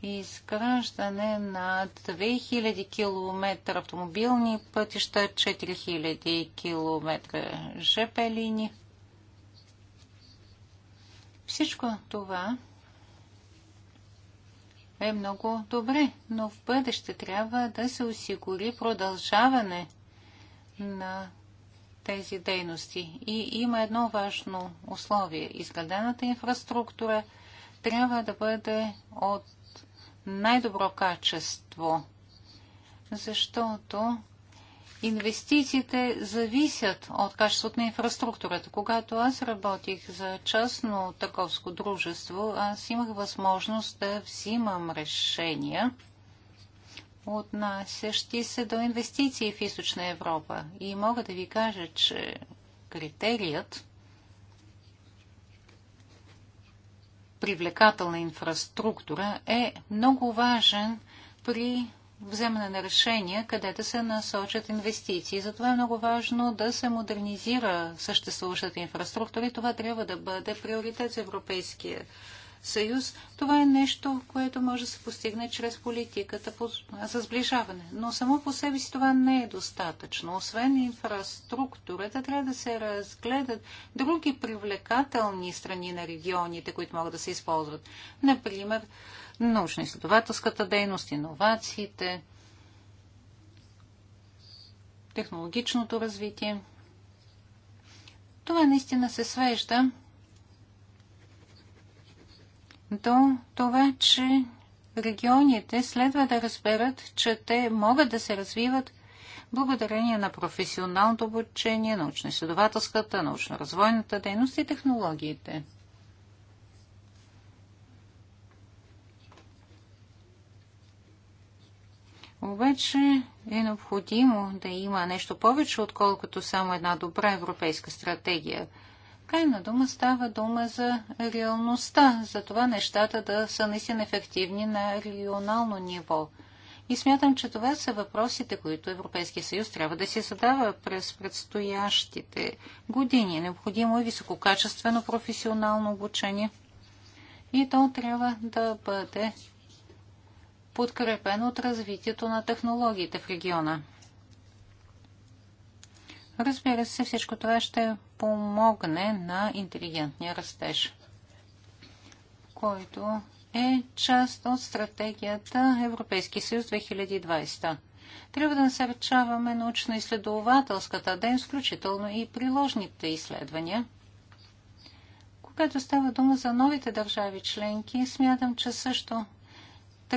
изграждане на 2000 км автомобилни пътища, 4000 км ЖП линии. Всичко това е много добре, но в бъдеще трябва да се осигури продължаване – на тези дейности. И има едно важно условие. Изградената инфраструктура трябва да бъде от най-добро качество, защото инвестициите зависят от качеството на инфраструктурата. Когато аз работих за частно таковско дружество, аз имах възможност да взимам решения отнасящи се до инвестиции в Източна Европа. И мога да ви кажа, че критерият привлекателна инфраструктура е много важен при вземане на решения, къде да се насочат инвестиции. Затова е много важно да се модернизира съществуващата инфраструктура и това трябва да бъде приоритет за Европейския съюз, това е нещо, което може да се постигне чрез политиката за сближаване. Но само по себе си това не е достатъчно. Освен инфраструктурата, трябва да се разгледат други привлекателни страни на регионите, които могат да се използват. Например, научно-изследователската дейност, иновациите, технологичното развитие. Това наистина се свежда до това, че регионите следва да разберат, че те могат да се развиват благодарение на професионалното обучение, научно-изследователската, научно-развойната дейност и технологиите. Обаче е необходимо да има нещо повече, отколкото само една добра европейска стратегия – крайна дума става дума за реалността, за това нещата да са наистина ефективни на регионално ниво. И смятам, че това са въпросите, които Европейския съюз трябва да си задава през предстоящите години. Необходимо е висококачествено професионално обучение. И то трябва да бъде подкрепено от развитието на технологиите в региона. Разбира се, всичко това ще помогне на интелигентния растеж, който е част от стратегията Европейски съюз 2020. Трябва да насърчаваме научно-изследователската ден, включително и приложните изследвания. Когато става дума за новите държави членки, смятам, че също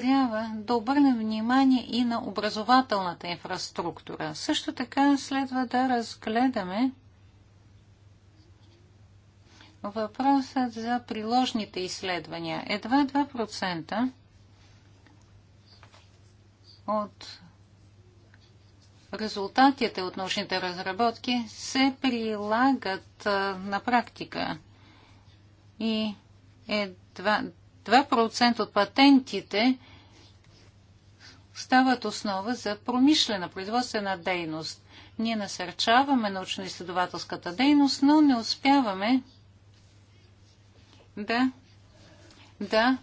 трябва да обърнем внимание и на образователната инфраструктура. Също така следва да разгледаме въпросът за приложните изследвания. Едва 2% от резултатите от научните разработки се прилагат на практика. И едва 2% от патентите стават основа за промишлена производствена дейност. Ние насърчаваме научно-изследователската дейност, но не успяваме да, да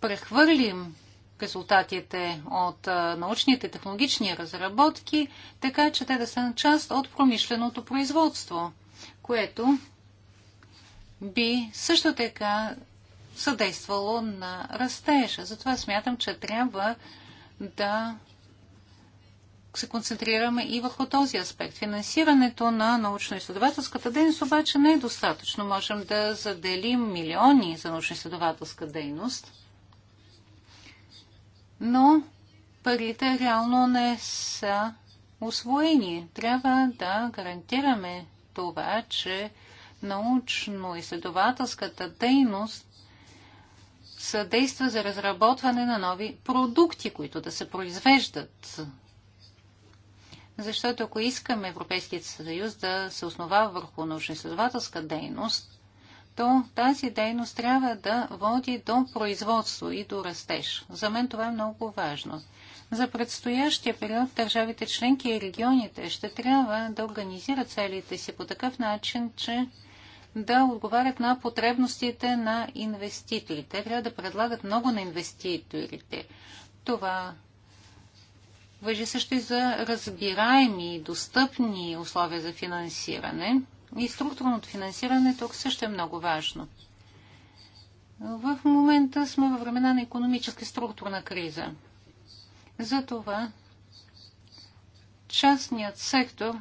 прехвърлим резултатите от научните технологични разработки, така че те да са част от промишленото производство, което би също така съдействало на растежа. Затова смятам, че трябва да се концентрираме и върху този аспект. Финансирането на научно-изследователската дейност обаче не е достатъчно. Можем да заделим милиони за научно-изследователска дейност, но парите реално не са освоени. Трябва да гарантираме това, че научно-изследователската дейност съдейства за разработване на нови продукти, които да се произвеждат. Защото ако искаме Европейският съюз да се основа върху научно-изследователска дейност, то тази дейност трябва да води до производство и до растеж. За мен това е много важно. За предстоящия период държавите членки и регионите ще трябва да организират целите си по такъв начин, че да отговарят на потребностите на инвеститорите. Те трябва да предлагат много на инвеститорите. Това въжи също и за разбираеми и достъпни условия за финансиране. И структурното финансиране тук също е много важно. В момента сме във времена на економическа структурна криза. Затова частният сектор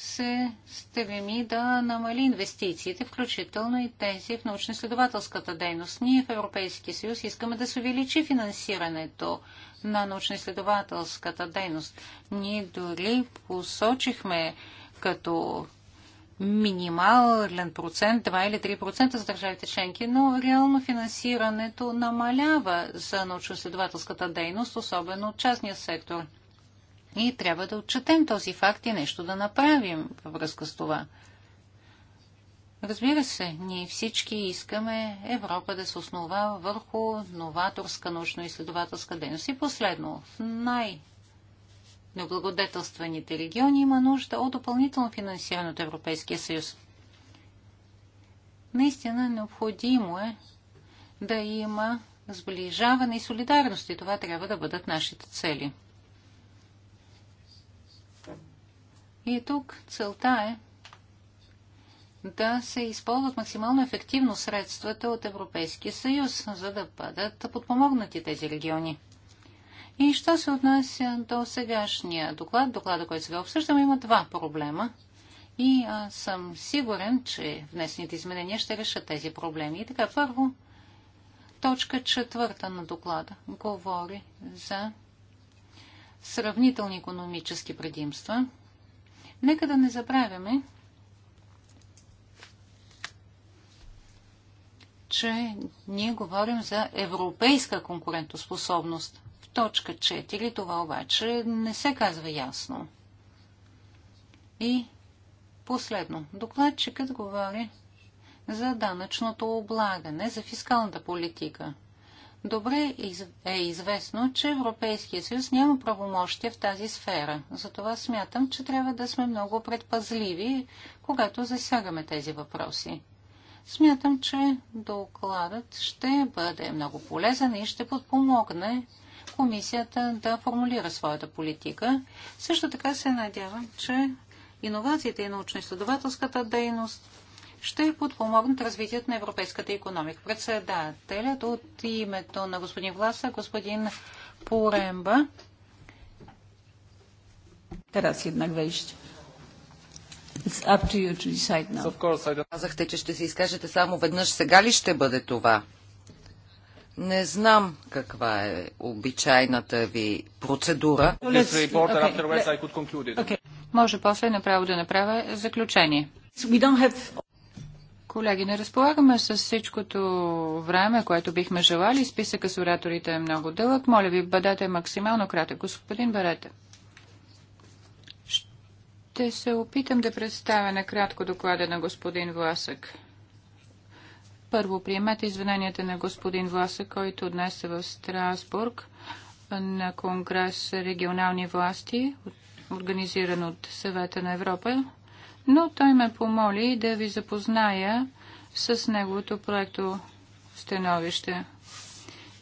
се стремим да намали инвестициите, включително и тези в научно-изследователската дейност. Ние в Европейския съюз искаме да се увеличи финансирането на научно-изследователската дейност. Ние дори посочихме като минимален процент, 2 или 3% за държавите членки, но реално финансирането намалява за научно изследователската дейност, особено от частния сектор. И трябва да отчетем този факт и нещо да направим във връзка с това. Разбира се, ние всички искаме Европа да се основа върху новаторска научно-изследователска дейност. И последно, в най- неблагодетелстваните региони има нужда от допълнително финансиране от Европейския съюз. Наистина необходимо е да има сближаване и солидарност и това трябва да бъдат нашите цели. И тук целта е да се използват максимално ефективно средствата от Европейския съюз, за да бъдат подпомогнати тези региони. И що се отнася до сегашния доклад, доклада, който сега обсъждаме, има два проблема. И аз съм сигурен, че внесените изменения ще решат тези проблеми. И така, първо, точка четвърта на доклада говори за сравнителни економически предимства – Нека да не забравяме, че ние говорим за европейска конкурентоспособност. В точка 4 това обаче не се казва ясно. И последно, докладчикът говори за данъчното облагане, за фискалната политика – Добре е известно, че Европейския съюз няма правомощие в тази сфера. Затова смятам, че трябва да сме много предпазливи, когато засягаме тези въпроси. Смятам, че докладът ще бъде много полезен и ще подпомогне комисията да формулира своята политика. Също така се надявам, че иновациите и научно-изследователската дейност ще подпомогнат развитието на европейската економика. Председателят от името на господин Власа, господин Поремба. Тарас jednak It's up to you to decide now. Course, Казахте, че ще се изкажете само веднъж. Сега ли ще бъде това? Не знам каква е обичайната ви процедура. Okay. Okay. Може после направо да направя заключение. So Колеги, не разполагаме с всичкото време, което бихме желали. Списъка с ораторите е много дълъг. Моля ви, бъдете максимално кратък. Господин Барете. Ще се опитам да представя накратко доклада на господин Власък. Първо, приемете извиненията на господин Власък, който днес е в Страсбург на Конгрес регионални власти, организиран от Съвета на Европа но той ме помоли да ви запозная с неговото проекто становище.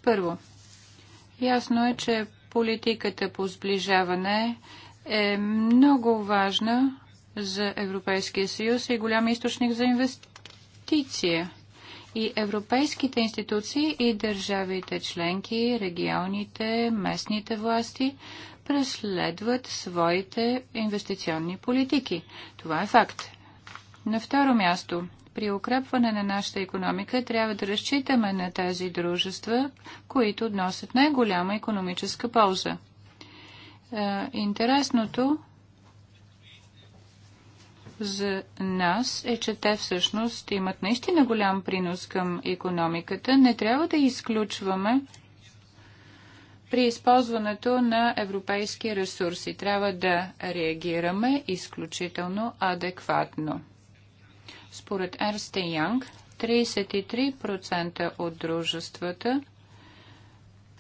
Първо, ясно е, че политиката по сближаване е много важна за Европейския съюз и голям източник за инвестиция. И европейските институции, и държавите членки, регионите, местните власти преследват своите инвестиционни политики. Това е факт. На второ място, при укрепване на нашата економика трябва да разчитаме на тези дружества, които носят най-голяма економическа полза. Е, интересното за нас е, че те всъщност имат наистина голям принос към економиката. Не трябва да изключваме при използването на европейски ресурси. Трябва да реагираме изключително адекватно. Според Ерсте Янг, 33% от дружествата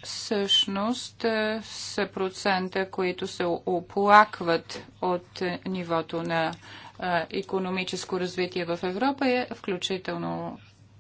всъщност е, са процента, които се оплакват от нивото на економическо развитие в Европа, е, включително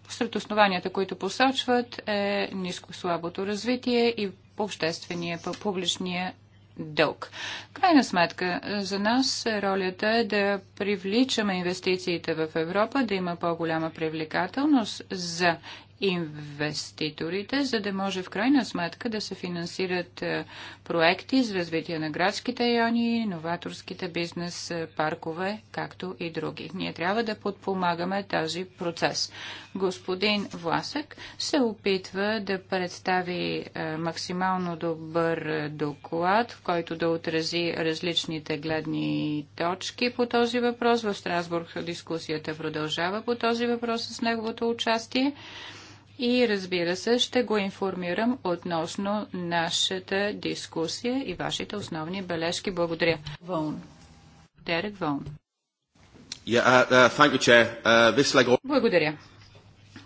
сред основанията, които посочват е ниско слабото развитие и обществения, публичния дълг. Крайна сметка, за нас ролята е да привличаме инвестициите в Европа, да има по-голяма привлекателност за инвеститорите, за да може в крайна сметка да се финансират е, проекти за развитие на градските райони, новаторските бизнес е, паркове, както и други. Ние трябва да подпомагаме този процес. Господин Власък се опитва да представи е, максимално добър доклад, в който да отрази различните гледни точки по този въпрос. В Страсбург дискусията продължава по този въпрос с неговото участие и разбира се ще го информирам относно нашата дискусия и вашите основни бележки. Благодаря. Вълн. Дерек Вълн. Yeah, uh, uh you, uh, leg... Благодаря.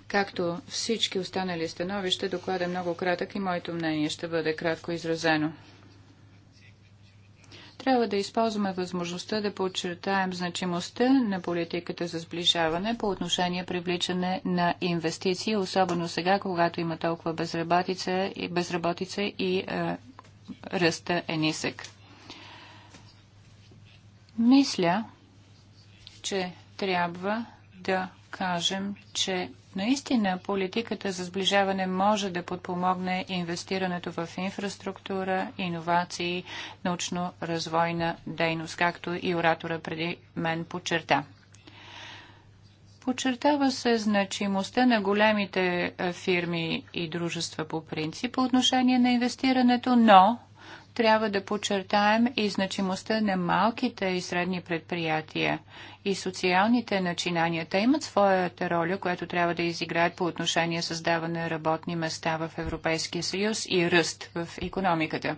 Както всички останали становища, доклада е много кратък и моето мнение ще бъде кратко изразено. Трябва да използваме възможността да подчертаем значимостта на политиката за сближаване по отношение привличане на инвестиции, особено сега, когато има толкова безработица и, безработица и е, ръста е нисък. Мисля, че трябва да кажем, че Наистина, политиката за сближаване може да подпомогне инвестирането в инфраструктура, иновации, научно-развойна дейност, както и оратора преди мен подчерта. Подчертава се значимостта на големите фирми и дружества по принцип по отношение на инвестирането, но трябва да подчертаем и значимостта на малките и средни предприятия и социалните начинания. Те имат своята роля, която трябва да изиграят по отношение създаване на работни места в Европейския съюз и ръст в економиката.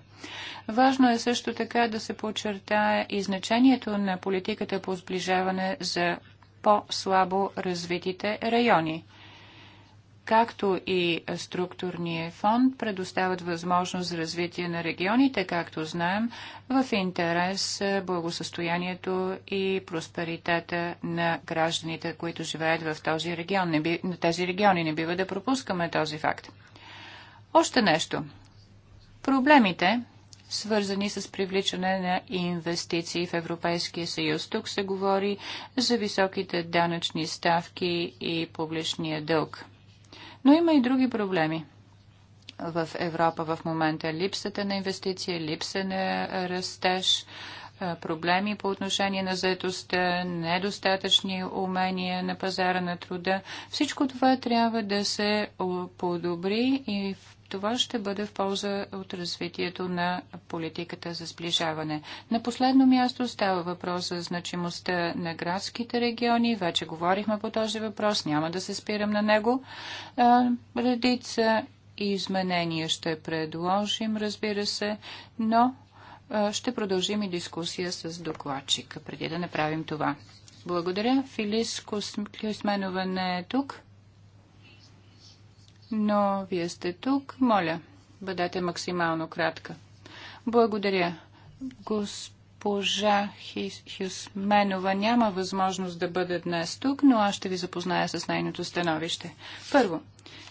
Важно е също така да се подчертае и значението на политиката по сближаване за по-слабо развитите райони – както и структурния фонд предоставят възможност за развитие на регионите, както знаем, в интерес е, благосъстоянието и просперитета на гражданите, които живеят в този регион. Не би, на тези региони не бива да пропускаме този факт. Още нещо. Проблемите, свързани с привличане на инвестиции в Европейския съюз. Тук се говори за високите данъчни ставки и публичния дълг. Но има и други проблеми в Европа в момента. Липсата на инвестиции, липса на растеж, проблеми по отношение на заетостта, недостатъчни умения на пазара на труда. Всичко това трябва да се подобри и в това ще бъде в полза от развитието на политиката за сближаване. На последно място става въпрос за значимостта на градските региони. Вече говорихме по този въпрос, няма да се спирам на него. Редица изменения ще предложим, разбира се, но ще продължим и дискусия с докладчика, преди да направим това. Благодаря. Филис Косменова не е тук но вие сте тук. Моля, бъдете максимално кратка. Благодаря. Госпожа Хюсменова няма възможност да бъде днес тук, но аз ще ви запозная с нейното становище. Първо,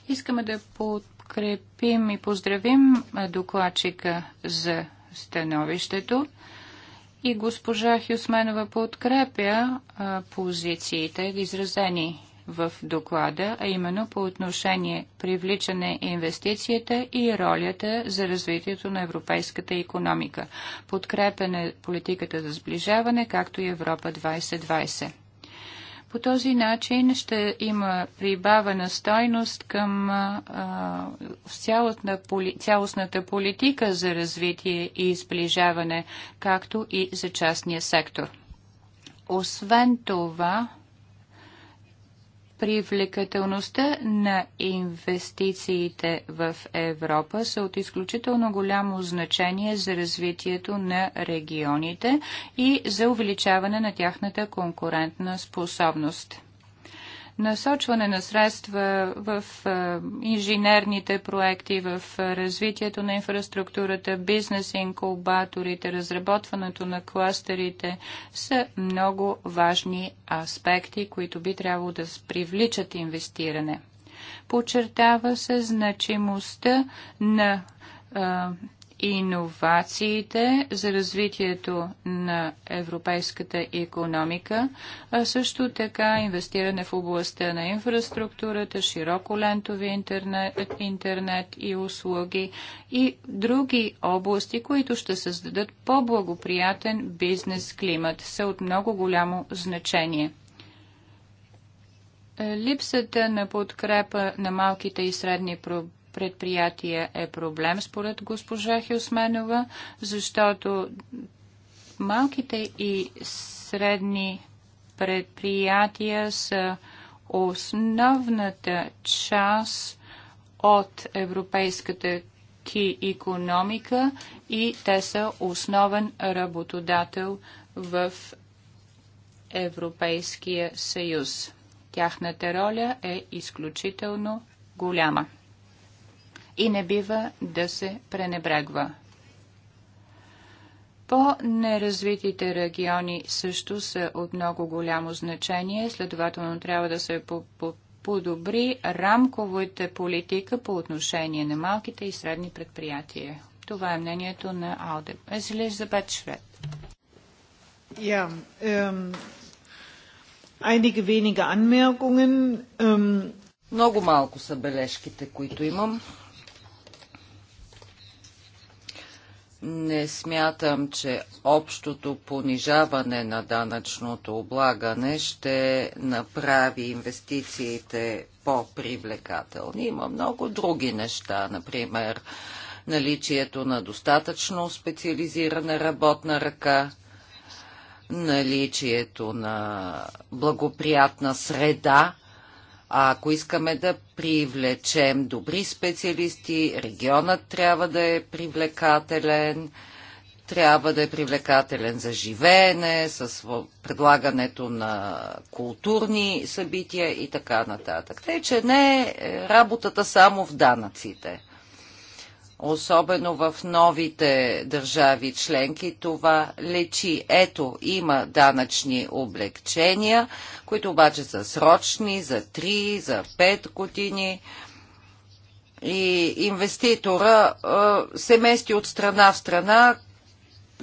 искаме да подкрепим и поздравим докладчика за становището. И госпожа Хюсменова подкрепя а, позициите, изразени в доклада, а именно по отношение привличане инвестицията и ролята за развитието на европейската економика, подкрепене политиката за сближаване, както и Европа 2020. По този начин ще има прибавена стойност към а, цялостна, поли, цялостната политика за развитие и сближаване, както и за частния сектор. Освен това, Привлекателността на инвестициите в Европа са от изключително голямо значение за развитието на регионите и за увеличаване на тяхната конкурентна способност насочване на средства в инженерните проекти, в развитието на инфраструктурата, бизнес инкубаторите, разработването на кластерите са много важни аспекти, които би трябвало да привличат инвестиране. Подчертава се значимостта на иновациите за развитието на европейската економика, а също така инвестиране в областта на инфраструктурата, лентови интернет, интернет и услуги и други области, които ще създадат по-благоприятен бизнес климат, са от много голямо значение. Липсата на подкрепа на малките и средни проблеми предприятия е проблем, според госпожа Хилсменова, защото малките и средни предприятия са основната част от европейската ки економика и те са основен работодател в Европейския съюз. Тяхната роля е изключително голяма и не бива да се пренебрегва. По-неразвитите региони също са от много голямо значение, следователно трябва да се по -по подобри рамковата политика по отношение на малките и средни предприятия. Това е мнението на Алдеб. Елизабет Швед. Ja, einige wenige Anmerkungen. Ähm... Много малко са бележките, които имам. Не смятам, че общото понижаване на данъчното облагане ще направи инвестициите по-привлекателни. Има много други неща, например наличието на достатъчно специализирана работна ръка, наличието на благоприятна среда а ако искаме да привлечем добри специалисти, регионът трябва да е привлекателен, трябва да е привлекателен за живеене, с предлагането на културни събития и така нататък. Тъй, че не е, е работата само в данъците особено в новите държави членки, това лечи. Ето, има данъчни облегчения, които обаче са срочни за 3, за 5 години. И инвеститора се мести от страна в страна,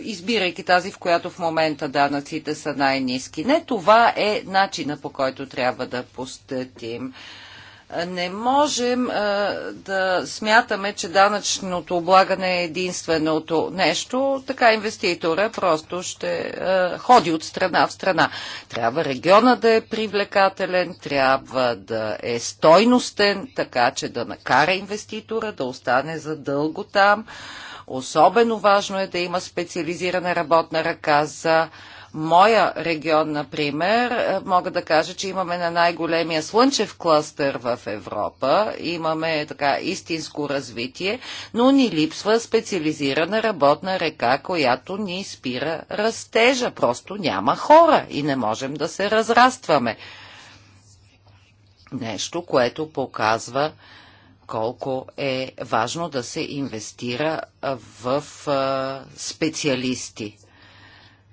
избирайки тази, в която в момента данъците са най-низки. Не това е начина по който трябва да постъпим. Не можем да смятаме, че данъчното облагане е единственото нещо. Така инвеститора просто ще ходи от страна в страна. Трябва региона да е привлекателен, трябва да е стойностен, така че да накара инвеститора да остане задълго там. Особено важно е да има специализирана работна ръка за моя регион, например, е, мога да кажа, че имаме на най-големия слънчев кластър в Европа, имаме така истинско развитие, но ни липсва специализирана работна река, която ни спира растежа. Просто няма хора и не можем да се разрастваме. Нещо, което показва колко е важно да се инвестира в специалисти.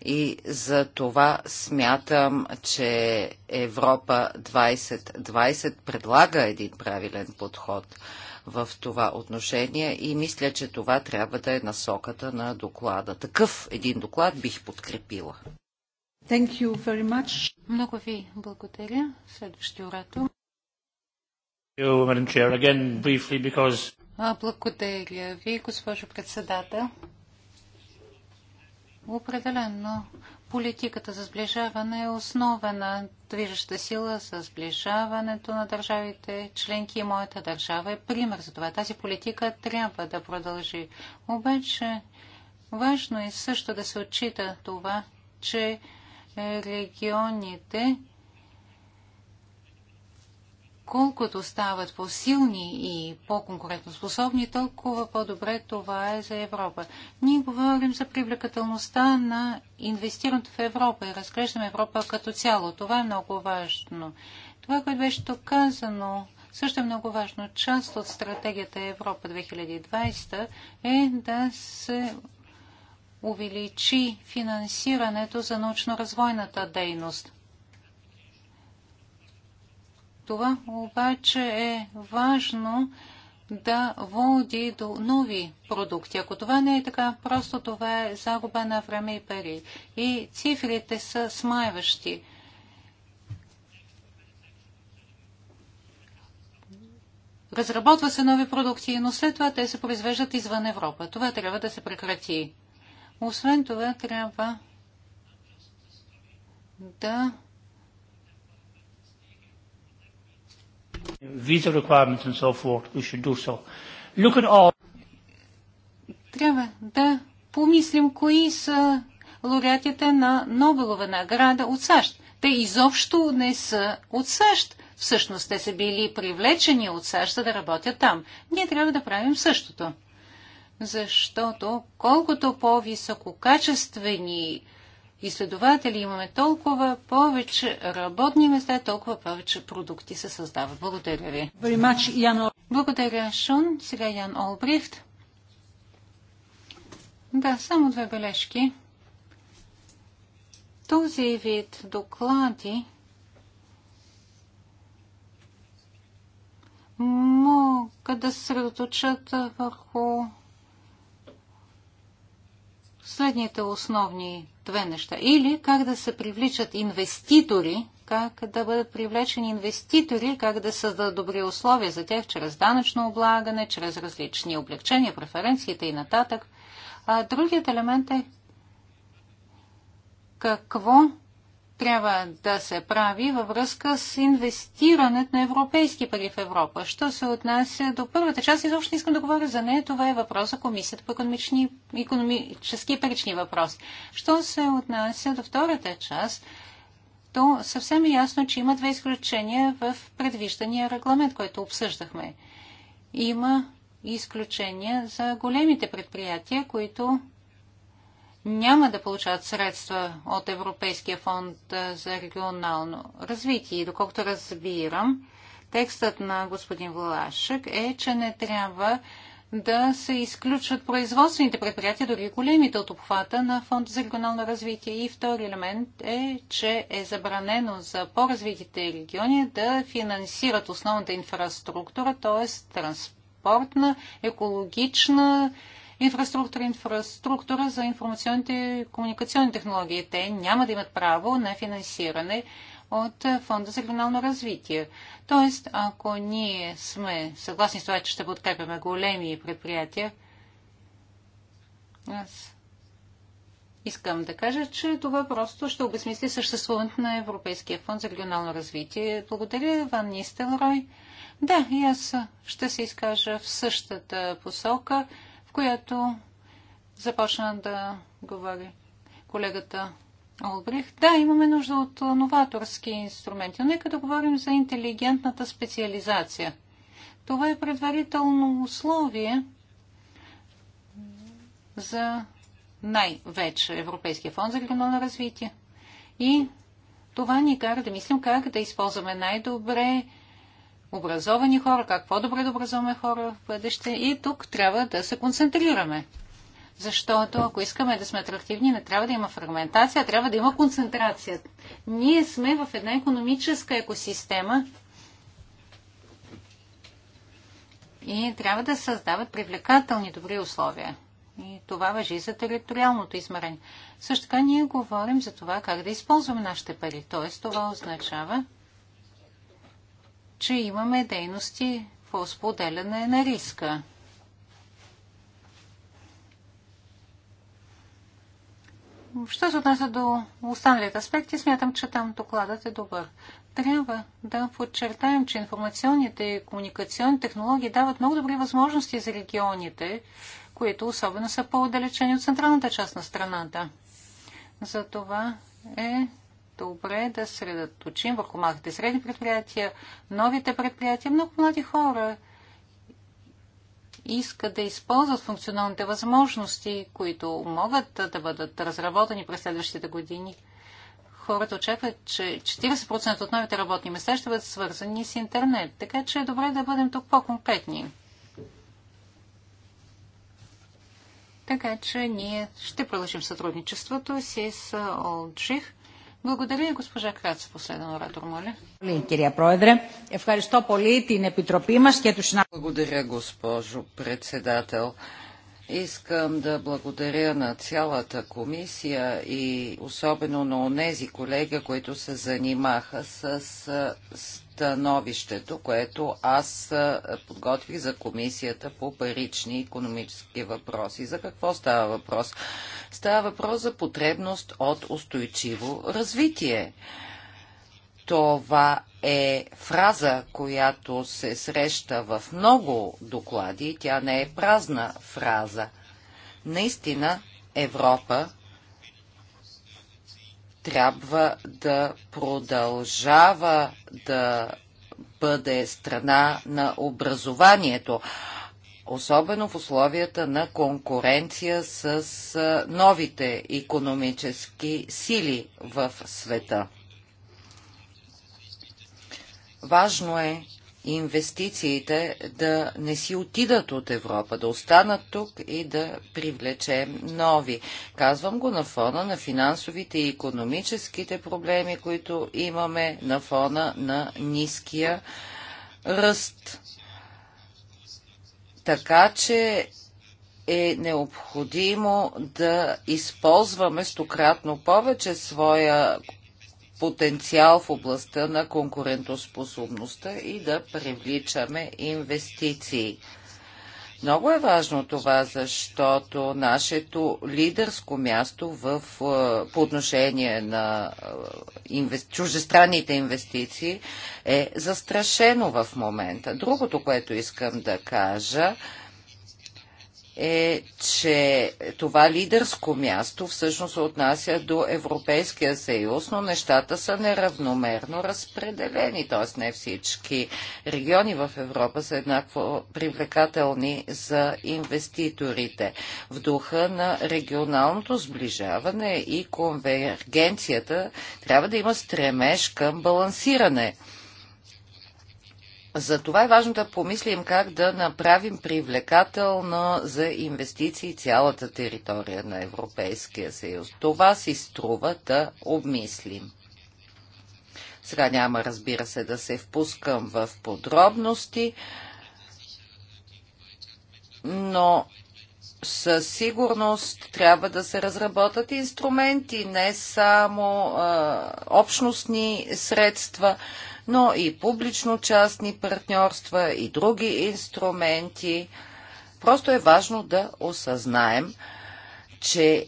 И за това смятам, че Европа 2020 предлага един правилен подход в това отношение и мисля, че това трябва да е насоката на доклада. Такъв един доклад бих подкрепила. Thank you very much. Много ви благодаря. Следващи оратор. Благодаря ви, госпожо председател. Определено политиката за сближаване е основена движеща сила за сближаването на държавите членки и моята държава е пример за това. Тази политика трябва да продължи. Обаче важно е също да се отчита това, че регионите колкото стават по-силни и по-конкурентоспособни, толкова по-добре това е за Европа. Ние говорим за привлекателността на инвестирането в Европа и разглеждаме Европа като цяло. Това е много важно. Това, което беше тук казано, също е много важно. Част от стратегията Европа 2020 е да се увеличи финансирането за научно-развойната дейност. Това обаче е важно да води до нови продукти. Ако това не е така, просто това е загуба на време и пари. И цифрите са смайващи. Разработва се нови продукти, но след това те се произвеждат извън Европа. Това трябва да се прекрати. Освен това, трябва да visa requirements and so forth, we should do so. Look at all... Трябва да помислим кои са лауреатите на Нобелова награда от САЩ. Те изобщо не са от САЩ. Всъщност те са били привлечени от САЩ, за да работят там. Ние трябва да правим същото. Защото колкото по-висококачествени следователи имаме толкова повече работни места, толкова повече продукти се създават. Благодаря ви. Благодаря, Шун, Сега Ян Олбрифт. Да, само две бележки. Този вид доклади могат да се средоточат върху следните основни две неща. Или как да се привличат инвеститори, как да бъдат привлечени инвеститори, как да създадат добри условия за тях чрез данъчно облагане, чрез различни облегчения, преференциите и нататък. А другият елемент е какво трябва да се прави във връзка с инвестирането на европейски пари в Европа. Що се отнася до първата част, изобщо не искам да говоря за нея. Това е въпрос за Комисията по економични, економически и парични въпроси. Що се отнася до втората част, то съвсем е ясно, че има две изключения в предвиждания регламент, който обсъждахме. Има изключения за големите предприятия, които няма да получават средства от Европейския фонд за регионално развитие. И доколкото разбирам, текстът на господин Влашък е, че не трябва да се изключват производствените предприятия, дори големите от обхвата на Фонд за регионално развитие. И втори елемент е, че е забранено за по-развитите региони да финансират основната инфраструктура, т.е. транспортна, екологична, инфраструктура, инфраструктура за информационните и комуникационни технологии. Те няма да имат право на финансиране от Фонда за регионално развитие. Тоест, ако ние сме съгласни с това, че ще подкрепяме големи предприятия, аз искам да кажа, че това просто ще обезмисли съществуването на Европейския фонд за регионално развитие. Благодаря, Ван Нистелрой. Да, и аз ще се изкажа в същата посока която започна да говори колегата Олбрих. Да, имаме нужда от новаторски инструменти. Но нека да говорим за интелигентната специализация. Това е предварително условие за най-вече Европейския фонд за регионално развитие. И това ни кара да мислим как да използваме най-добре образовани хора, как по-добре да образуваме хора в бъдеще. И тук трябва да се концентрираме. Защото ако искаме да сме атрактивни, не трябва да има фрагментация, а трябва да има концентрация. Ние сме в една економическа екосистема и трябва да създават привлекателни добри условия. И това въжи за териториалното измерение. Също така ние говорим за това как да използваме нашите пари. Т.е. това означава че имаме дейности по споделяне на риска. Що се отнася до останалите аспекти, смятам, че там докладът е добър. Трябва да подчертаем, че информационните и комуникационни технологии дават много добри възможности за регионите, които особено са по-отдалечени от централната част на страната. Затова е добре да средоточим върху малките средни предприятия, новите предприятия. Много млади хора искат да използват функционалните възможности, които могат да бъдат разработени през следващите години. Хората очакват, че 40% от новите работни места ще бъдат свързани с интернет, така че е добре да бъдем тук по-конкретни. Така че ние ще продължим сътрудничеството си с Олджих благодаря, госпожа Краца, последен оратор, моля. Благодаря, госпожо председател. Искам да благодаря на цялата комисия и особено на онези колега, които се занимаха с становището, което аз подготвих за комисията по парични и економически въпроси. За какво става въпрос? Става въпрос за потребност от устойчиво развитие. Това е фраза, която се среща в много доклади. Тя не е празна фраза. Наистина Европа трябва да продължава да бъде страна на образованието, особено в условията на конкуренция с новите економически сили в света. Важно е инвестициите да не си отидат от Европа, да останат тук и да привлечем нови. Казвам го на фона на финансовите и економическите проблеми, които имаме, на фона на ниския ръст. Така че е необходимо да използваме стократно повече своя потенциал в областта на конкурентоспособността и да привличаме инвестиции. Много е важно това, защото нашето лидерско място в, по отношение на инвести... чужестранните инвестиции е застрашено в момента. Другото, което искам да кажа, е, че това лидерско място всъщност се отнася до Европейския съюз, но нещата са неравномерно разпределени, т.е. не всички региони в Европа са еднакво привлекателни за инвеститорите. В духа на регионалното сближаване и конвергенцията трябва да има стремеж към балансиране – затова е важно да помислим как да направим привлекателна за инвестиции цялата територия на Европейския съюз. Това си струва да обмислим. Сега няма, разбира се, да се впускам в подробности, но със сигурност трябва да се разработят инструменти, не само а, общностни средства, но и публично-частни партньорства и други инструменти. Просто е важно да осъзнаем, че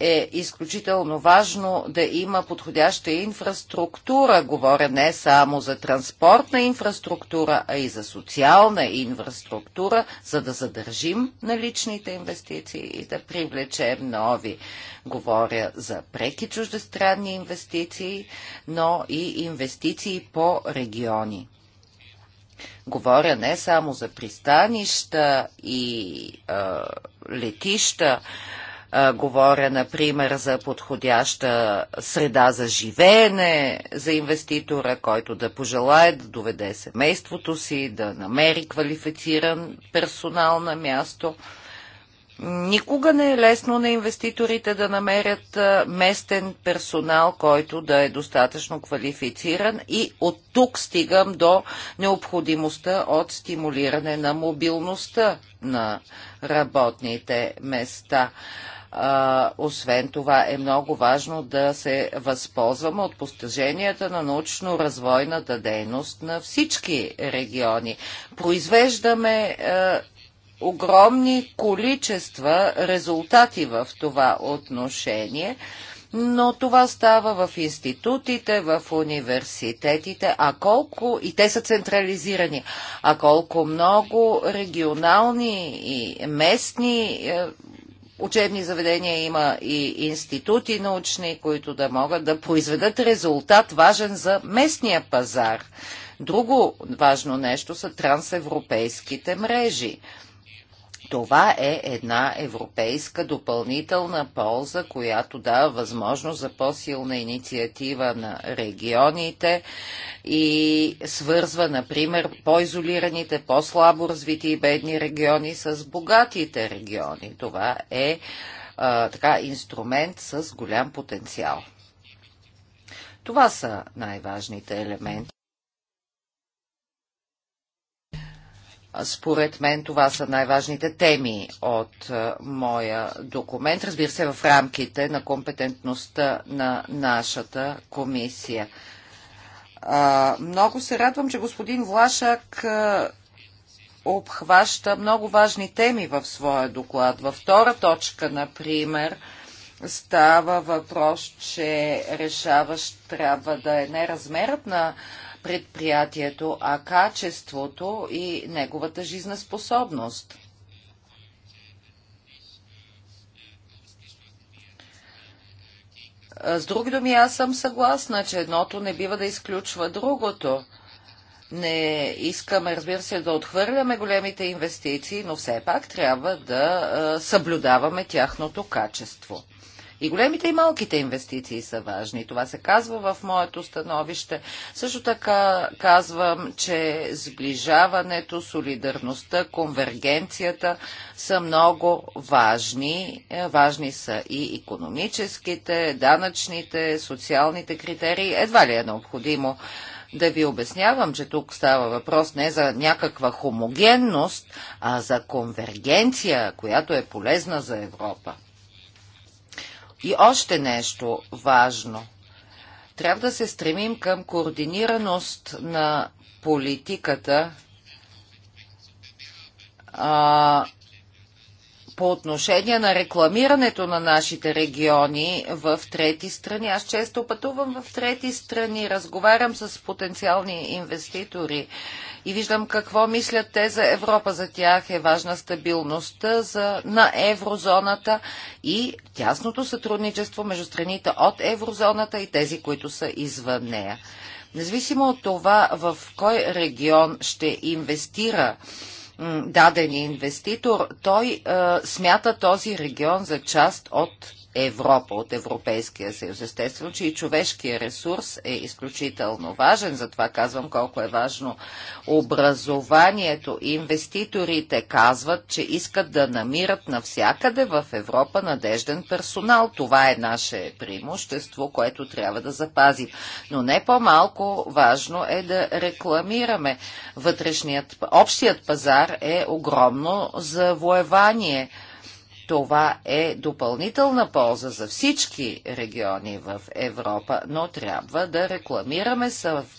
е изключително важно да има подходяща инфраструктура. Говоря не само за транспортна инфраструктура, а и за социална инфраструктура, за да задържим наличните инвестиции и да привлечем нови. Говоря за преки чуждестранни инвестиции, но и инвестиции по региони. Говоря не само за пристанища и е, летища, а, говоря, например, за подходяща среда за живеене за инвеститора, който да пожелае да доведе семейството си, да намери квалифициран персонал на място. Никога не е лесно на инвеститорите да намерят местен персонал, който да е достатъчно квалифициран и от тук стигам до необходимостта от стимулиране на мобилността на работните места освен това е много важно да се възползваме от постиженията на научно-развойната дейност на всички региони. Произвеждаме е, огромни количества резултати в това отношение но това става в институтите, в университетите, а колко, и те са централизирани, а колко много регионални и местни е, учебни заведения, има и институти научни, които да могат да произведат резултат важен за местния пазар. Друго важно нещо са трансевропейските мрежи. Това е една европейска допълнителна полза, която дава възможност за по-силна инициатива на регионите и свързва, например, по-изолираните, по-слабо развити и бедни региони с богатите региони. Това е а, така инструмент с голям потенциал. Това са най-важните елементи. Според мен това са най-важните теми от е, моя документ, разбира се, в рамките на компетентността на нашата комисия. Много се радвам, че господин Влашак е, обхваща много важни теми в своя доклад. Във втора точка, например, става въпрос, че решаващ трябва да е не размерът на предприятието, а качеството и неговата жизнеспособност. С други думи, аз съм съгласна, че едното не бива да изключва другото. Не искаме, разбира се, да отхвърляме големите инвестиции, но все пак трябва да съблюдаваме тяхното качество. И големите и малките инвестиции са важни. Това се казва в моето становище. Също така казвам, че сближаването, солидарността, конвергенцията са много важни. Е, важни са и економическите, данъчните, социалните критерии. Едва ли е необходимо да ви обяснявам, че тук става въпрос не за някаква хомогенност, а за конвергенция, която е полезна за Европа. И още нещо важно. Трябва да се стремим към координираност на политиката а, по отношение на рекламирането на нашите региони в трети страни. Аз често пътувам в трети страни, разговарям с потенциални инвеститори. А, и виждам какво мислят те за Европа. За тях е важна стабилността за, на еврозоната и тясното сътрудничество между страните от еврозоната и тези, които са извън нея. Независимо от това в кой регион ще инвестира даден инвеститор, той е, смята този регион за част от Европа, от Европейския съюз. Естествено, че и човешкия ресурс е изключително важен, затова казвам колко е важно образованието. Инвеститорите казват, че искат да намират навсякъде в Европа надежден персонал. Това е наше преимущество, което трябва да запазим. Но не по-малко важно е да рекламираме. Вътрешният, общият пазар е огромно завоевание това е допълнителна полза за всички региони в Европа, но трябва да рекламираме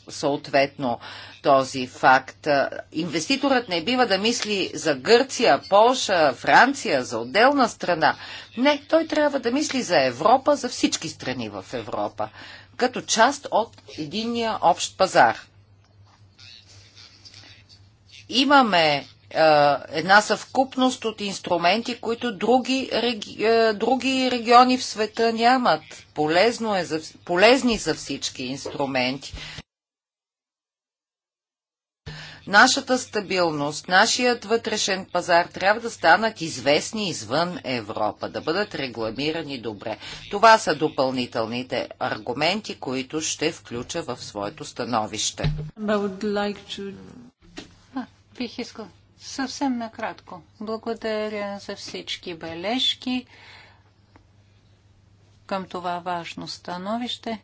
съответно този факт. Инвеститорът не бива да мисли за Гърция, Полша, Франция, за отделна страна. Не, той трябва да мисли за Европа, за всички страни в Европа, като част от единния общ пазар. Имаме една съвкупност от инструменти, които други, реги, други региони в света нямат. Полезно е за, полезни са всички инструменти. Нашата стабилност, нашият вътрешен пазар трябва да станат известни извън Европа, да бъдат регламирани добре. Това са допълнителните аргументи, които ще включа в своето становище. Бих искал Съвсем накратко. Благодаря за всички бележки към това важно становище.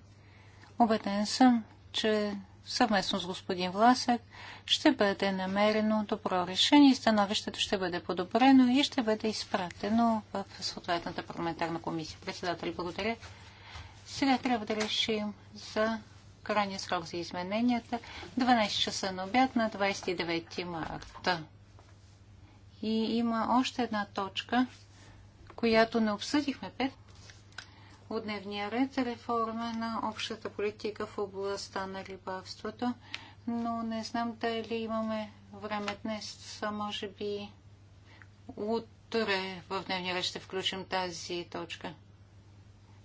Обеден съм, че съвместно с господин Власев ще бъде намерено добро решение и становището ще бъде подобрено и ще бъде изпратено в съответната парламентарна комисия. Председател, благодаря. Сега трябва да решим за крайния срок за измененията. 12 часа на обяд на 29 марта. И има още една точка, която не обсъдихме пет от дневния ред реформа на общата политика в областта на рибавството, но не знам дали имаме време днес, а може би утре в дневния ред ще включим тази точка.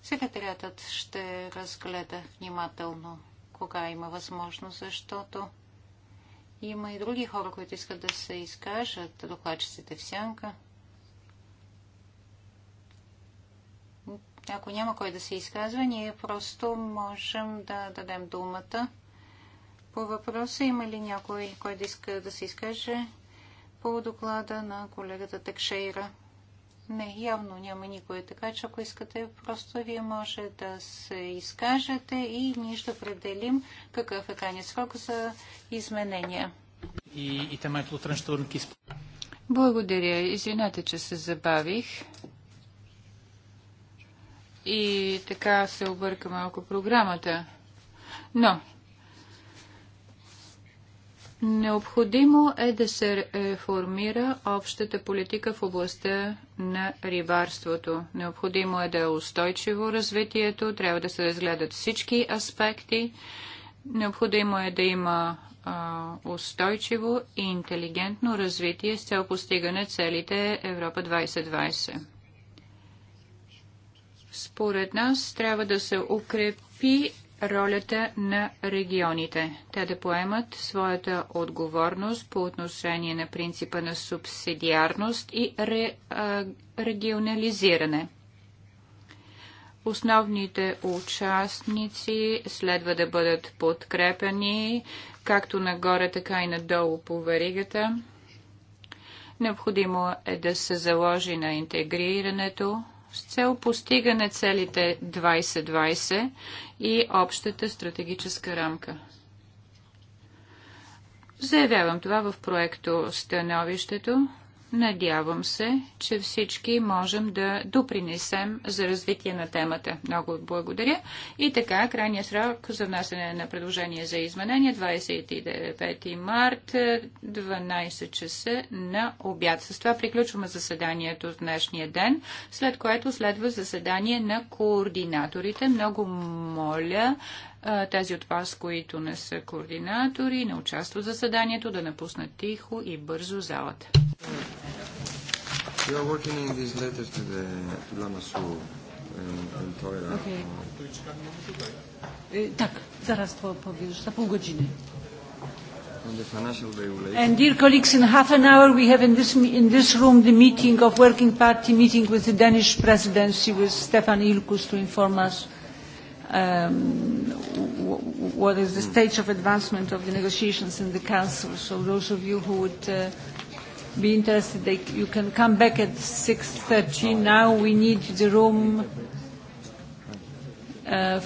Секретарятът ще разгледа внимателно кога има възможност, защото има и други хора, които искат да се изкажат, докладчиците в сянка. Ако няма кой да се изказва, ние просто можем да дадем думата. По въпроса има ли някой, който да иска да се изкаже по доклада на колегата Текшейра? Не, явно няма никой. Е така че ако искате, просто вие може да се изкажете и ние ще определим какъв е крайният срок за изменения. И, и темата от е траншторники. Благодаря. Извинете, че се забавих. И така се обърка малко програмата. Но Необходимо е да се реформира общата политика в областта на рибарството. Необходимо е да е устойчиво развитието, трябва да се разгледат всички аспекти. Необходимо е да има а, устойчиво и интелигентно развитие с цел постигане целите Европа 2020. Според нас трябва да се укрепи ролята на регионите. Те да поемат своята отговорност по отношение на принципа на субсидиарност и ре, а, регионализиране. Основните участници следва да бъдат подкрепени както нагоре, така и надолу по варигата. Необходимо е да се заложи на интегрирането с цел постигане целите 2020 и общата стратегическа рамка. Заявявам това в проекто становището Надявам се, че всички можем да допринесем за развитие на темата. Много благодаря. И така, крайният срок за внасяне на предложение за изменение 29 март 12 часа на обяд. С това приключваме заседанието в днешния ден, след което следва заседание на координаторите. Много моля тези от вас, които не са координатори, не участват в заседанието, да напуснат тихо и бързо залата. You are working in these letters to the to Lama Su and Toira. Okay. Tak, zaraz to powiesz, za pół godziny. the financial regulation. And dear colleagues, in half an hour we have in this, in this room the meeting of Working Party meeting with the Danish presidency with Stefan Ilkus to inform us um, what is the stage of advancement of the negotiations in the Council. So those of you who would uh, be interested, they, you can come back at 6.30. Now we need the room. Uh,